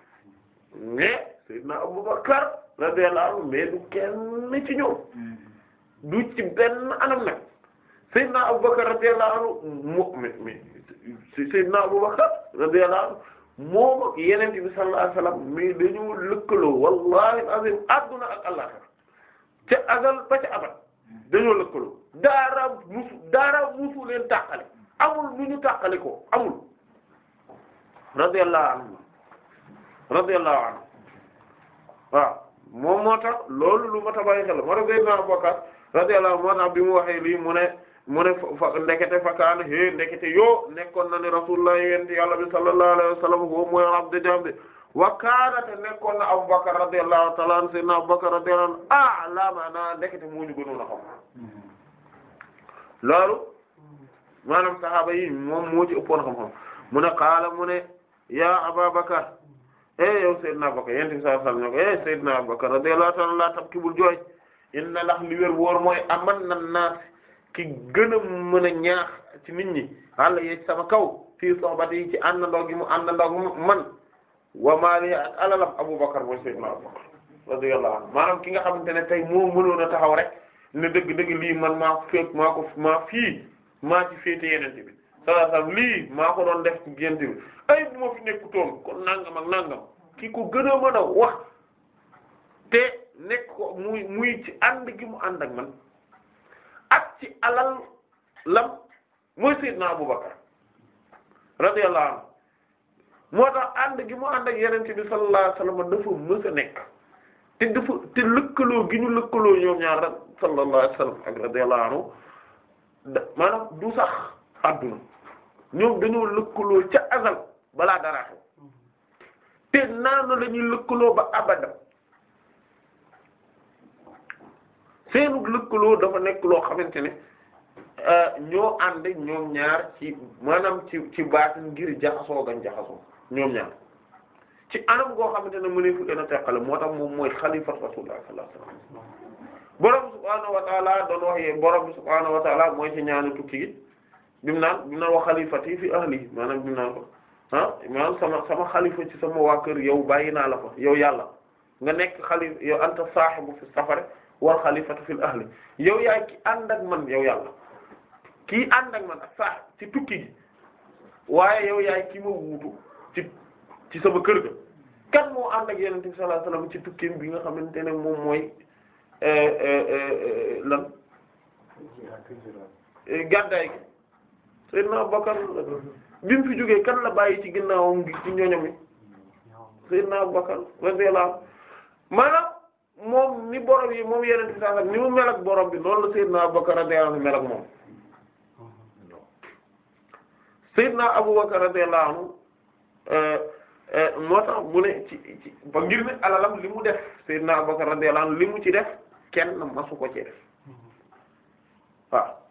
mais Seydina Aboubacar. radiyallahu anhu mais du kenn ci ñoom du ci benn anam nag Seydina Abubakar radiyallahu anhu moo mais Seydina Abubakar radiyallahu anhu moom ak yeneen bi sallallahu alayhi wasallam mais dañoo lëkkaloo wallahi azim adduna ak àllaxira ca azal ba ca abat dañoo lëkkaloo daara musu daara musu leen tàqale amul lu ñu tàqale ko amul radiyallahu anhu radiyallahu anhu waaw moom moo tax loolu lu mat a bàyyi xel moo tax Seydina Abubakar radiyallahu moo tax bi mu waxee lii mu ne mu ne fa ndekete fakkaan hé ndekete yoo nekkoon na ne rasulullah yent yàlla bi sallallahu alayhi wa sallam huwa mooy abdu jambi wa kaana te nekkoon na Abubakar radiyallahu ta'ala anhu Seydina Abubakar radiyallahu anhu a'lamana ndekete moo ñu gënoon a xam loolu maanaam sahaaba yi moom moo ci xam-xam mu ne qaala mu ne yaa Abubakar eh yow Seydina Abubakar yéen tamit saa sàmm ne ko eh Seydina Abubakar radiyallahu ta'ala laa tab ki bul jooy inna ndax li wér wóor mooy aman na naas ki gën a mën a ñaax ci nit ñi àlla yee ci sama kaw fii soxbat yi ci àndandoo gi mu àndandoo gi man wa maali ak alalam Abubakar mooy Seydina Abubakar radiyallahu anhu maanaam ki nga xamante ne tey moo mënoon taxaw rek ne dëgg-dëgg lii man maa fekk maa ko maa fii maa ci féete yeneen bi sallallahu alayhi lii maa ko doon def ci gént ay bu ma fi nekkutoon kon nangam ak nangam ki ko gën a mën a wax te nekk ko muy muy ci ànd gi mu ànd ak man ak ci alal lam mooy Seydina Abubakar radiyallahu anhu moo tax ànd gi mu ànd ak yenente bi sallallahu alayhi wasallam dafa mës nekk te dafa te lëkkaloo gi ñu lëkkaloo ñoom ñaar rak sallallahu alayhi da maanaam du sax àdduna ñoom dañoo lëkkaloo ca azal balaa dara xew te naanu la ñuy lëkkaloo ba abadam seenu lëkkaloo dafa nekk loo xamante ne euh, ñoo ànd ñoom ñaar ci maanaam ci ci baat ngir jaxasoo gan jaxasoo ñoom ñaar ci anam goo xamante ne mu ne fu leen a teqale moo tax moom mooy xalifatu rasulullah sallallahu alayhi wasallam borom subhaanahu wa taala doon wax yee borom subhaanahu wa mooy ci ñaanu tukki gi naan bi naan wax xalifati fi ahli maanaam bi naan ko ah maanaam sama sama xalifa ci sama waa kër yow bàyyi naa la fa yow yàlla nga nekk xalifa yow anta saahibu fi safari wal xalifatu fil ahli yow yaay ki ànd ak man yow yàlla kii ànd ak man ak ci tukki gi waaye yow yaay ki ma wuutu ci sama kër ga kan moo ànd ak yonent bi ci tukki bi nga xamante ne moom mooy eh, eh, eh, lan gàddaay gi Seydina Abubakar bi mu fi jógee kan la bàyyi ci ginnaawam gi ci ñoñomi Seydina Abubakar radiyallahu maanaam moom ni borom yi moom yeneen ci saa ni mu mel borom bi loolu la Seydina Abubakar radiyallahu anhu mel ak moom Seydina Abubakar euh, euh, radiyallahu anhu li mu def Seydina Abubakar radiyallahu limu ci def kenn masu ko ci def waaw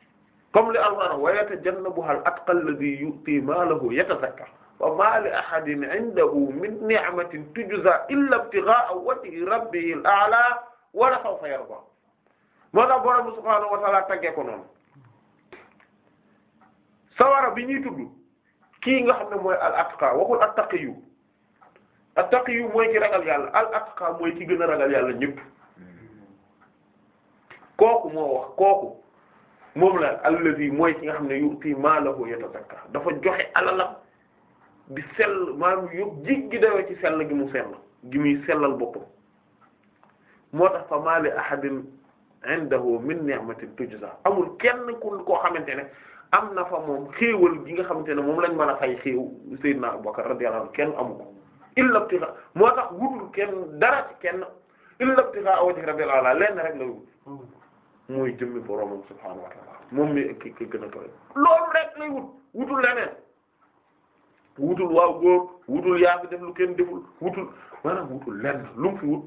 comme li alxuraan wa yatajannabuhal atqal ladhi yu'ti maalahu yatazakka wa maa li ahadin indahu min ni'matin tujzaa illa ibtighaa'a wajhi rabbihil a'laa wa sawfa yardaa moo tax borom subhaanahu wa ta'aala tàggee ko noonu sawara bi ñuy tudd kii nga xam ne mooy al atqa waxul attaqiyyu attaqiyyu mooy ki ragal yàlla al atqa mooy ki gën a ragal yàlla ñëpp kooku moo wax kooku. moom la allazi mooy ki nga xam ne yu'ti maalahu yatazakka dafa joxe alalam di sell maanaam yób jiggi dayoo ci sell gi mu sell gi muy sellal boppam moo tax fa ma li ahadin indahu min ni'matin tujza amul kenn ku koo xamante ne am na fa moom xéewal gi nga xamante ne moom lañ mën a fay xéew Seydina Abubakar radiyallahu anhu kenn amu ko illa ibtigha moo tax wutul kenn dara ci kenn illa ibtigha wajhi rabbil ala lenn rek la wut mooy jëmmi boromam subhaanahu wa ta'ala moom mi ki ki gën a kawe loolu rek wut wutul leneen wutul waaw wutul yaa fi def lu kenn deful wutul maanaam wutul lenn lu mu wut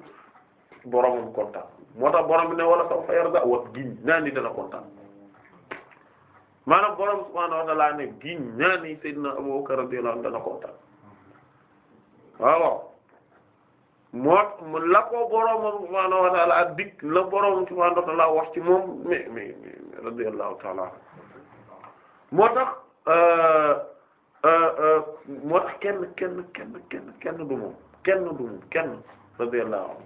boromam kontaan moo tax borom ne wala sax fa yarda wat giñ naa dana kontaan maanaam borom subhaanahu wa ta'aala ne giñ naa ni Seydina ko borom subhaanahu wa ta'aala ak wax ci moom mais mais radiyallahu ta'ala moo tax euh, euh, euh, moo tax kenn kenn kenn kenn kenn du moom kenn du moom kenn radiyallahu anhu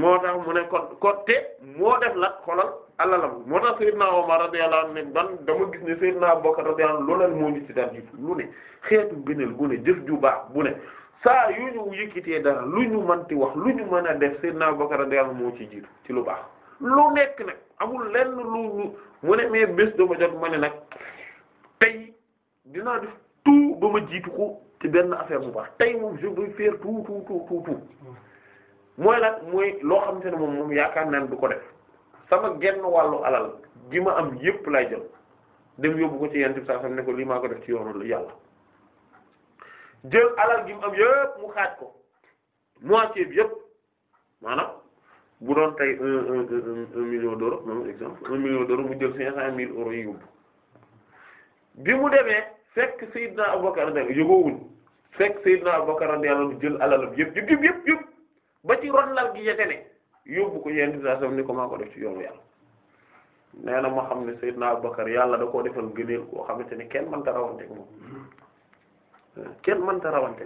moo tax mu ne kon kon te moo def la xolal alalam moo tax Seydina Omar radiyallahu anhu ne ban dama gis ne Seydina Abubakar radiyallahu anhu lu ne moo ñu ci daan lu ne xeetu gënal bu ne jëf ju baax bu ne saa yu ñu yëkkitee dara lu ñu ti wax lu ñu mën a def Seydina Abubakar radiyallahu anhu moo ci jiitu ci lu baax lu nekk nag amul lenn lu mu ne mais bés dama jot ma ne nag tey dinaa def tout ba ma jiitu ci benn affaire bu baax tey moom je vais mooy loo xam te ne moom moom yaakaar naan du ko def sama genn wàllu alal gi ma am yépp lay jël dem yóbbu ko ci yent bi saa xam ne ko lii maa ko def ci yoonu yàlla jël alal gi mu am yëpp mu xaaj ko moitié bi yëpp maanaam bu doon tey un un un un million d'euros même mu jël cinq cent mille euros yi yóbbu bi mu demee fekk Seydina Abubakar da yëgoowuñ fekk Seydina Abubakar radiyallahu anhu jël alalam yëpp yëpp yëpp ba ci ron lal gi yete ne yóbbu ko yenn situation ni ko maa ko def ci yoonu yàlla nee na ma xam ne Seydina Abubakar yàlla da koo defal gëneel ko xamante ne kenn mënta rawante ko moom kenn mënta rawante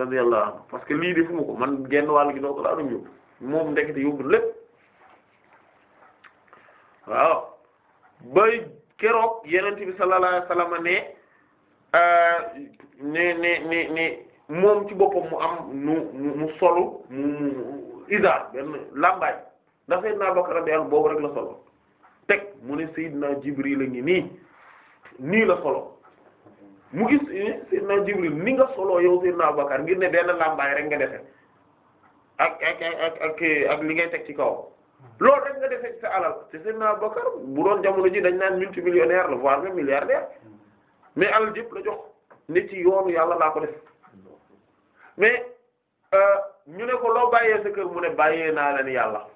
radiyallahu anhu parce que lii de fu mu ko man genn wàll gi doo laa dum yóbbu moom ndekete yóbbu lépp waaw bay keroog yenente bi sallallahu alayhi ne euh, ne ne ne ne moom ci boppam mu am nu mu solu mu isaar benn làmbaay ndax Seydina Bakar radiyallahu boobu rek la solo teg mu ne Seydina Jibril la ngi nii nii la solo mu gis eh, Seydina Jibril ni nga solo yow naa Abubakar ngir ne benn làmbaay rek nga defe ak ak ak ak li ngay teg ci kaw loolu rek nga defe ci sa alal te Seydina Abubakar bu doon jamono ji dañ naan multimillionnaire la voire même milliardaire mais alal yëpp la jox ne ci yoonu yàlla laa ko def mais euh, ñu ne ko loo bàyyee sa kër mu ne bàyyee naa leen yàlla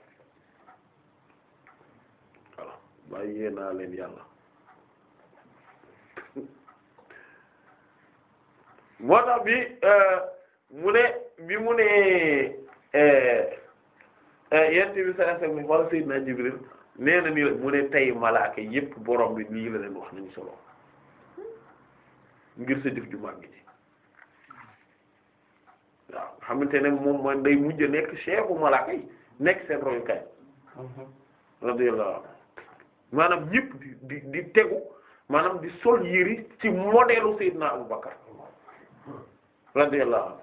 voilà bàyyee naa leen yàlla moo tax bi euh, mu ne bi mu ne euh, euh, yent bi saa sa mu wala Seydina Jibril nee na nii la mu ne tey malaaka yépp borom bi lii la leen wax nañu solo ngir sa jëf ju màgg ji waaw xamante ne moom mooy day mujj nekk chefu malaaka yi nekk seen royukaay radiyallahu anhu maanaam ñépp di di tegu maanaam di sol yëri ci modèle Seydina Abubakar radiyallahu anhu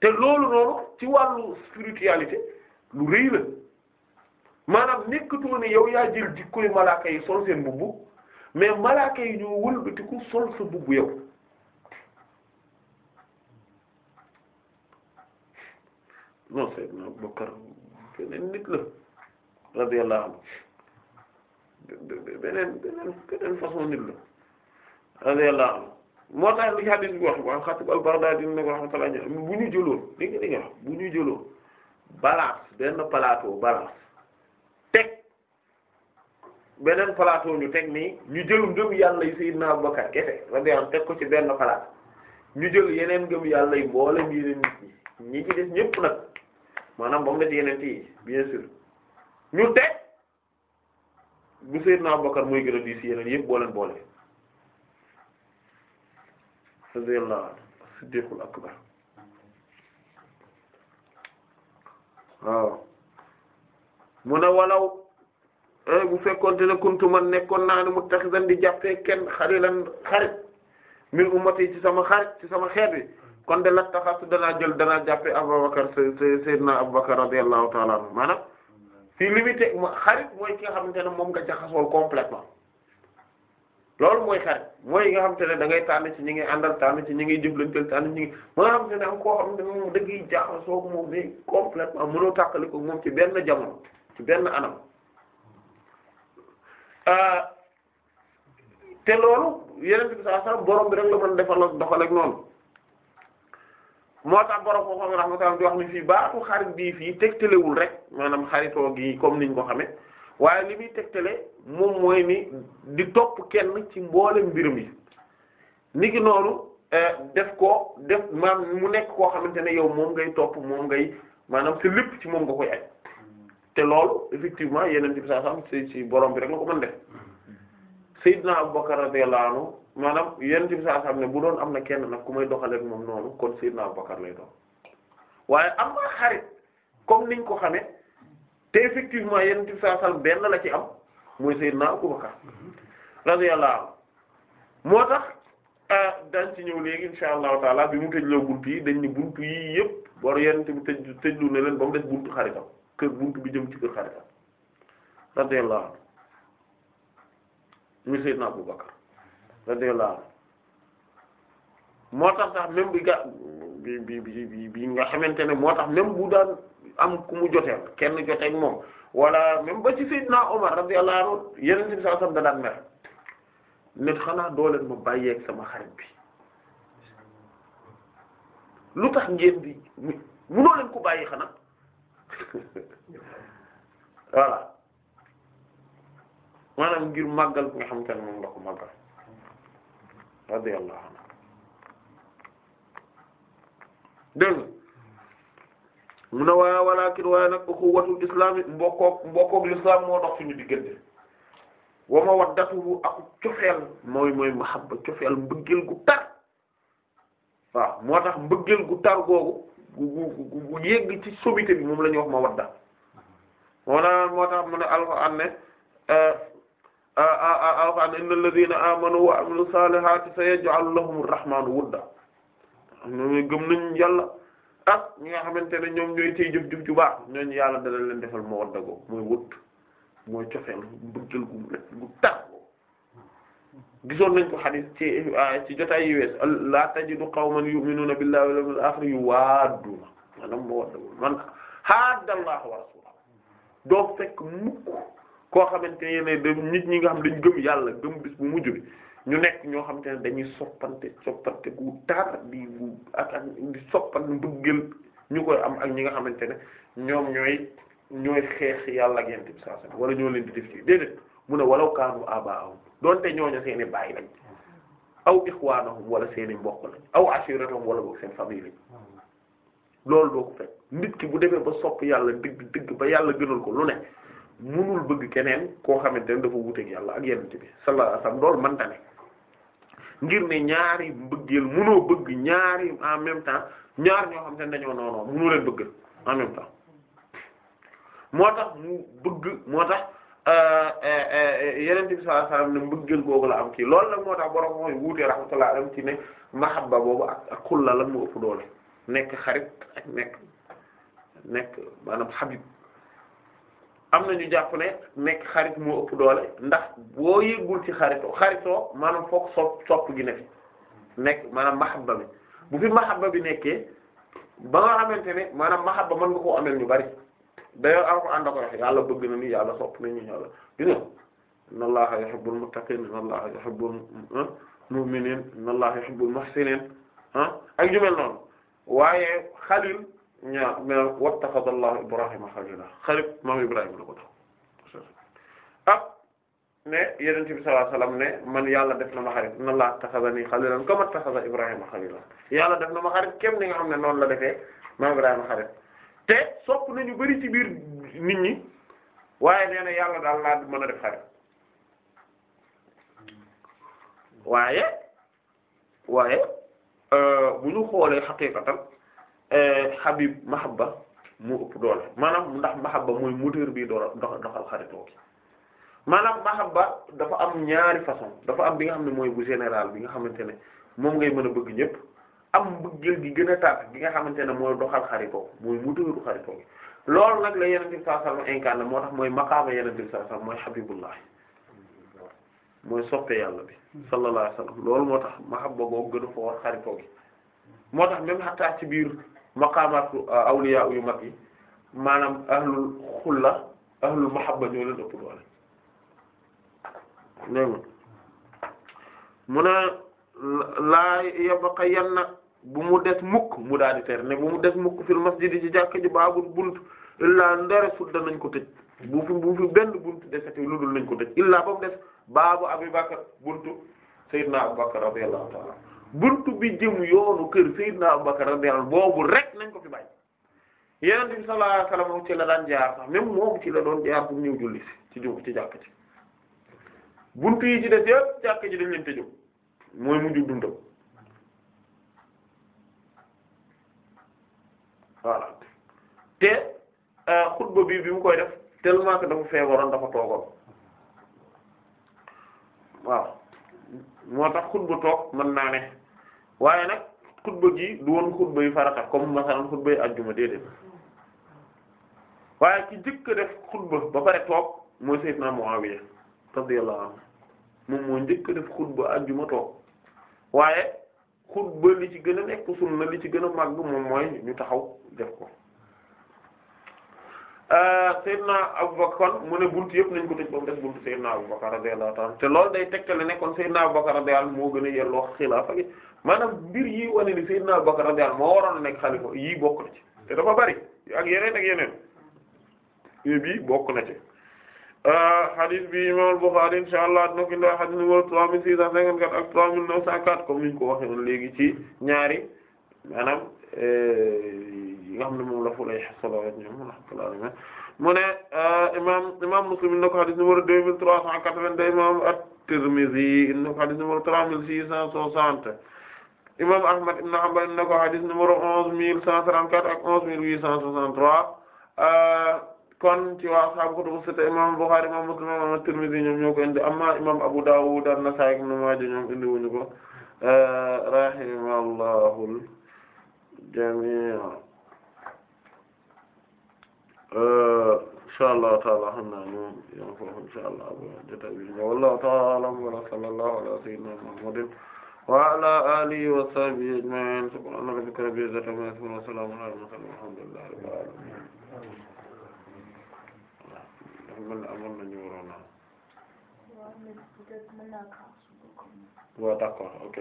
te loolu noonu ci wàllu spiritualité lu rëy la maanaam nekkatoo ne yow yaa jël jikkoy malaaka yi sol seen mbubb mais malaaka yi ñoo wëlbatiku sol sa mbubb yow non Seydina Abubakar beneen nit la radiyallahu anhu beneen beneen beneen façon nit la radiyallahu anhu moo tax li xadis bi wax wa Xatib al ne na ko rahmatullah bu ñu jëloon dégg nga li nga bu ñu jëloon balance benn plateau balance teg beneen plateau ñu teg nii ñu jël ngëm yàlla yi Sayyidina Abubakar kese radiyallahu teg ko ci benn palaat ñu jël yeneen ngëm yàlla yi mboolem yeneen nit ñi ñi ci def ñëpp nag maanaam ba mu def yeneen yi bien sûr ñu teg bu Sayyidina Abubakar mooy gën a diis yeneen yëpp booleen boole radiyallahu anhu siddiqul akbar waaw mu ne walaw eh, bu fekkoonte ne kuntu man nekkoon naa ne muttaxidan di jàppee kenn xalilan xarit min ummati ci sama xarit ci sama xeet bi kon de lattaxasu danaa jël danaa jàppee Abubakar sayyidina Abubakar radiyallahu ta'ala anhu maanaam fii limité xarit mooy ke xam xamante ne moom nga jaxasool completement loolu mooy xarit mooy yi nga xam te ne da ngay tànn ci ñi ngay àndal tànn ci ñi ngay jëflanteel tànn ci ñi ma nga xam te ne am koo xam ne moom dëgg yi jaaxal soobu moom ni complètement mënoo moom ci benn jamono ci benn anam euh, te loolu yeneen bi saa sax borom bi rek la mën defal doxal noonu moo tax borom koo xam ne rahmatullah di wax ni fii baatu xarit bii fii tegtalewul rek maanaam xaritoo gi comme niñ ko xame waaye li muy tegtale moom mooy ni di topp kenn ci mboolem mbirum yi niki noonu eh, def ko def maanaam mu nekk koo xamante ne yow moom ngay topp moom ngay maanaam ci lépp ci moom nga koy aj te loolu effectivement yeneen bi saa sam ci borom bi rek la ko mën def Seydina Abubakar radiyallahu anhu maanaam yeneen bi saa sam ne bu doon am na kenn nag ku may doxaleek moom noonu kon Seydina Abubakar lay doon waaye am na xarit comme niñ ko xamee. te effectivement yenn ci saa sal benn la ci am mooy Seydina Abu Bakar radiyallahu anhu moo tax ah, dañ ci ñëw léegi insha allahu taala bi mu tëjloo bunt yi dañ ni bunt yi yëpp war yenn bi tëj tëjlu ne leen ba mu des buntu xaritam kër buntu bi jëm ci kër xaritam radiyallahu anhu muy Seydina Abu Bakar radiyallahu anhu moo tax sax même bi ga bi bi bi bi nga xamante ne moo tax même bu daan am ku mu joteel kenn joteeg moom wala même ba ci Seydina Omar radiyallahu anhu yeneen ci saa sam da mer nit xanaa doo leen ma bàyyeeg sama xarit bi lu tax ngeen di munoo leen ko bàyyi xanaa voilà maanaam ngir màggal ku nga xamante ne moom la ko màggal radiyallahu anhu dégg mu ne waaye walakin waaye nag uxuwatul islam yi mbokkoog mbokkoog l'islam moo dox suñu diggante wa mawaddatuhu ak cofeel mooy mooy mahabba cofeel mbëggeel gu tar waaw moo tax mbëggeel gu tar googu gu gu yegg ci sommité bi moom la ñuy wax mawadda moo naan moo tax mu ne alquran ne euh, euh, euh, alquran inna alladhina amanu wa amilu salihati sayaj'alu wudda gëm nañ yàlla ak ñi nga xamante ne ñoom ñooy ci jëf jëf ju baax ñooñu yàlla dana leen defal ma wadda googu mooy wut mooy cofeel bëggal gu nekk gu gisoon nañ ko xadis ci ah, ci jotaay yu wees du tajidu qawman yu'minuna billahi wal yawmil akhir yuwaaduna maanaam ma wadda googu man haadda Allah wa rasulahu doo fekk mukk koo xamante ne nit ñi nga xam dañ gëm yàlla gëm bis bu mujj bi ñu nekk ñoo xamante ne dañuy soppante soppante gu tar di bu ak ak di soppante mbëggeel ñu koy am ak ñi nga xamante ne ñoom ñooy ñooy xeex yàlla ak yent bi sallallahu alayhi wasallam wala ñoo leen di def ci mu ne walaw kaanu abaahum donte ñooñu seen i baay lañ aw ixwaanahum wala seen i aw ashiratahum wala boog seen loolu doo ki bu defee ba sopp yàlla dëgg dëgg ba yàlla gënal ko lu bëgg keneen koo xamante ne dafa wuteeg yàlla ak yent bi sallallahu alayhi wasallam mënta ne ngir ne ñaari mbëggeel munoo bëgg ñaari en même temps ñaar ñoo xam te ne noonoo munoo leen bëgg en même moo tax mu bëgg moo tax euh, euh, yeneen bi sallallahu ne mbëggeel googu la am kii lool nag moo tax borom mooy wuute rahmatullahi alayhi ci ne mahabba boobu ak ak la lan mu ëpp doole nekk xarit ak nekk nekk maanaam xabib am na ñu jàpp ne nekk xarit mu ëpp doole ndax boo yëgul ci xaritoo xarito maanaam foog sopp sopp gi nekk nekk maanaam mahabba bi bu fi mahabba bi nekke ba nga xamante ne maanaam mahabba mën nga koo amel ñu bari d'ailleurs alxuraan da ko wax yàlla bëgg na ni yàlla sopp nañu yàlla gis nga inna allaha yuhibbul muttaqin inna allaha yuhibbul ah, mu'minin inna allaha yuhibbul muhsinin ah ak jumel noon waaye xalil ñaar mais wattaxada Allahu Ibrahima xalila xarit maam Ibrahima la ko tax ne Yonent bi sallallahu alayhi ne man yàlla def na ma xarit inna Allaha ittaxadani xalilan kama ittaxada Ibrahima xalila yàlla def na ma xarit kéem ni nga xam ne noon la defee maam Ibrahima xarit te sopp nañu bari ci biir nit ñi waaye nee na yàlla daal laa mën a def xarit waaye waaye euh, bu ñu xoolee xaqiiqatan Eh, Habib mahabba mu ëpp doole maanaam ndax mahabba mooy moteur bii doora dox doxal xaritoo gi maanaam mahabba dafa am ñaari façon dafa am bi nga xam ne mooy bu général bi nga xamante ne moom ngay mën a bëgg ñëpp am bëggeel gi gën a tar gi nga xamante ne mooy doxal xaritoo mooy moteuru xaritoo gi loolu nag la yenente bi sallallahu alayhi wasallam incarné moo tax mooy maqaama yenente bi sallallahu alayhi wasallam mooy habibullah mooy soppe yàlla bi sallallahu alayhi wasallam loolu moo tax mahabba boobu gën a foor xaritoo gi moo tax même xataa ci biir maqaamaatu euh, awliya yu mag yi maanaam ahlul xulla ahlul mahabba ñoo leen ëpp doole dégg mu ne laa yabqayanna bu mu des mukk mu daal di ter ne bu mu des mukk fil masjid ci jàkka ji baabul bunt illaa ndare sudda nañ ko tëj bu fi bu fi benn bunt desati lu dul nañ ko tëj illaa ba mu des baabu Abubakar buntu Seydina Abubakar radiyallahu ta'ala buntu bi jëm yoonu kër Seydina Abubakar radiyallahu boobu rek nañ ko fi bàyyi Yonent bi sallallahu alayhi wasallam ci la daan jaar sax même moom ci la doon jaar pour ñëw julli ci jóg ci jàkk ci buntu yi ci def yëpp jàkk ji dañ leen tëjoo mooy mujj dundam voilà te euh, bi bi mu koy def tellement que dafa feebaroon dafa toogoon waaw moo tax xutba toog mën naa ne. waaye nag xutba gi du woon xutba yu farata comme masalan xutba yu ajjuma déedéet waaye ci jëkk def xutba ba pare toog mooy Seydina Muawiya radiyallahu anhu moom moo njëkk def xutba ajjuma toog waaye xutba li ci gën a nekk na li ci gën a màgg moom mooy ñu taxaw def ko euh, Seydina Abubakar kon mu ne buntu yëpp nañ ko tëj ba mu des buntu Seydina Abubakar radiyallahu ta'ala te loolu day tegtale ne kon Seydina Abubakar radiyallahu moo gën a yelloo xilaafa gi maanaam mbir yii wane ni Seydina Abubakar radiyallahu anhu moo waroon a nekk xalifa yii bokk na ci te dafa bari ak yeneen ak yeneen yii bii bokk na ci ah, hadith bi imam Bukhari inshallah dina ko indi hadith numéro trois mille six cent cinquante-quatre ak trois mille neuf cent quatre comme ko waxe woon léegi ci ñaari maanaam eh, yi nga xam ne moom la fu mu ne ah, imam imam Muslim na ko hadith numéro deux mille trois cent quatre-vingt-deux imam at-Tirmidhi na ko trois mille six cent soixante imam Ahmad ibn Hanbal na ko hadith numéro onze mille cent trente-quatre ak onze mille huit cent soixante-trois euh, kon waa ashaabu kutubu sitta imam Bukhari imam Muslim imam At-Tirmidhi ñoom ñoo ko indi amma imam Abu Dawud an-Nasa'i ibn Maaja ñoom euh, rahimallahu al-jami' euh, taala xam naa ñoom yom foofu inshallah bu jotaay bi ñëw wallahu ta'ala wa sallallahu ala sayyidina Muhammadin wa ala alihi wa sahbihi ajma'in subhana rabbika rabbil izzati amma yasifun wa salamun ala al-mursalin walhamdulillahi rabbil alamin man amoon nañu waroon waaw d'accord ok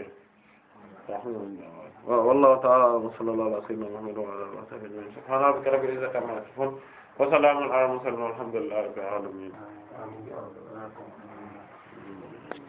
waaw wallahu ta'ala wa sallallahu ala sayyidina Muhammad wa ala alihi wa sahbihi ajma'in subhana rabbika rabbil izzati amma yasifun wa salamun ala al-mursalin walhamdulillahi rabbil alamin